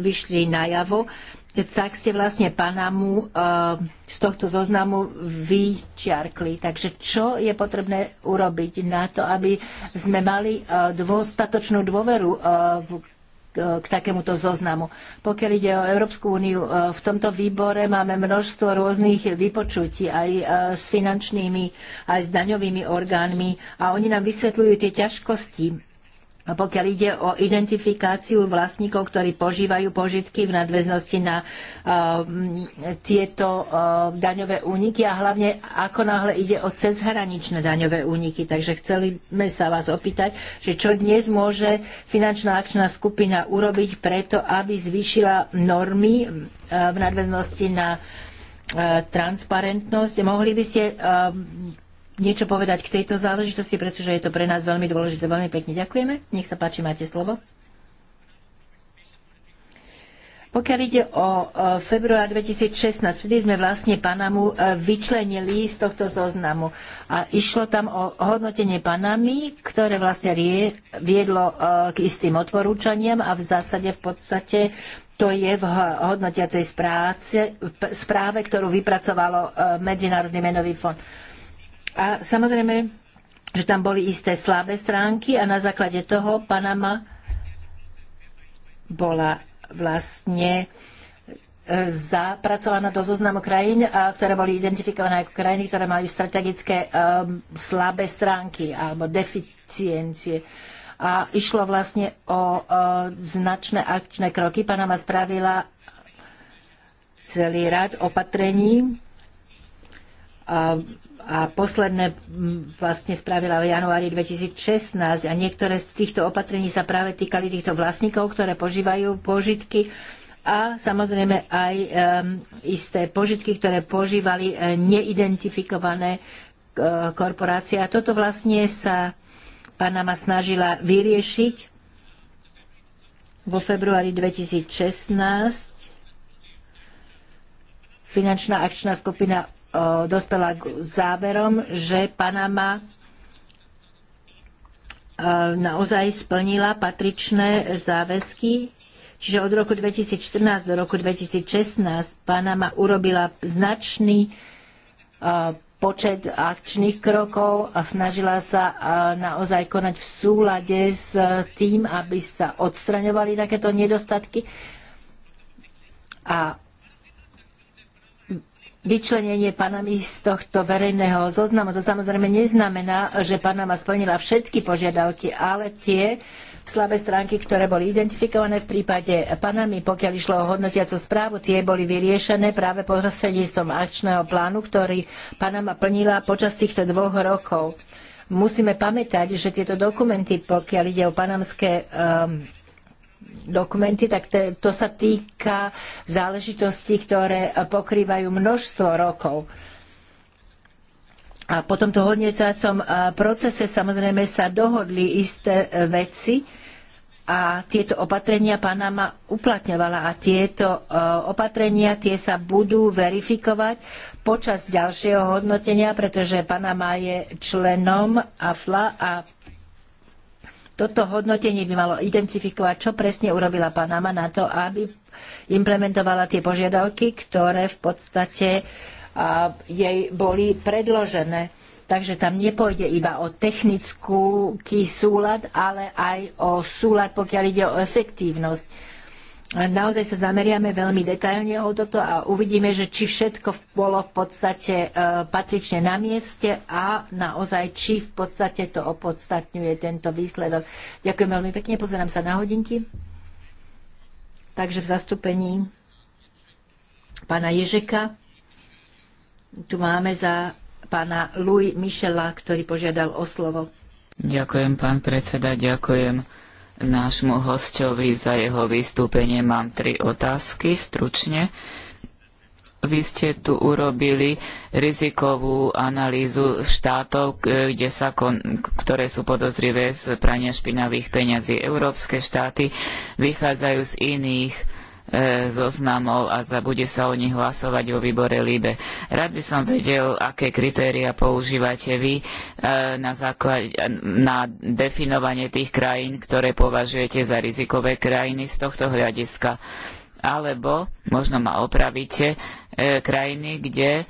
vyšli najavo, tak ste vlastne Panamu uh, z tohto zoznamu vyčiarkli. Takže čo je potrebné urobiť na to, aby sme mali uh, e, dôstatočnú dôveru uh, k takémuto zoznamu. Pokiaľ ide o Európsku úniu, e, v tomto výbore máme množstvo rôznych vypočutí aj e, s finančnými, aj s daňovými orgánmi a oni nám vysvetľujú tie ťažkosti, pokiaľ ide o identifikáciu vlastníkov, ktorí požívajú požitky v nadväznosti na um, tieto um, daňové úniky a hlavne ako náhle ide o cezhraničné daňové úniky. Takže chceli sme sa vás opýtať, že čo dnes môže finančná akčná skupina urobiť preto, aby zvýšila normy um, v nadväznosti na uh, transparentnosť. Mohli by ste niečo povedať k tejto záležitosti, pretože je to pre nás veľmi dôležité. Veľmi pekne ďakujeme. Nech sa páči, máte slovo. Pokiaľ ide o február 2016, vtedy sme vlastne Panamu e, vyčlenili z tohto zoznamu. A išlo tam o hodnotenie Panamy, ktoré vlastne viedlo e, k istým odporúčaniam a v zásade v podstate to je v hodnotiacej správe, správe ktorú vypracovalo e, Medzinárodný menový fond. A samozrejme, že tam boli isté slabé stránky a na základe toho Panama bola vlastne e, zapracovaná do zoznamu krajín, ktoré boli identifikované ako krajiny, ktoré mali strategické um, slabé stránky alebo deficiencie. A išlo vlastne o uh, značné akčné kroky. Panama spravila celý rad opatrení. Um, a posledné vlastne spravila v januári 2016 a niektoré z týchto opatrení sa práve týkali týchto vlastníkov, ktoré požívajú požitky a samozrejme aj isté požitky, ktoré požívali e, neidentifikované e, korporácie. A toto vlastne sa Panama snažila vyriešiť vo februári 2016 finančná akčná skupina dospela k záverom, že Panama naozaj splnila patričné záväzky. Čiže od roku 2014 do roku 2016 Panama urobila značný počet akčných krokov a snažila sa naozaj konať v súlade s tým, aby sa odstraňovali takéto nedostatky. A vyčlenenie Panamy z tohto verejného zoznamu. To samozrejme neznamená, že Panama splnila všetky požiadavky, ale tie slabé stránky, ktoré boli identifikované v prípade Panamy, pokiaľ išlo o hodnotiacu správu, tie boli vyriešené práve prostredníctvom akčného plánu, ktorý Panama plnila počas týchto dvoch rokov. Musíme pamätať, že tieto dokumenty, pokiaľ ide o panamské um, dokumenty, tak te, to sa týka záležitostí, ktoré pokrývajú množstvo rokov. A po tomto hodnecacom procese samozrejme sa dohodli isté e, veci a tieto opatrenia Panama uplatňovala a tieto e, opatrenia tie sa budú verifikovať počas ďalšieho hodnotenia, pretože Panama je členom AFLA a toto hodnotenie by malo identifikovať, čo presne urobila Panama na to, aby implementovala tie požiadavky, ktoré v podstate jej boli predložené. Takže tam nepôjde iba o technický súlad, ale aj o súlad, pokiaľ ide o efektívnosť naozaj sa zameriame veľmi detailne o toto a uvidíme, že či všetko bolo v podstate e, patrične na mieste a naozaj, či v podstate to opodstatňuje tento výsledok. Ďakujem veľmi pekne, pozerám sa na hodinky. Takže v zastúpení pána Ježeka tu máme za pána Louis Michela, ktorý požiadal o slovo. Ďakujem, pán predseda, ďakujem nášmu hostovi za jeho vystúpenie. Mám tri otázky, stručne. Vy ste tu urobili rizikovú analýzu štátov, kde sa kon, ktoré sú podozrivé z prania špinavých peňazí. Európske štáty vychádzajú z iných E, zoznamov a bude sa o nich hlasovať vo výbore LIBE. Rád by som vedel, aké kritéria používate vy e, na, základ, na definovanie tých krajín, ktoré považujete za rizikové krajiny z tohto hľadiska. Alebo, možno ma opravíte, e, krajiny, kde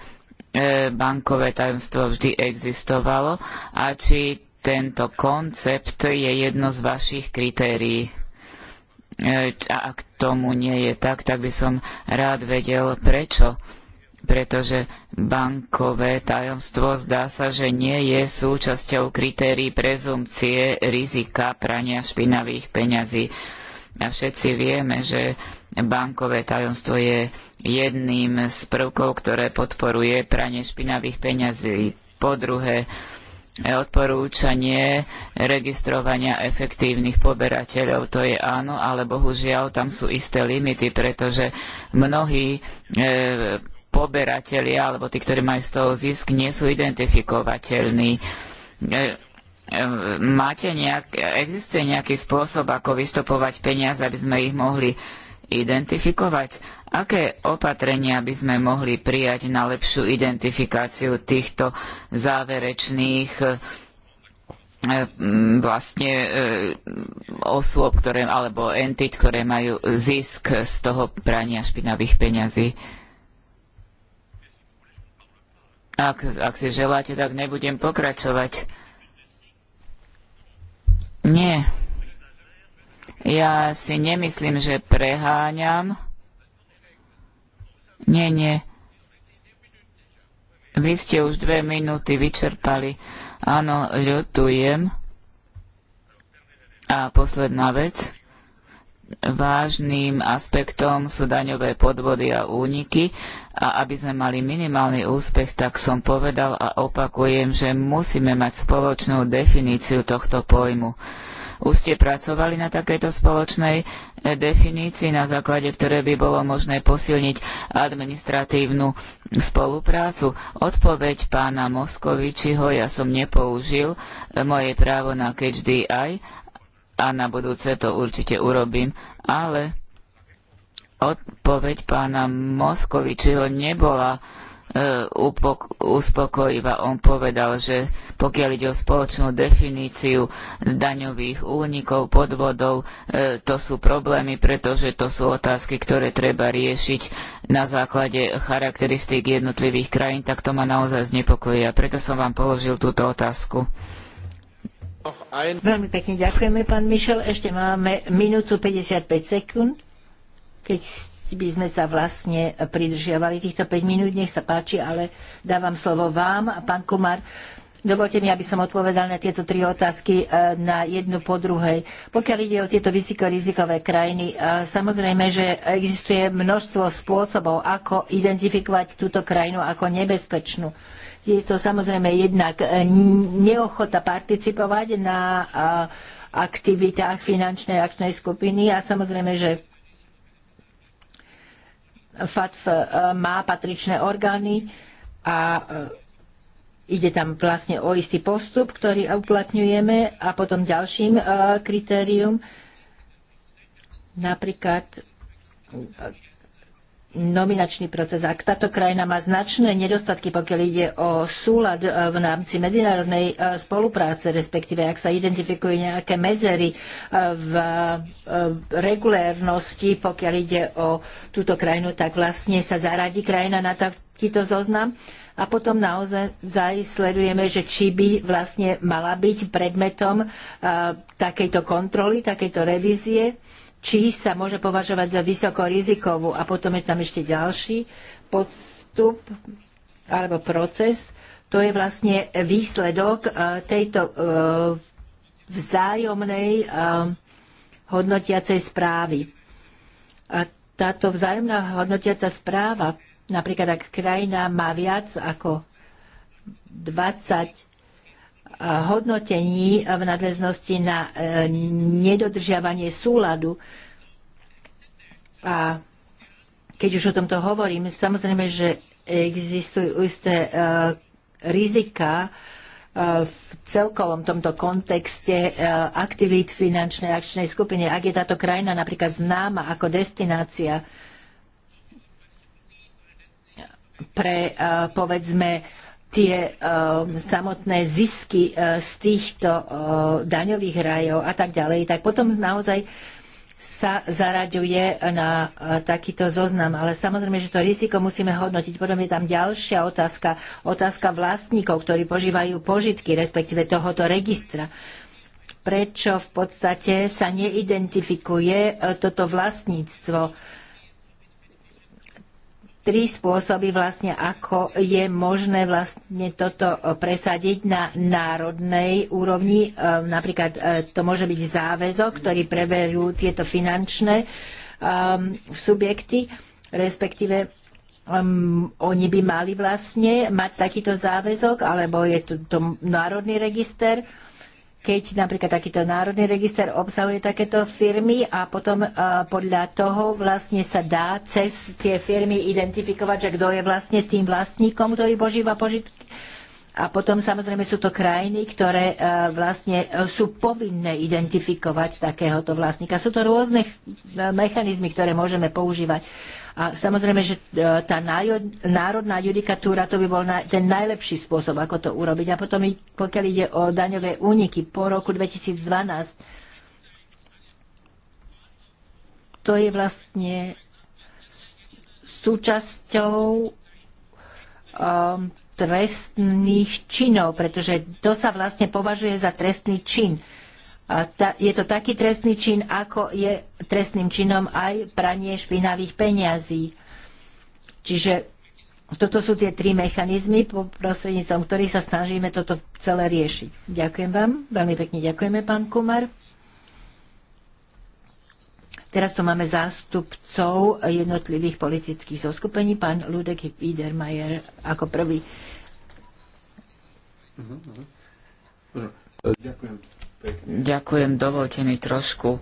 bankové tajomstvo vždy existovalo a či tento koncept je jedno z vašich kritérií. E, a ak tomu nie je tak, tak by som rád vedel prečo. Pretože bankové tajomstvo zdá sa, že nie je súčasťou kritérií prezumcie rizika prania špinavých peňazí. A všetci vieme, že bankové tajomstvo je jedným z prvkov, ktoré podporuje pranie špinavých peňazí. Po druhé, odporúčanie registrovania efektívnych poberateľov. To je áno, ale bohužiaľ tam sú isté limity, pretože mnohí e, poberatelia alebo tí, ktorí majú z toho zisk, nie sú identifikovateľní. E, e máte nejak, existuje nejaký spôsob, ako vystopovať peniaze, aby sme ich mohli identifikovať? Aké opatrenia by sme mohli prijať na lepšiu identifikáciu týchto záverečných eh, mm, vlastne eh, osôb, ktoré, alebo entit, ktoré majú zisk z toho prania špinavých peňazí? Ak, ak si želáte, tak nebudem pokračovať. Nie. Ja si nemyslím, že preháňam nie, nie. Vy ste už dve minúty vyčerpali. Áno, ľutujem. A posledná vec. Vážnym aspektom sú daňové podvody a úniky a aby sme mali minimálny úspech, tak som povedal a opakujem, že musíme mať spoločnú definíciu tohto pojmu. Už ste pracovali na takejto spoločnej e, definícii, na základe ktoré by bolo možné posilniť administratívnu spoluprácu. Odpoveď pána Moskovičiho ja som nepoužil e, moje právo na KHDI a na budúce to určite urobím, ale odpoveď pána Moskovičiho nebola E, uspokojivá. On povedal, že pokiaľ ide o spoločnú definíciu daňových únikov, podvodov, e, to sú problémy, pretože to sú otázky, ktoré treba riešiť na základe charakteristík jednotlivých krajín, tak to ma naozaj znepokojí. A preto som vám položil túto otázku. Veľmi pekne ďakujeme, pán Mišel. Ešte máme minútu 55 sekúnd, keď by sme sa vlastne pridržiavali týchto 5 minút. Nech sa páči, ale dávam slovo vám, pán Kumar. Dovolte mi, aby som odpovedal na tieto tri otázky e, na jednu po druhej. Pokiaľ ide o tieto vysokorizikové krajiny, e, samozrejme, že existuje množstvo spôsobov, ako identifikovať túto krajinu ako nebezpečnú. Je to samozrejme jednak e, neochota participovať na aktivitách finančnej akčnej skupiny a samozrejme, že FATF e, má patričné orgány a e, ide tam vlastne o istý postup, ktorý uplatňujeme a potom ďalším e, kritérium, napríklad nominačný proces. Ak táto krajina má značné nedostatky, pokiaľ ide o súlad e, v rámci medzinárodnej e, spolupráce, respektíve ak sa identifikujú nejaké medzery e, v regulérnosti, pokiaľ ide o túto krajinu, tak vlastne sa zaradí krajina na takýto zoznam. A potom naozaj sledujeme, že či by vlastne mala byť predmetom takejto kontroly, takejto revízie či sa môže považovať za vysoko rizikovú. A potom je tam ešte ďalší podstup alebo proces. To je vlastne výsledok e, tejto e, vzájomnej e, hodnotiacej správy. A táto vzájomná hodnotiaca správa, napríklad ak krajina má viac ako 20 hodnotení v nadväznosti na e, nedodržiavanie súladu. A keď už o tomto hovorím, samozrejme, že existujú isté e, rizika e, v celkovom tomto kontexte aktivít finančnej akčnej skupiny. Ak je táto krajina napríklad známa ako destinácia pre, povedzme, tie um, samotné zisky uh, z týchto uh, daňových rajov a tak ďalej, tak potom naozaj sa zaraďuje na uh, takýto zoznam. Ale samozrejme, že to riziko musíme hodnotiť. Potom je tam ďalšia otázka, otázka vlastníkov, ktorí požívajú požitky, respektíve tohoto registra. Prečo v podstate sa neidentifikuje toto vlastníctvo? tri spôsoby vlastne, ako je možné vlastne toto e, presadiť na národnej úrovni. E, napríklad e, to môže byť záväzok, ktorý preberú tieto finančné subjekty, respektíve um, oni by mali vlastne mať takýto záväzok, alebo je to, to národný register keď napríklad takýto národný register obsahuje takéto firmy a potom uh, podľa toho vlastne sa dá cez tie firmy identifikovať, že kto je vlastne tým vlastníkom, ktorý požíva požitky a potom samozrejme sú to krajiny, ktoré e, vlastne e, sú povinné identifikovať takéhoto vlastníka. Sú to rôzne e, mechanizmy, ktoré môžeme používať. A samozrejme, že tá národná judikatúra to by bol ten najlepší spôsob, ako to urobiť. A potom, pokiaľ ide o daňové úniky po roku 2012, to je vlastne súčasťou um, trestných činov, pretože to sa vlastne považuje za trestný čin. Je to taký trestný čin, ako je trestným činom aj pranie špinavých peňazí. Čiže toto sú tie tri mechanizmy, prostredníctvom ktorých sa snažíme toto celé riešiť. Ďakujem vám, veľmi pekne ďakujeme, pán Kumar. Teraz tu máme zástupcov jednotlivých politických zoskupení. Pán Ludek Wiedermayer ako prvý. Ďakujem. Ďakujem, dovolte mi trošku e,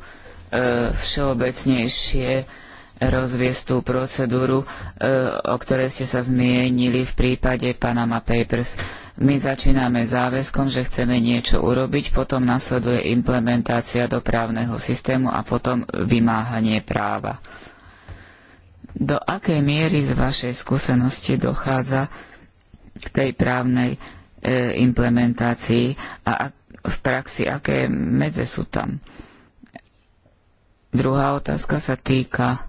všeobecnejšie rozviesť tú procedúru, e, o ktorej ste sa zmienili v prípade Panama Papers. My začíname záväzkom, že chceme niečo urobiť, potom nasleduje implementácia do právneho systému a potom vymáhanie práva. Do akej miery z vašej skúsenosti dochádza k tej právnej E, implementácii a v praxi, aké medze sú tam. Druhá otázka sa týka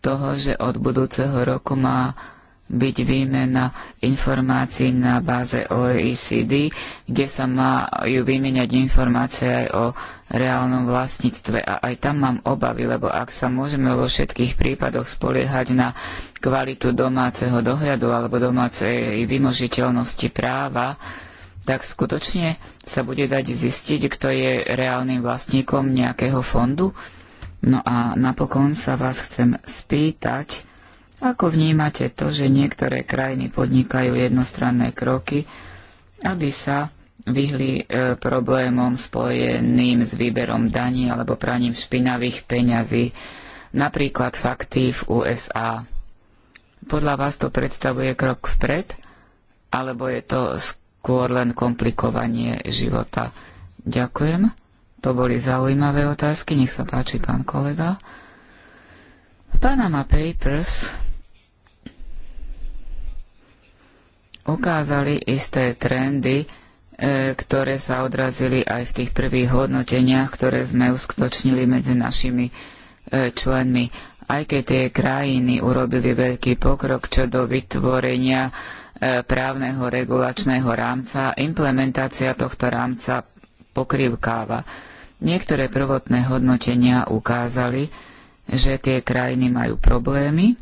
toho, že od budúceho roku má byť výmena informácií na báze OECD, kde sa majú vymieňať informácie aj o reálnom vlastníctve. A aj tam mám obavy, lebo ak sa môžeme vo všetkých prípadoch spoliehať na kvalitu domáceho dohľadu alebo domácej vymožiteľnosti práva, tak skutočne sa bude dať zistiť, kto je reálnym vlastníkom nejakého fondu. No a napokon sa vás chcem spýtať, ako vnímate to, že niektoré krajiny podnikajú jednostranné kroky, aby sa vyhli e, problémom spojeným s výberom daní alebo praním špinavých peňazí, napríklad fakty v USA. Podľa vás to predstavuje krok vpred, alebo je to skôr len komplikovanie života? Ďakujem. To boli zaujímavé otázky. Nech sa páči, pán kolega. Panama Papers ukázali isté trendy, e, ktoré sa odrazili aj v tých prvých hodnoteniach, ktoré sme uskutočnili medzi našimi e, členmi. Aj keď tie krajiny urobili veľký pokrok čo do vytvorenia e, právneho regulačného rámca, implementácia tohto rámca pokrivkáva. Niektoré prvotné hodnotenia ukázali, že tie krajiny majú problémy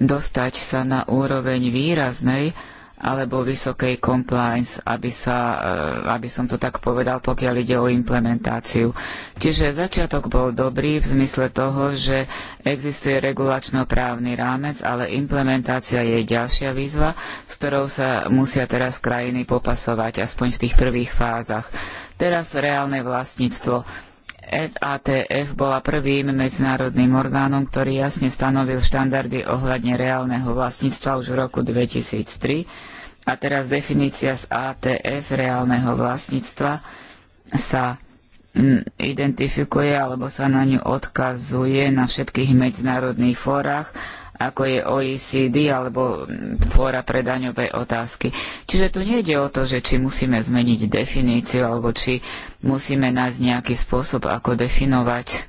dostať sa na úroveň výraznej alebo vysokej compliance, aby, sa, eh, aby som to tak povedal, pokiaľ ide o implementáciu. Čiže začiatok bol dobrý v zmysle toho, že existuje regulačno-právny rámec, ale implementácia je ďalšia výzva, s ktorou sa musia teraz krajiny popasovať, aspoň v tých prvých fázach. Teraz reálne vlastníctvo. ATF bola prvým medzinárodným orgánom, ktorý jasne stanovil štandardy ohľadne reálneho vlastníctva už v roku 2003 a teraz definícia z ATF reálneho vlastníctva sa mm, identifikuje alebo sa na ňu odkazuje na všetkých medzinárodných fórach ako je OECD alebo fóra pre daňové otázky. Čiže tu nejde o to, že či musíme zmeniť definíciu alebo či musíme nájsť nejaký spôsob, ako definovať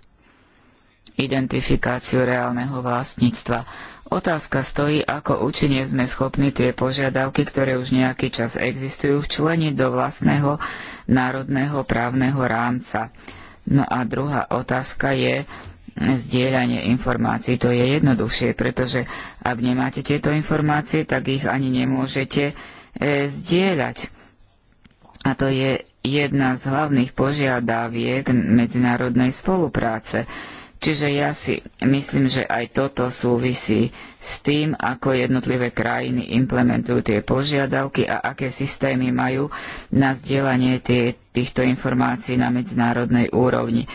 identifikáciu reálneho vlastníctva. Otázka stojí, ako účinne sme schopní tie požiadavky, ktoré už nejaký čas existujú, včleniť do vlastného národného právneho rámca. No a druhá otázka je, zdieľanie informácií. To je jednoduchšie, pretože ak nemáte tieto informácie, tak ich ani nemôžete e, zdieľať. A to je jedna z hlavných požiadaviek medzinárodnej spolupráce. Čiže ja si myslím, že aj toto súvisí s tým, ako jednotlivé krajiny implementujú tie požiadavky a aké systémy majú na zdieľanie tie, týchto informácií na medzinárodnej úrovni.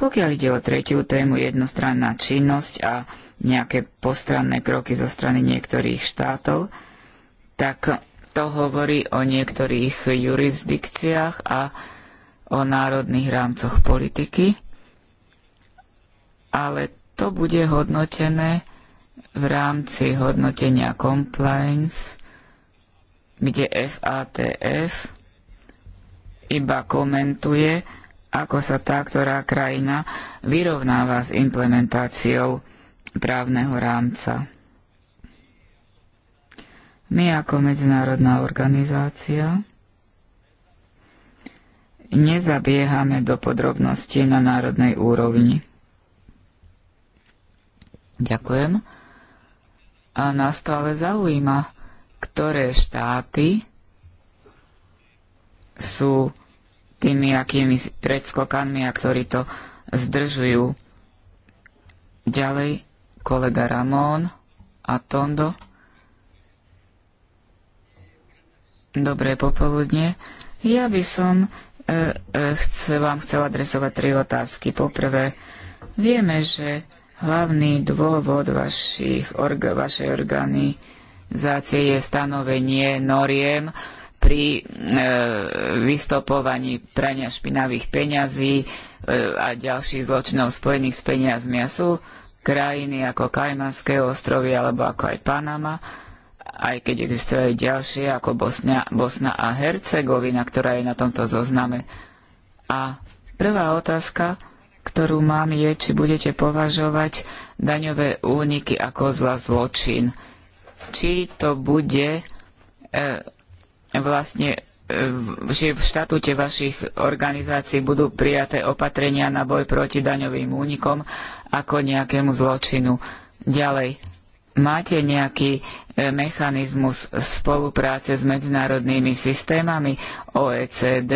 Pokiaľ ide o tretiu tému, jednostranná činnosť a nejaké postranné kroky zo strany niektorých štátov, tak to hovorí o niektorých jurisdikciách a o národných rámcoch politiky, ale to bude hodnotené v rámci hodnotenia compliance, kde FATF iba komentuje, ako sa tá, ktorá krajina vyrovnáva s implementáciou právneho rámca. My ako medzinárodná organizácia nezabiehame do podrobností na národnej úrovni. Ďakujem. A nás to ale zaujíma, ktoré štáty sú tými akými predskokanmi a ktorí to zdržujú. Ďalej kolega Ramón a Tondo. Dobré popoludne. Ja by som e, e, chce, vám chcela adresovať tri otázky. Poprvé, vieme, že hlavný dôvod vašich, orga, vašej organizácie je stanovenie noriem, pri e, vystopovaní prania špinavých peňazí e, a ďalších zločinov spojených s peniazmi. A sú krajiny ako Kajmanské ostrovy alebo ako aj Panama, aj keď existujú aj ďalšie ako Bosnia, Bosna a Hercegovina, ktorá je na tomto zozname. A prvá otázka, ktorú mám, je, či budete považovať daňové úniky ako zla zločin. Či to bude e, vlastne e, že v štatúte vašich organizácií budú prijaté opatrenia na boj proti daňovým únikom ako nejakému zločinu. Ďalej, máte nejaký e, mechanizmus spolupráce s medzinárodnými systémami OECD,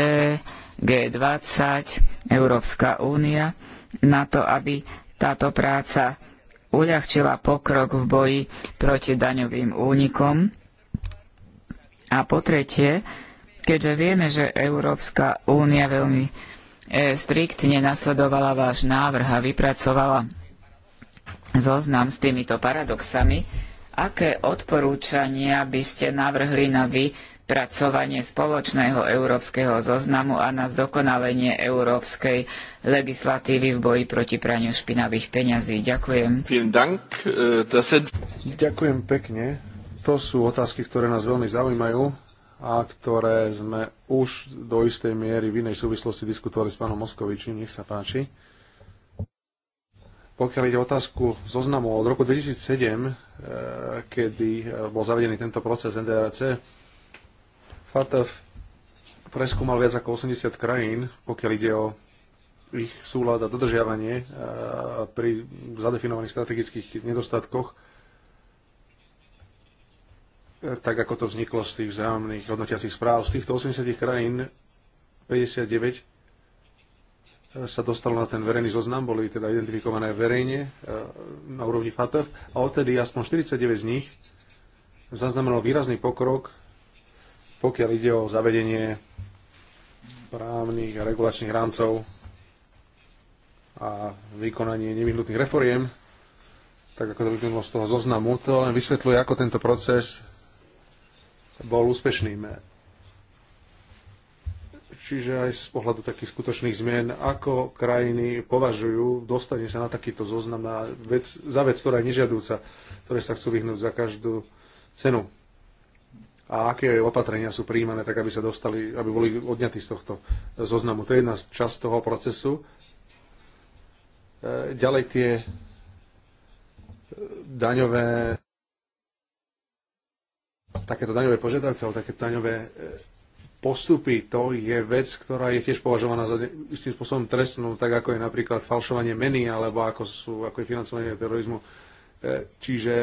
G20, Európska únia na to, aby táto práca uľahčila pokrok v boji proti daňovým únikom? A po tretie, keďže vieme, že Európska únia veľmi e, striktne nasledovala váš návrh a vypracovala zoznam s týmito paradoxami, aké odporúčania by ste navrhli na vypracovanie spoločného európskeho zoznamu a na zdokonalenie európskej legislatívy v boji proti praniu špinavých peňazí. Ďakujem. Äh, Ďakujem pekne. To sú otázky, ktoré nás veľmi zaujímajú a ktoré sme už do istej miery v inej súvislosti diskutovali s pánom Moskovičím. Nech sa páči. Pokiaľ ide o otázku zoznamu, od roku 2007, eh, kedy eh, bol zavedený tento proces NDRC, FATF preskúmal viac ako 80 krajín, pokiaľ ide o ich súľad a dodržiavanie eh, pri zadefinovaných strategických nedostatkoch tak ako to vzniklo z tých vzájomných hodnotiacich správ. Z týchto 80 krajín 59 eh, sa dostalo na ten verejný zoznam, boli teda identifikované verejne eh, na úrovni FATF a odtedy aspoň 49 z nich zaznamenalo výrazný pokrok, pokiaľ ide o zavedenie právnych a regulačných rámcov a vykonanie nevyhnutných reforiem, tak ako to vyplynulo z toho zoznamu. To len vysvetľuje, ako tento proces bol úspešným. Čiže aj z pohľadu takých skutočných zmien, ako krajiny považujú, dostane sa na takýto zoznam na vec, za vec, ktorá je nežiadúca, ktoré sa chcú vyhnúť za každú cenu. A aké opatrenia sú príjmané, tak aby sa dostali, aby boli odňatí z tohto zoznamu. To je jedna časť toho procesu. E, ďalej tie daňové takéto daňové požiadavky alebo takéto daňové e, postupy, to je vec, ktorá je tiež považovaná za istým spôsobom trestnú, tak ako je napríklad falšovanie meny alebo ako, sú, ako je financovanie terorizmu. E, čiže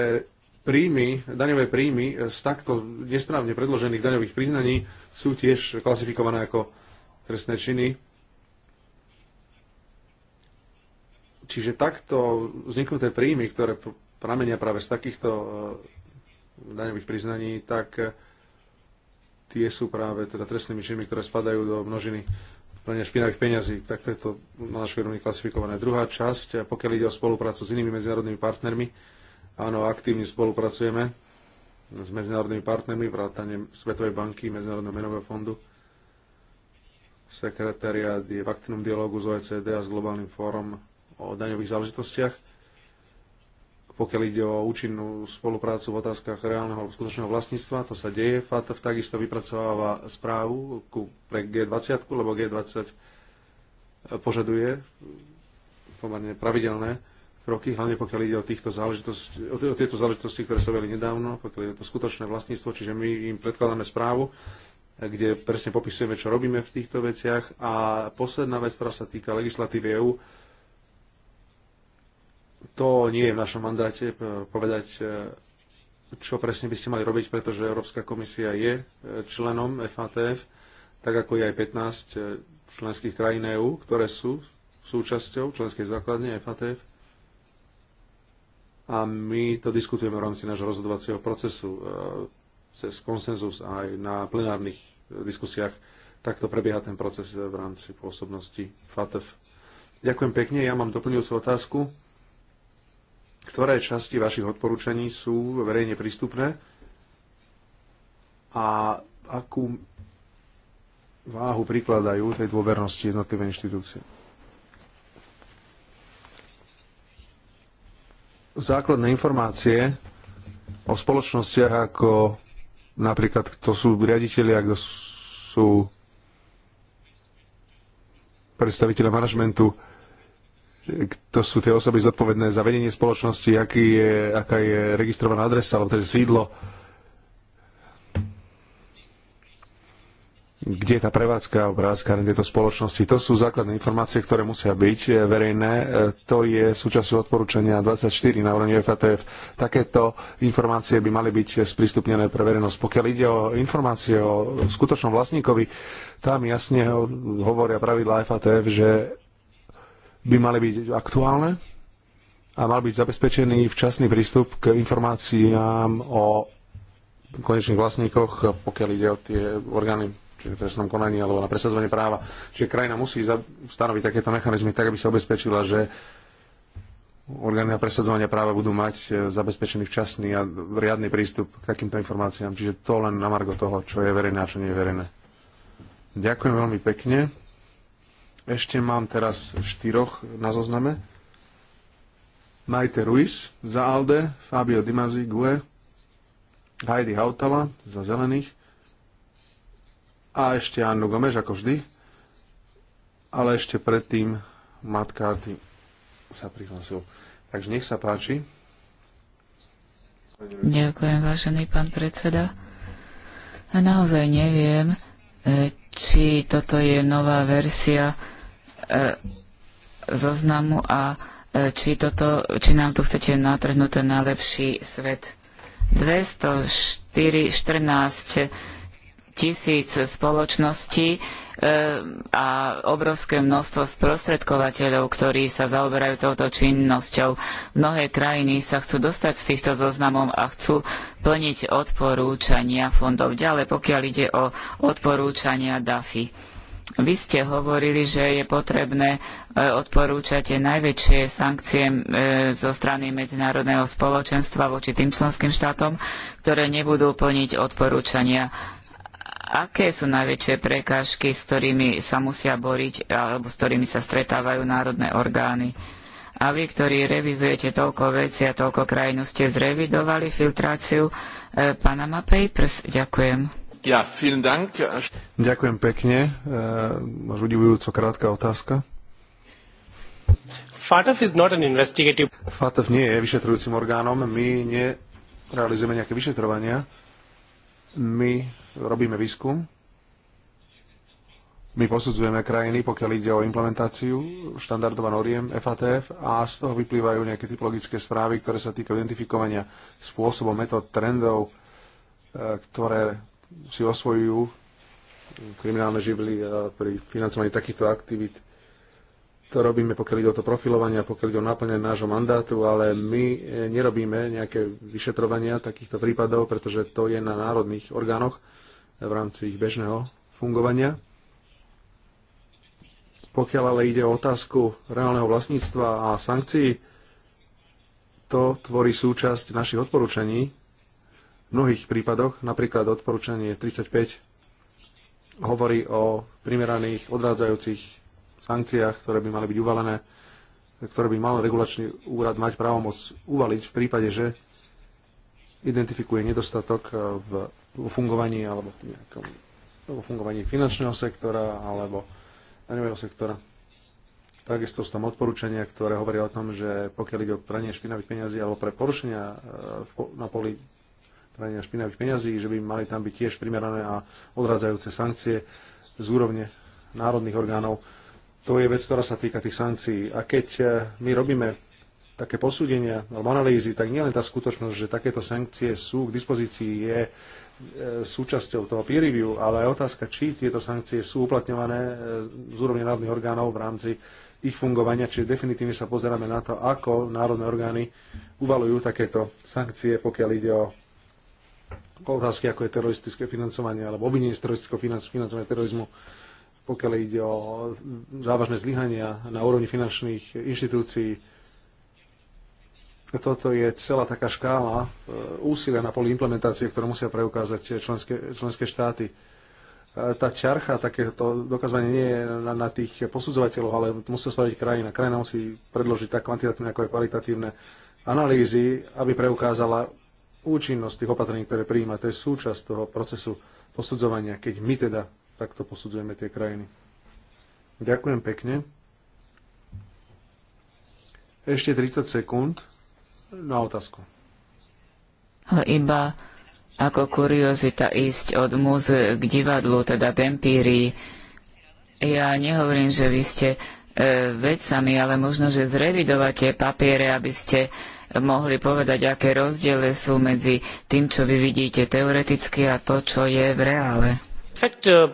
príjmy, daňové príjmy z takto nesprávne predložených daňových priznaní sú tiež klasifikované ako trestné činy. Čiže takto vzniknuté príjmy, ktoré pramenia práve z takýchto e, daňových priznaní, tak eh, tie sú práve teda trestnými činmi, ktoré spadajú do množiny plne špinavých peňazí. Takto je to na našej úrovni klasifikované. Druhá časť, eh, pokiaľ ide o spoluprácu s inými medzinárodnými partnermi, áno, aktívne spolupracujeme s medzinárodnými partnermi, vrátane Svetovej banky, Medzinárodného menového fondu. Sekretariat je v aktívnom dialogu s OECD a s Globálnym fórom o daňových záležitostiach pokiaľ ide o účinnú spoluprácu v otázkach reálneho alebo skutočného vlastníctva, to sa deje. FATF takisto vypracováva správu ku, pre G20, lebo G20 e, požaduje pomerne pravidelné kroky, hlavne pokiaľ ide o, týchto o tieto záležitosti, ktoré sa veli nedávno, pokiaľ ide o to skutočné vlastníctvo, čiže my im predkladáme správu, e, kde presne popisujeme, čo robíme v týchto veciach. A posledná vec, ktorá sa týka legislatívy EÚ, to nie je v našom mandáte eh, povedať, eh, čo presne by ste mali robiť, pretože Európska komisia je eh, členom FATF, tak ako je aj 15 členských krajín EÚ, ktoré sú súčasťou členskej základne FATF. A my to diskutujeme v rámci nášho rozhodovacieho procesu cez konsenzus aj na plenárnych diskusiách. Takto prebieha ten proces v rámci pôsobnosti FATF. Ďakujem pekne. Ja mám doplňujúcu otázku ktoré časti vašich odporúčaní sú verejne prístupné a akú váhu prikladajú tej dôvernosti jednotlivé inštitúcie. Základné informácie o spoločnostiach ako napríklad kto sú riaditeľi, kto sú predstaviteľe manažmentu, kto sú tie osoby zodpovedné za vedenie spoločnosti, aký je, aká je registrovaná adresa, alebo teda sídlo, kde je tá prevádzka, obrázka na tieto spoločnosti. To sú základné informácie, ktoré musia byť eh, verejné. Eh, to je súčasťou odporúčania 24 na úrovni FATF. Takéto informácie by mali byť sprístupnené pre verejnosť. Pokiaľ ide o informácie o skutočnom vlastníkovi, tam jasne hovoria pravidla FATF, že by mali byť aktuálne a mal byť zabezpečený včasný prístup k informáciám o konečných vlastníkoch, pokiaľ ide o tie orgány či v trestnom konaní alebo na presadzovanie práva. Čiže krajina musí stanoviť takéto mechanizmy tak, aby sa obezpečila, že orgány na presadzovanie práva budú mať e, zabezpečený včasný a riadny prístup k takýmto informáciám. Čiže to len na margo toho, čo je verejné a čo nie je verejné. Ďakujem veľmi pekne. Ešte mám teraz štyroch na zozname. Maite Ruiz za Alde, Fabio Dimazi Gue, Heidi Hautala za Zelených a ešte Anno Gomez, ako vždy, ale ešte predtým Matkáty sa prihlásil. Takže nech sa páči. Ďakujem, vážený pán predseda. A naozaj neviem, e, či toto je nová verzia E, zoznamu a e, či, toto, či nám tu chcete natrhnúť ten najlepší svet. 204, 14 tisíc spoločností e, a obrovské množstvo sprostredkovateľov, ktorí sa zaoberajú touto činnosťou. Mnohé krajiny sa chcú dostať z týchto zoznamov a chcú plniť odporúčania fondov. Ďalej, pokiaľ ide o odporúčania DAFI vy ste hovorili, že je potrebné e, odporúčať najväčšie sankcie e, zo strany medzinárodného spoločenstva voči tým členským štátom, ktoré nebudú plniť odporúčania. Aké sú najväčšie prekážky, s ktorými sa musia boriť alebo s ktorými sa stretávajú národné orgány? A vy, ktorí revizujete toľko veci a toľko krajinu, ste zrevidovali filtráciu e, Panama Papers? Ďakujem. Ja, vielen Dank. Ďakujem pekne. E, máš udivujúco krátka otázka. FATF is not an investigative... FATF nie je vyšetrujúcim orgánom. My nerealizujeme nejaké vyšetrovania. My robíme výskum. My posudzujeme krajiny, pokiaľ ide o implementáciu štandardov a noriem FATF a z toho vyplývajú nejaké typologické správy, ktoré sa týkajú identifikovania spôsobov, metód, trendov, e, ktoré si osvojujú kriminálne živly pri financovaní takýchto aktivít. To robíme, pokiaľ ide o to profilovanie a pokiaľ ide o naplnenie nášho mandátu, ale my e, nerobíme nejaké vyšetrovania takýchto prípadov, pretože to je na národných orgánoch v rámci ich bežného fungovania. Pokiaľ ale ide o otázku reálneho vlastníctva a sankcií, to tvorí súčasť našich odporúčaní v mnohých prípadoch, napríklad odporúčanie 35, hovorí o primeraných odrádzajúcich sankciách, ktoré by mali byť uvalené, ktoré by mal regulačný úrad mať právomoc uvaliť v prípade, že identifikuje nedostatok eh, v, v fungovaní alebo v nejakom, fungovaní finančného sektora alebo daňového sektora. Takisto sú tam odporúčania, ktoré hovoria o tom, že pokiaľ ide o pranie špinavých peniazí alebo pre porušenia eh, na poli prania špinavých peňazí, že by mali tam byť tiež primerané a odradzajúce sankcie z úrovne národných orgánov. To je vec, ktorá sa týka tých sankcií. A keď e, my robíme také posúdenia alebo analýzy, tak nielen tá skutočnosť, že takéto sankcie sú k dispozícii, je e, súčasťou toho peer review, ale aj otázka, či tieto sankcie sú uplatňované e, z úrovne národných orgánov v rámci ich fungovania, čiže definitívne sa pozeráme na to, ako národné orgány uvalujú takéto sankcie, pokiaľ ide o otázky, ako je teroristické financovanie alebo obvinenie z teroristického financovania terorizmu, pokiaľ ide o závažné zlyhania na úrovni finančných inštitúcií. Toto je celá taká škála e, úsilia na poli implementácie, ktoré musia preukázať členské, členské štáty. E, tá ťarcha, takéto dokazovanie nie je na, na tých posudzovateľov, ale musí spraviť krajina. Krajina musí predložiť tak kvantitatívne ako aj kvalitatívne analýzy, aby preukázala účinnosť tých opatrení, ktoré prijíma. To je súčasť toho procesu posudzovania, keď my teda takto posudzujeme tie krajiny. Ďakujem pekne. Ešte 30 sekúnd na otázku. Iba ako kuriozita ísť od múze k divadlu, teda k empírii. Ja nehovorím, že vy ste e, vedcami, ale možno, že zrevidovate papiere, aby ste mohli povedať, aké rozdiely sú medzi tým, čo vy vidíte teoreticky a to, čo je v reále. Uh, uh,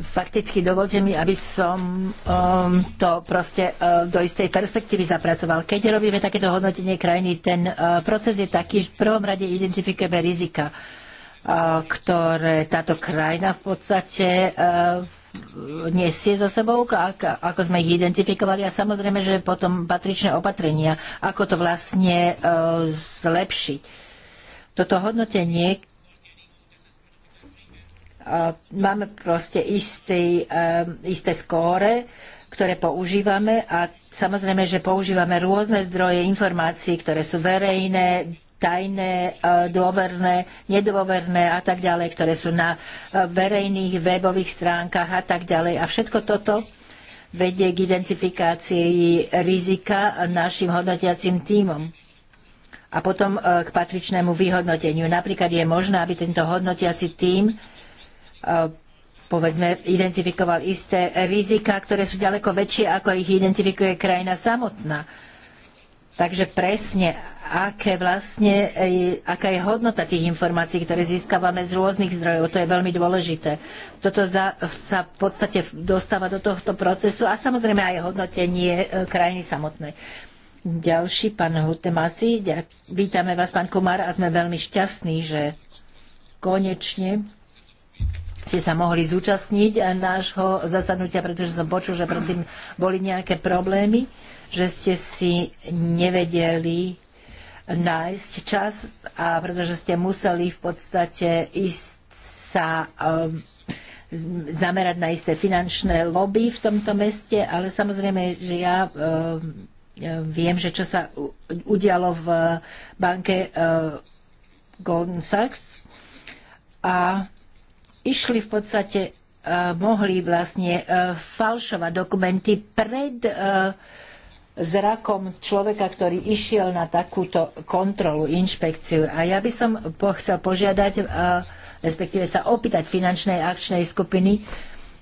Fakticky dovolte mi, aby som um, to proste uh, do istej perspektívy zapracoval. Keď robíme takéto hodnotenie krajiny, ten uh, proces je taký, že v prvom rade identifikujeme rizika, uh, ktoré táto krajina v podstate uh, nesie za sebou, ako sme ich identifikovali a samozrejme, že potom patričné opatrenia, ako to vlastne e, zlepšiť. Toto hodnotenie e, máme proste istý, e, isté skóre, ktoré používame a samozrejme, že používame rôzne zdroje informácií, ktoré sú verejné, tajné, e, dôverné, nedôverné a tak ďalej, ktoré sú na e, verejných webových stránkach a tak ďalej. A všetko toto vedie k identifikácii rizika našim hodnotiacim tímom a potom e, k patričnému vyhodnoteniu. Napríklad je možné, aby tento hodnotiaci tím povedzme, identifikoval isté rizika, ktoré sú ďaleko väčšie, ako ich identifikuje krajina samotná Takže presne, aké vlastne, aká je hodnota tých informácií, ktoré získavame z rôznych zdrojov, to je veľmi dôležité. Toto za, sa v podstate dostáva do tohto procesu a samozrejme aj hodnotenie e, krajiny samotnej. Ďalší, pán Hutemasi, vítame vás, pán Komár, a sme veľmi šťastní, že konečne ste sa mohli zúčastniť nášho zasadnutia, pretože som počul, že predtým boli nejaké problémy že ste si nevedeli nájsť čas, a pretože ste museli v podstate ísť sa um, zamerať na isté finančné lobby v tomto meste, ale samozrejme, že ja um, viem, že čo sa udialo v banke uh, Goldman Sachs a išli v podstate, uh, mohli vlastne uh, falšovať dokumenty pred zrakom človeka, ktorý išiel na takúto kontrolu, inšpekciu. A ja by som po, chcel požiadať, uh, respektíve sa opýtať finančnej akčnej skupiny,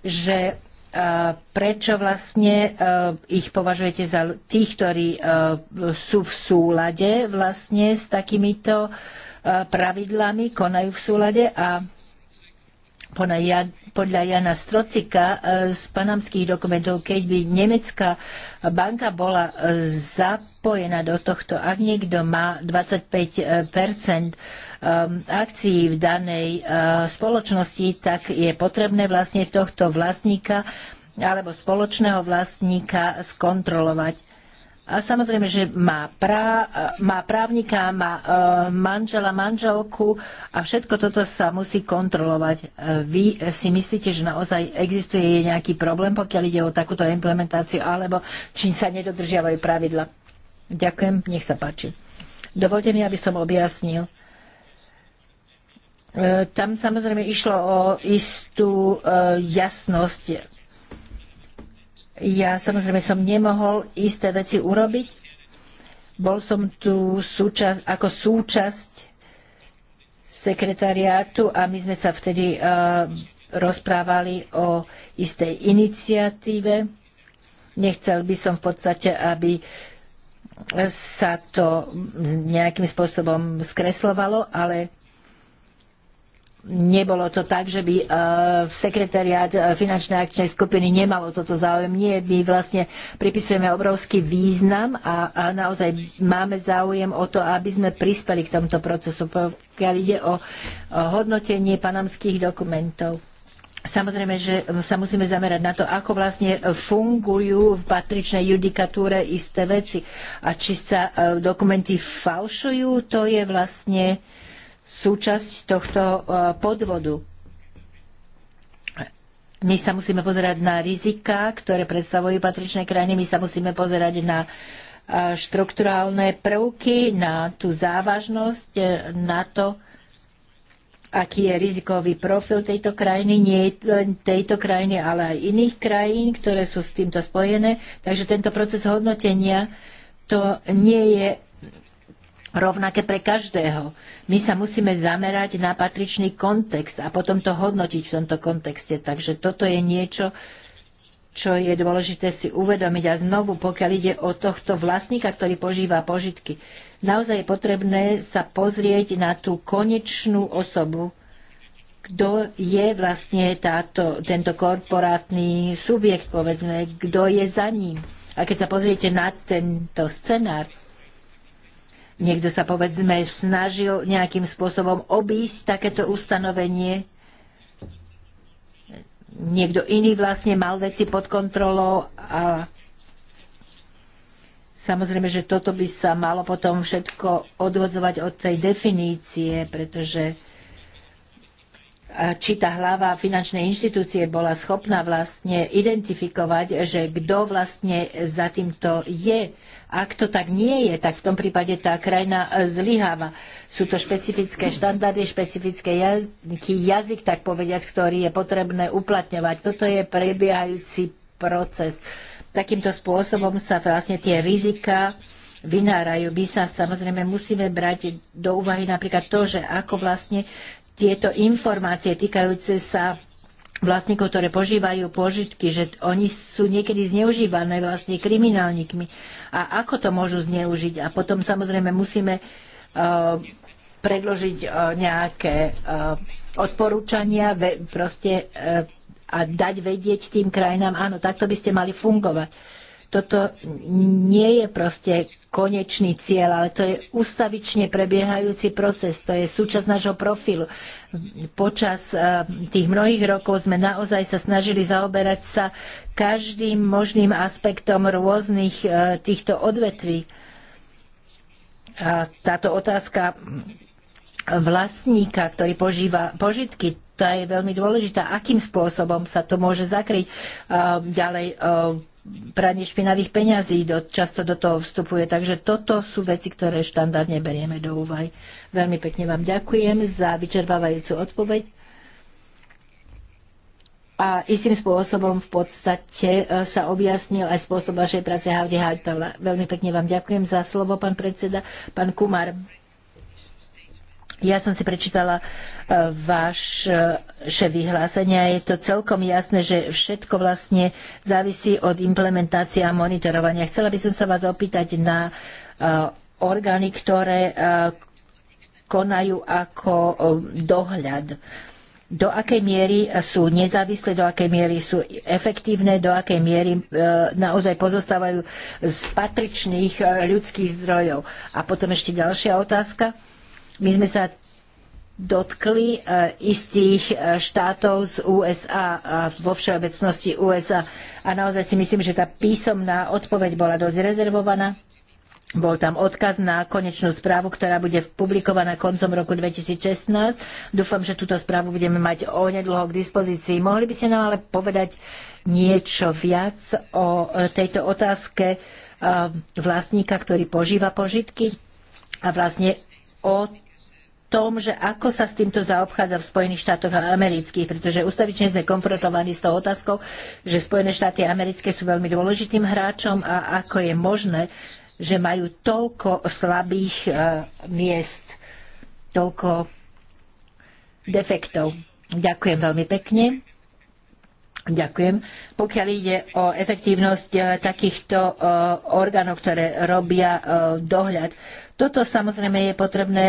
že uh, prečo vlastne uh, ich považujete za tých, ktorí sú v súlade vlastne s takýmito pravidlami, konajú v súlade a podľa Jana Strocika e, z panamských dokumentov, keď by nemecká banka bola e, zapojená do tohto, ak niekto má 25 e, akcií v danej spoločnosti, tak je potrebné vlastne tohto vlastníka alebo spoločného vlastníka skontrolovať a samozrejme, že má, prá, má právnika, má e, manžela, manželku a všetko toto sa musí kontrolovať. E, vy si myslíte, že naozaj existuje nejaký problém, pokiaľ ide o takúto implementáciu, alebo či sa nedodržiavajú pravidla? Ďakujem, nech sa páči. Dovolte mi, aby som objasnil. E, tam samozrejme išlo o istú jasnosť ja samozrejme som nemohol isté veci urobiť. Bol som tu súčasť, ako súčasť sekretariátu a my sme sa vtedy uh, rozprávali o istej iniciatíve. Nechcel by som v podstate, aby sa to nejakým spôsobom skreslovalo, ale nebolo to tak, že by e, sekretariát e, finančnej akčnej skupiny nemalo toto záujem. Nie, my vlastne pripisujeme obrovský význam a, a naozaj máme záujem o to, aby sme prispeli k tomuto procesu, pokiaľ ide o, o hodnotenie panamských dokumentov. Samozrejme, že sa musíme zamerať na to, ako vlastne fungujú v patričnej judikatúre isté veci. A či sa e, dokumenty falšujú, to je vlastne súčasť tohto e, podvodu. My sa musíme pozerať na rizika, ktoré predstavujú patričné krajiny, my sa musíme pozerať na e, štrukturálne prvky, na tú závažnosť, e, na to, aký je rizikový profil tejto krajiny, nie len tejto krajiny, ale aj iných krajín, ktoré sú s týmto spojené. Takže tento proces hodnotenia to nie je rovnaké pre každého. My sa musíme zamerať na patričný kontext a potom to hodnotiť v tomto kontexte. Takže toto je niečo, čo je dôležité si uvedomiť. A znovu, pokiaľ ide o tohto vlastníka, ktorý požíva požitky, naozaj je potrebné sa pozrieť na tú konečnú osobu, kto je vlastne táto, tento korporátny subjekt, povedzme, kto je za ním. A keď sa pozriete na tento scenár, niekto sa povedzme snažil nejakým spôsobom obísť takéto ustanovenie, niekto iný vlastne mal veci pod kontrolou a samozrejme, že toto by sa malo potom všetko odvodzovať od tej definície, pretože či tá hlava finančnej inštitúcie bola schopná vlastne identifikovať, že kto vlastne za týmto je. Ak to tak nie je, tak v tom prípade tá krajina e, zlyháva. Sú to špecifické štandardy, špecifické jazyky, jazyk, tak povediať, ktorý je potrebné uplatňovať. Toto je prebiehajúci proces. Takýmto spôsobom sa vlastne tie rizika vynárajú. My sa samozrejme musíme brať do úvahy napríklad to, že ako vlastne tieto informácie týkajúce sa vlastníkov, ktoré požívajú požitky, že oni sú niekedy zneužívané vlastne kriminálnikmi. A ako to môžu zneužiť? A potom samozrejme musíme uh, predložiť uh, nejaké uh, odporúčania, ve, proste uh, a dať vedieť tým krajinám, áno, takto by ste mali fungovať. Toto nie je proste konečný cieľ, ale to je ustavične prebiehajúci proces, to je súčasť nášho profilu. Počas eh, tých mnohých rokov sme naozaj sa snažili zaoberať sa každým možným aspektom rôznych eh, týchto odvetví. A táto otázka vlastníka, ktorý požíva požitky, to je veľmi dôležitá, akým spôsobom sa to môže zakryť. Ďalej eh, pranie špinavých peňazí do, často do toho vstupuje. Takže toto sú veci, ktoré štandardne berieme do úvahy. Veľmi pekne vám ďakujem za vyčerpávajúcu odpoveď. A istým spôsobom v podstate e, sa objasnil aj spôsob vašej práce Havdi Hajtala. Veľmi pekne vám ďakujem za slovo, pán predseda. Pán Kumar, ja som si prečítala e, vaše vyhlásenia. Je to celkom jasné, že všetko vlastne závisí od implementácie a monitorovania. Chcela by som sa vás opýtať na e, orgány, ktoré e, konajú ako dohľad do akej miery sú nezávislé, do akej miery sú efektívne, do akej miery naozaj pozostávajú z patričných ľudských zdrojov. A potom ešte ďalšia otázka. My sme sa dotkli e, istých e, štátov z USA a e, vo všeobecnosti USA. A naozaj si myslím, že tá písomná odpoveď bola dosť rezervovaná. Bol tam odkaz na konečnú správu, ktorá bude publikovaná koncom roku 2016. Dúfam, že túto správu budeme mať onedlho k dispozícii. Mohli by ste nám ale povedať niečo viac o tejto otázke vlastníka, ktorý požíva požitky a vlastne o tom, že ako sa s týmto zaobchádza v Spojených štátoch amerických, pretože ustavične sme konfrontovaní s tou otázkou, že Spojené štáty americké sú veľmi dôležitým hráčom a ako je možné, že majú toľko slabých uh, miest, toľko defektov. Ďakujem veľmi pekne. Ďakujem. Pokiaľ ide o efektívnosť e, takýchto e, orgánov, ktoré robia e, dohľad, toto samozrejme je potrebné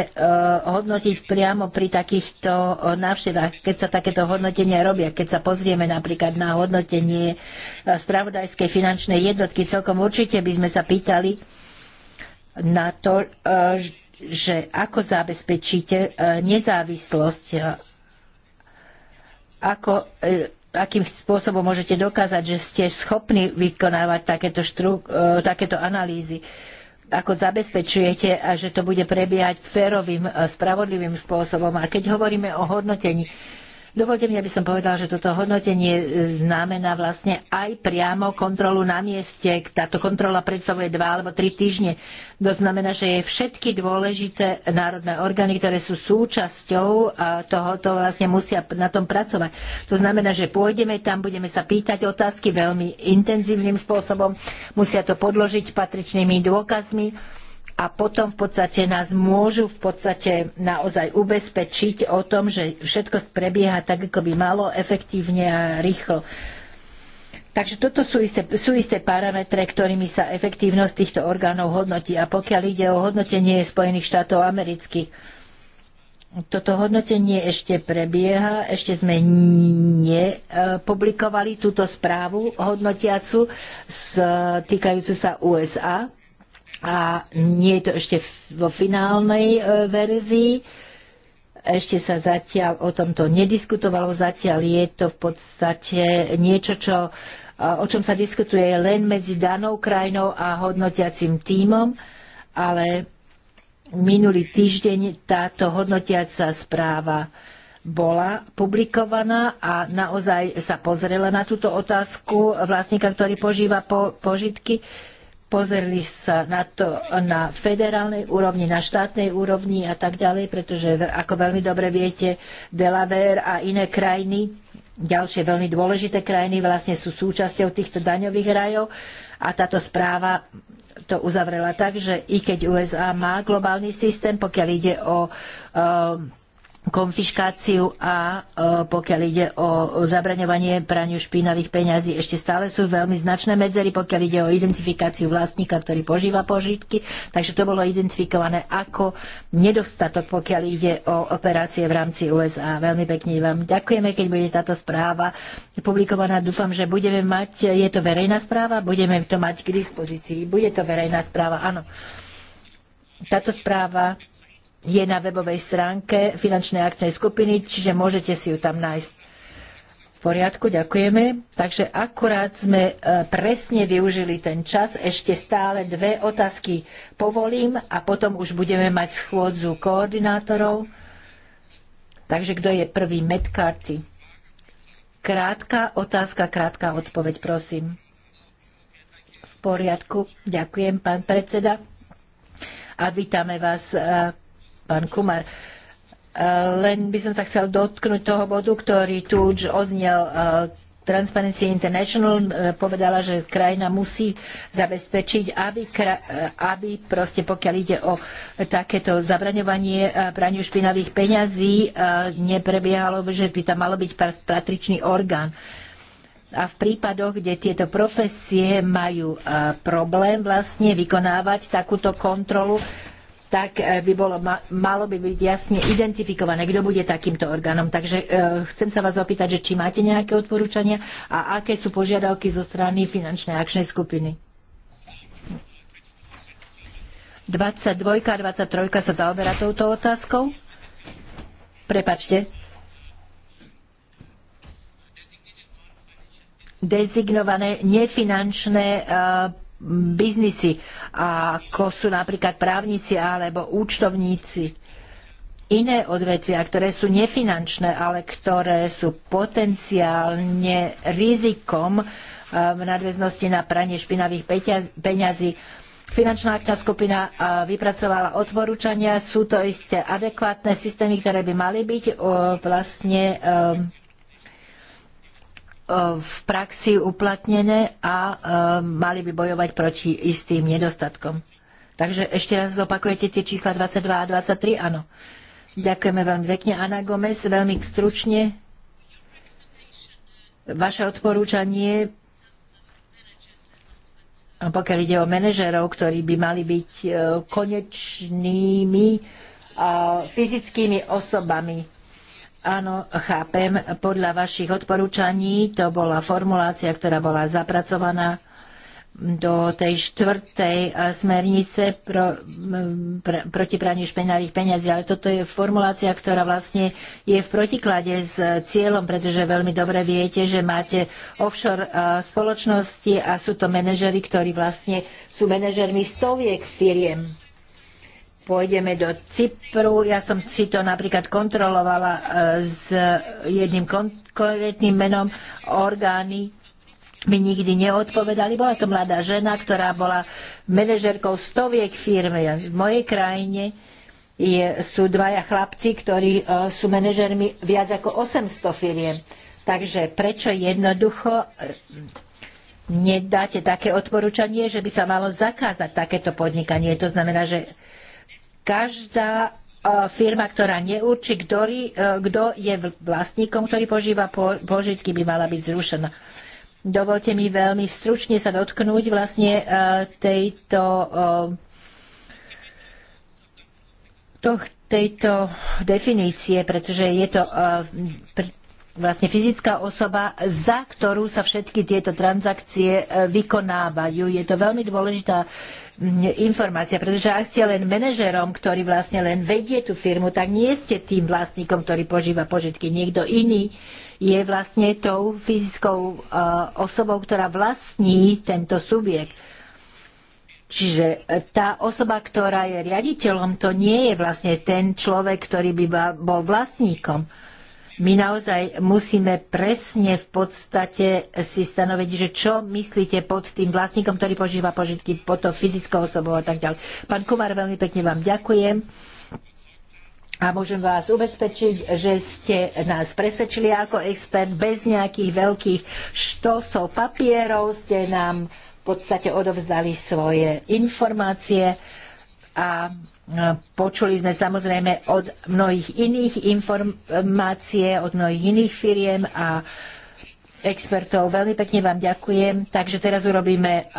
hodnotiť priamo pri takýchto návštevách, keď sa takéto hodnotenia robia. Keď sa pozrieme napríklad na hodnotenie spravodajskej finančnej jednotky, celkom určite by sme sa pýtali na to, že ako zabezpečíte nezávislosť ako akým spôsobom môžete dokázať, že ste schopní vykonávať takéto, štru, e, takéto analýzy ako zabezpečujete a že to bude prebiehať férovým, spravodlivým spôsobom. A keď hovoríme o hodnotení, Dovolte mi, aby som povedala, že toto hodnotenie znamená vlastne aj priamo kontrolu na mieste. Táto kontrola predstavuje dva alebo tri týždne. To znamená, že je všetky dôležité národné orgány, ktoré sú súčasťou tohoto, vlastne musia na tom pracovať. To znamená, že pôjdeme tam, budeme sa pýtať otázky veľmi intenzívnym spôsobom, musia to podložiť patričnými dôkazmi a potom v podstate nás môžu v podstate naozaj ubezpečiť o tom, že všetko prebieha tak, ako by malo, efektívne a rýchlo. Takže toto sú isté, sú isté parametre, ktorými sa efektívnosť týchto orgánov hodnotí. A pokiaľ ide o hodnotenie Spojených štátov amerických, toto hodnotenie ešte prebieha, ešte sme nepublikovali e, túto správu hodnotiacu týkajúcu sa USA a nie je to ešte vo finálnej e, verzii. Ešte sa zatiaľ o tomto nediskutovalo, zatiaľ je to v podstate niečo, čo, e, o čom sa diskutuje len medzi danou krajinou a hodnotiacim tímom, ale minulý týždeň táto hodnotiaca správa bola publikovaná a naozaj sa pozrela na túto otázku vlastníka, ktorý požíva po, požitky pozreli sa na to na federálnej úrovni, na štátnej úrovni a tak ďalej, pretože ako veľmi dobre viete, Delaware a iné krajiny, ďalšie veľmi dôležité krajiny vlastne sú súčasťou týchto daňových rajov a táto správa to uzavrela tak, že i keď USA má globálny systém, pokiaľ ide o um, konfiškáciu a e, pokiaľ ide o zabraňovanie praniu špinavých peňazí, ešte stále sú veľmi značné medzery, pokiaľ ide o identifikáciu vlastníka, ktorý požíva požitky. Takže to bolo identifikované ako nedostatok, pokiaľ ide o operácie v rámci USA. Veľmi pekne vám ďakujeme, keď bude táto správa publikovaná. Dúfam, že budeme mať, je to verejná správa, budeme to mať k dispozícii. Bude to verejná správa, áno. Táto správa je na webovej stránke finančnej aktnej skupiny, čiže môžete si ju tam nájsť. V poriadku, ďakujeme. Takže akurát sme e, presne využili ten čas. Ešte stále dve otázky povolím a potom už budeme mať schôdzu koordinátorov. Takže kto je prvý? Matt Carty. Krátka otázka, krátka odpoveď, prosím. V poriadku, ďakujem, pán predseda. A vítame vás, e, pán Kumar. E, len by som sa chcel dotknúť toho bodu, ktorý tu už odznel e, Transparency International e, povedala, že krajina musí zabezpečiť, aby, aby proste pokiaľ ide o takéto zabraňovanie praniu špinavých peňazí, neprebiehalo, že by tam malo byť patričný orgán. A v prípadoch, kde tieto profesie majú problém vlastne vykonávať takúto kontrolu, tak e, by bolo, malo by byť jasne identifikované, kto bude takýmto orgánom. Takže e, chcem sa vás opýtať, že či máte nejaké odporúčania a aké sú požiadavky zo strany finančnej akčnej skupiny. 22 a 23 sa zaoberá touto otázkou. Prepačte. Dezignované nefinančné e, biznisy, ako sú napríklad právnici alebo účtovníci. Iné odvetvia, ktoré sú nefinančné, ale ktoré sú potenciálne rizikom eh, v nadväznosti na pranie špinavých peňazí. Finančná akčná skupina eh, vypracovala odporúčania. Sú to isté adekvátne systémy, ktoré by mali byť eh, vlastne E, v praxi uplatnené a e, mali by bojovať proti istým nedostatkom. Takže ešte raz zopakujete tie čísla 22 a 23? Áno. Ďakujeme veľmi pekne. Ana Gomez, veľmi stručne. Vaše odporúčanie, pokiaľ ide o manažerov, ktorí by mali byť e, konečnými fyzickými osobami Áno, chápem. Podľa vašich odporúčaní to bola formulácia, ktorá bola zapracovaná do tej štvrtej eh, smernice pro, mm, pr, proti praniu špinavých peňazí. Ale toto je formulácia, ktorá vlastne je v protiklade s cieľom, pretože veľmi dobre viete, že máte offshore eh, spoločnosti a sú to manažery, ktorí vlastne sú manažermi stoviek firiem pôjdeme do Cypru. Ja som si to napríklad kontrolovala e, s jedným konkrétnym menom orgány mi nikdy neodpovedali. Bola to mladá žena, ktorá bola manažerkou stoviek firmy. V mojej krajine je, sú dvaja chlapci, ktorí e, sú manažermi viac ako 800 firiem. Takže prečo jednoducho nedáte také odporúčanie, že by sa malo zakázať takéto podnikanie? To znamená, že Každá firma, ktorá neurči, e, kto je vlastníkom, ktorý požíva požitky, by mala byť zrušená. Dovolte mi veľmi stručne sa dotknúť vlastne e, tejto, e, tejto definície, pretože je to vlastne fyzická osoba, za ktorú sa všetky tieto transakcie vykonávajú. Je to veľmi dôležitá informácia, pretože ak ste len manažerom, ktorý vlastne len vedie tú firmu, tak nie ste tým vlastníkom, ktorý požíva požitky. Niekto iný je vlastne tou fyzickou uh, osobou, ktorá vlastní tento subjekt. Čiže eh, tá osoba, ktorá je riaditeľom, to nie je vlastne ten človek, ktorý by bol vlastníkom my naozaj musíme presne v podstate si stanoviť, že čo myslíte pod tým vlastníkom, ktorý požíva požitky, pod to fyzickou osobou a tak ďalej. Pán Kumar, veľmi pekne vám ďakujem. A môžem vás ubezpečiť, že ste nás presvedčili ako expert bez nejakých veľkých štosov papierov. Ste nám v podstate odovzdali svoje informácie a Počuli sme samozrejme od mnohých iných informácie, od mnohých iných firiem a expertov. Veľmi pekne vám ďakujem. Takže teraz urobíme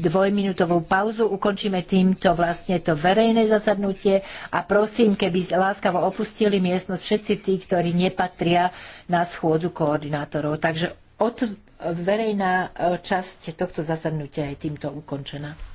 dvojminútovú pauzu, ukončíme týmto vlastne to verejné zasadnutie a prosím, keby láskavo opustili miestnosť všetci tí, ktorí nepatria na schôdzu koordinátorov. Takže od verejná e, časť tohto zasadnutia je týmto ukončená.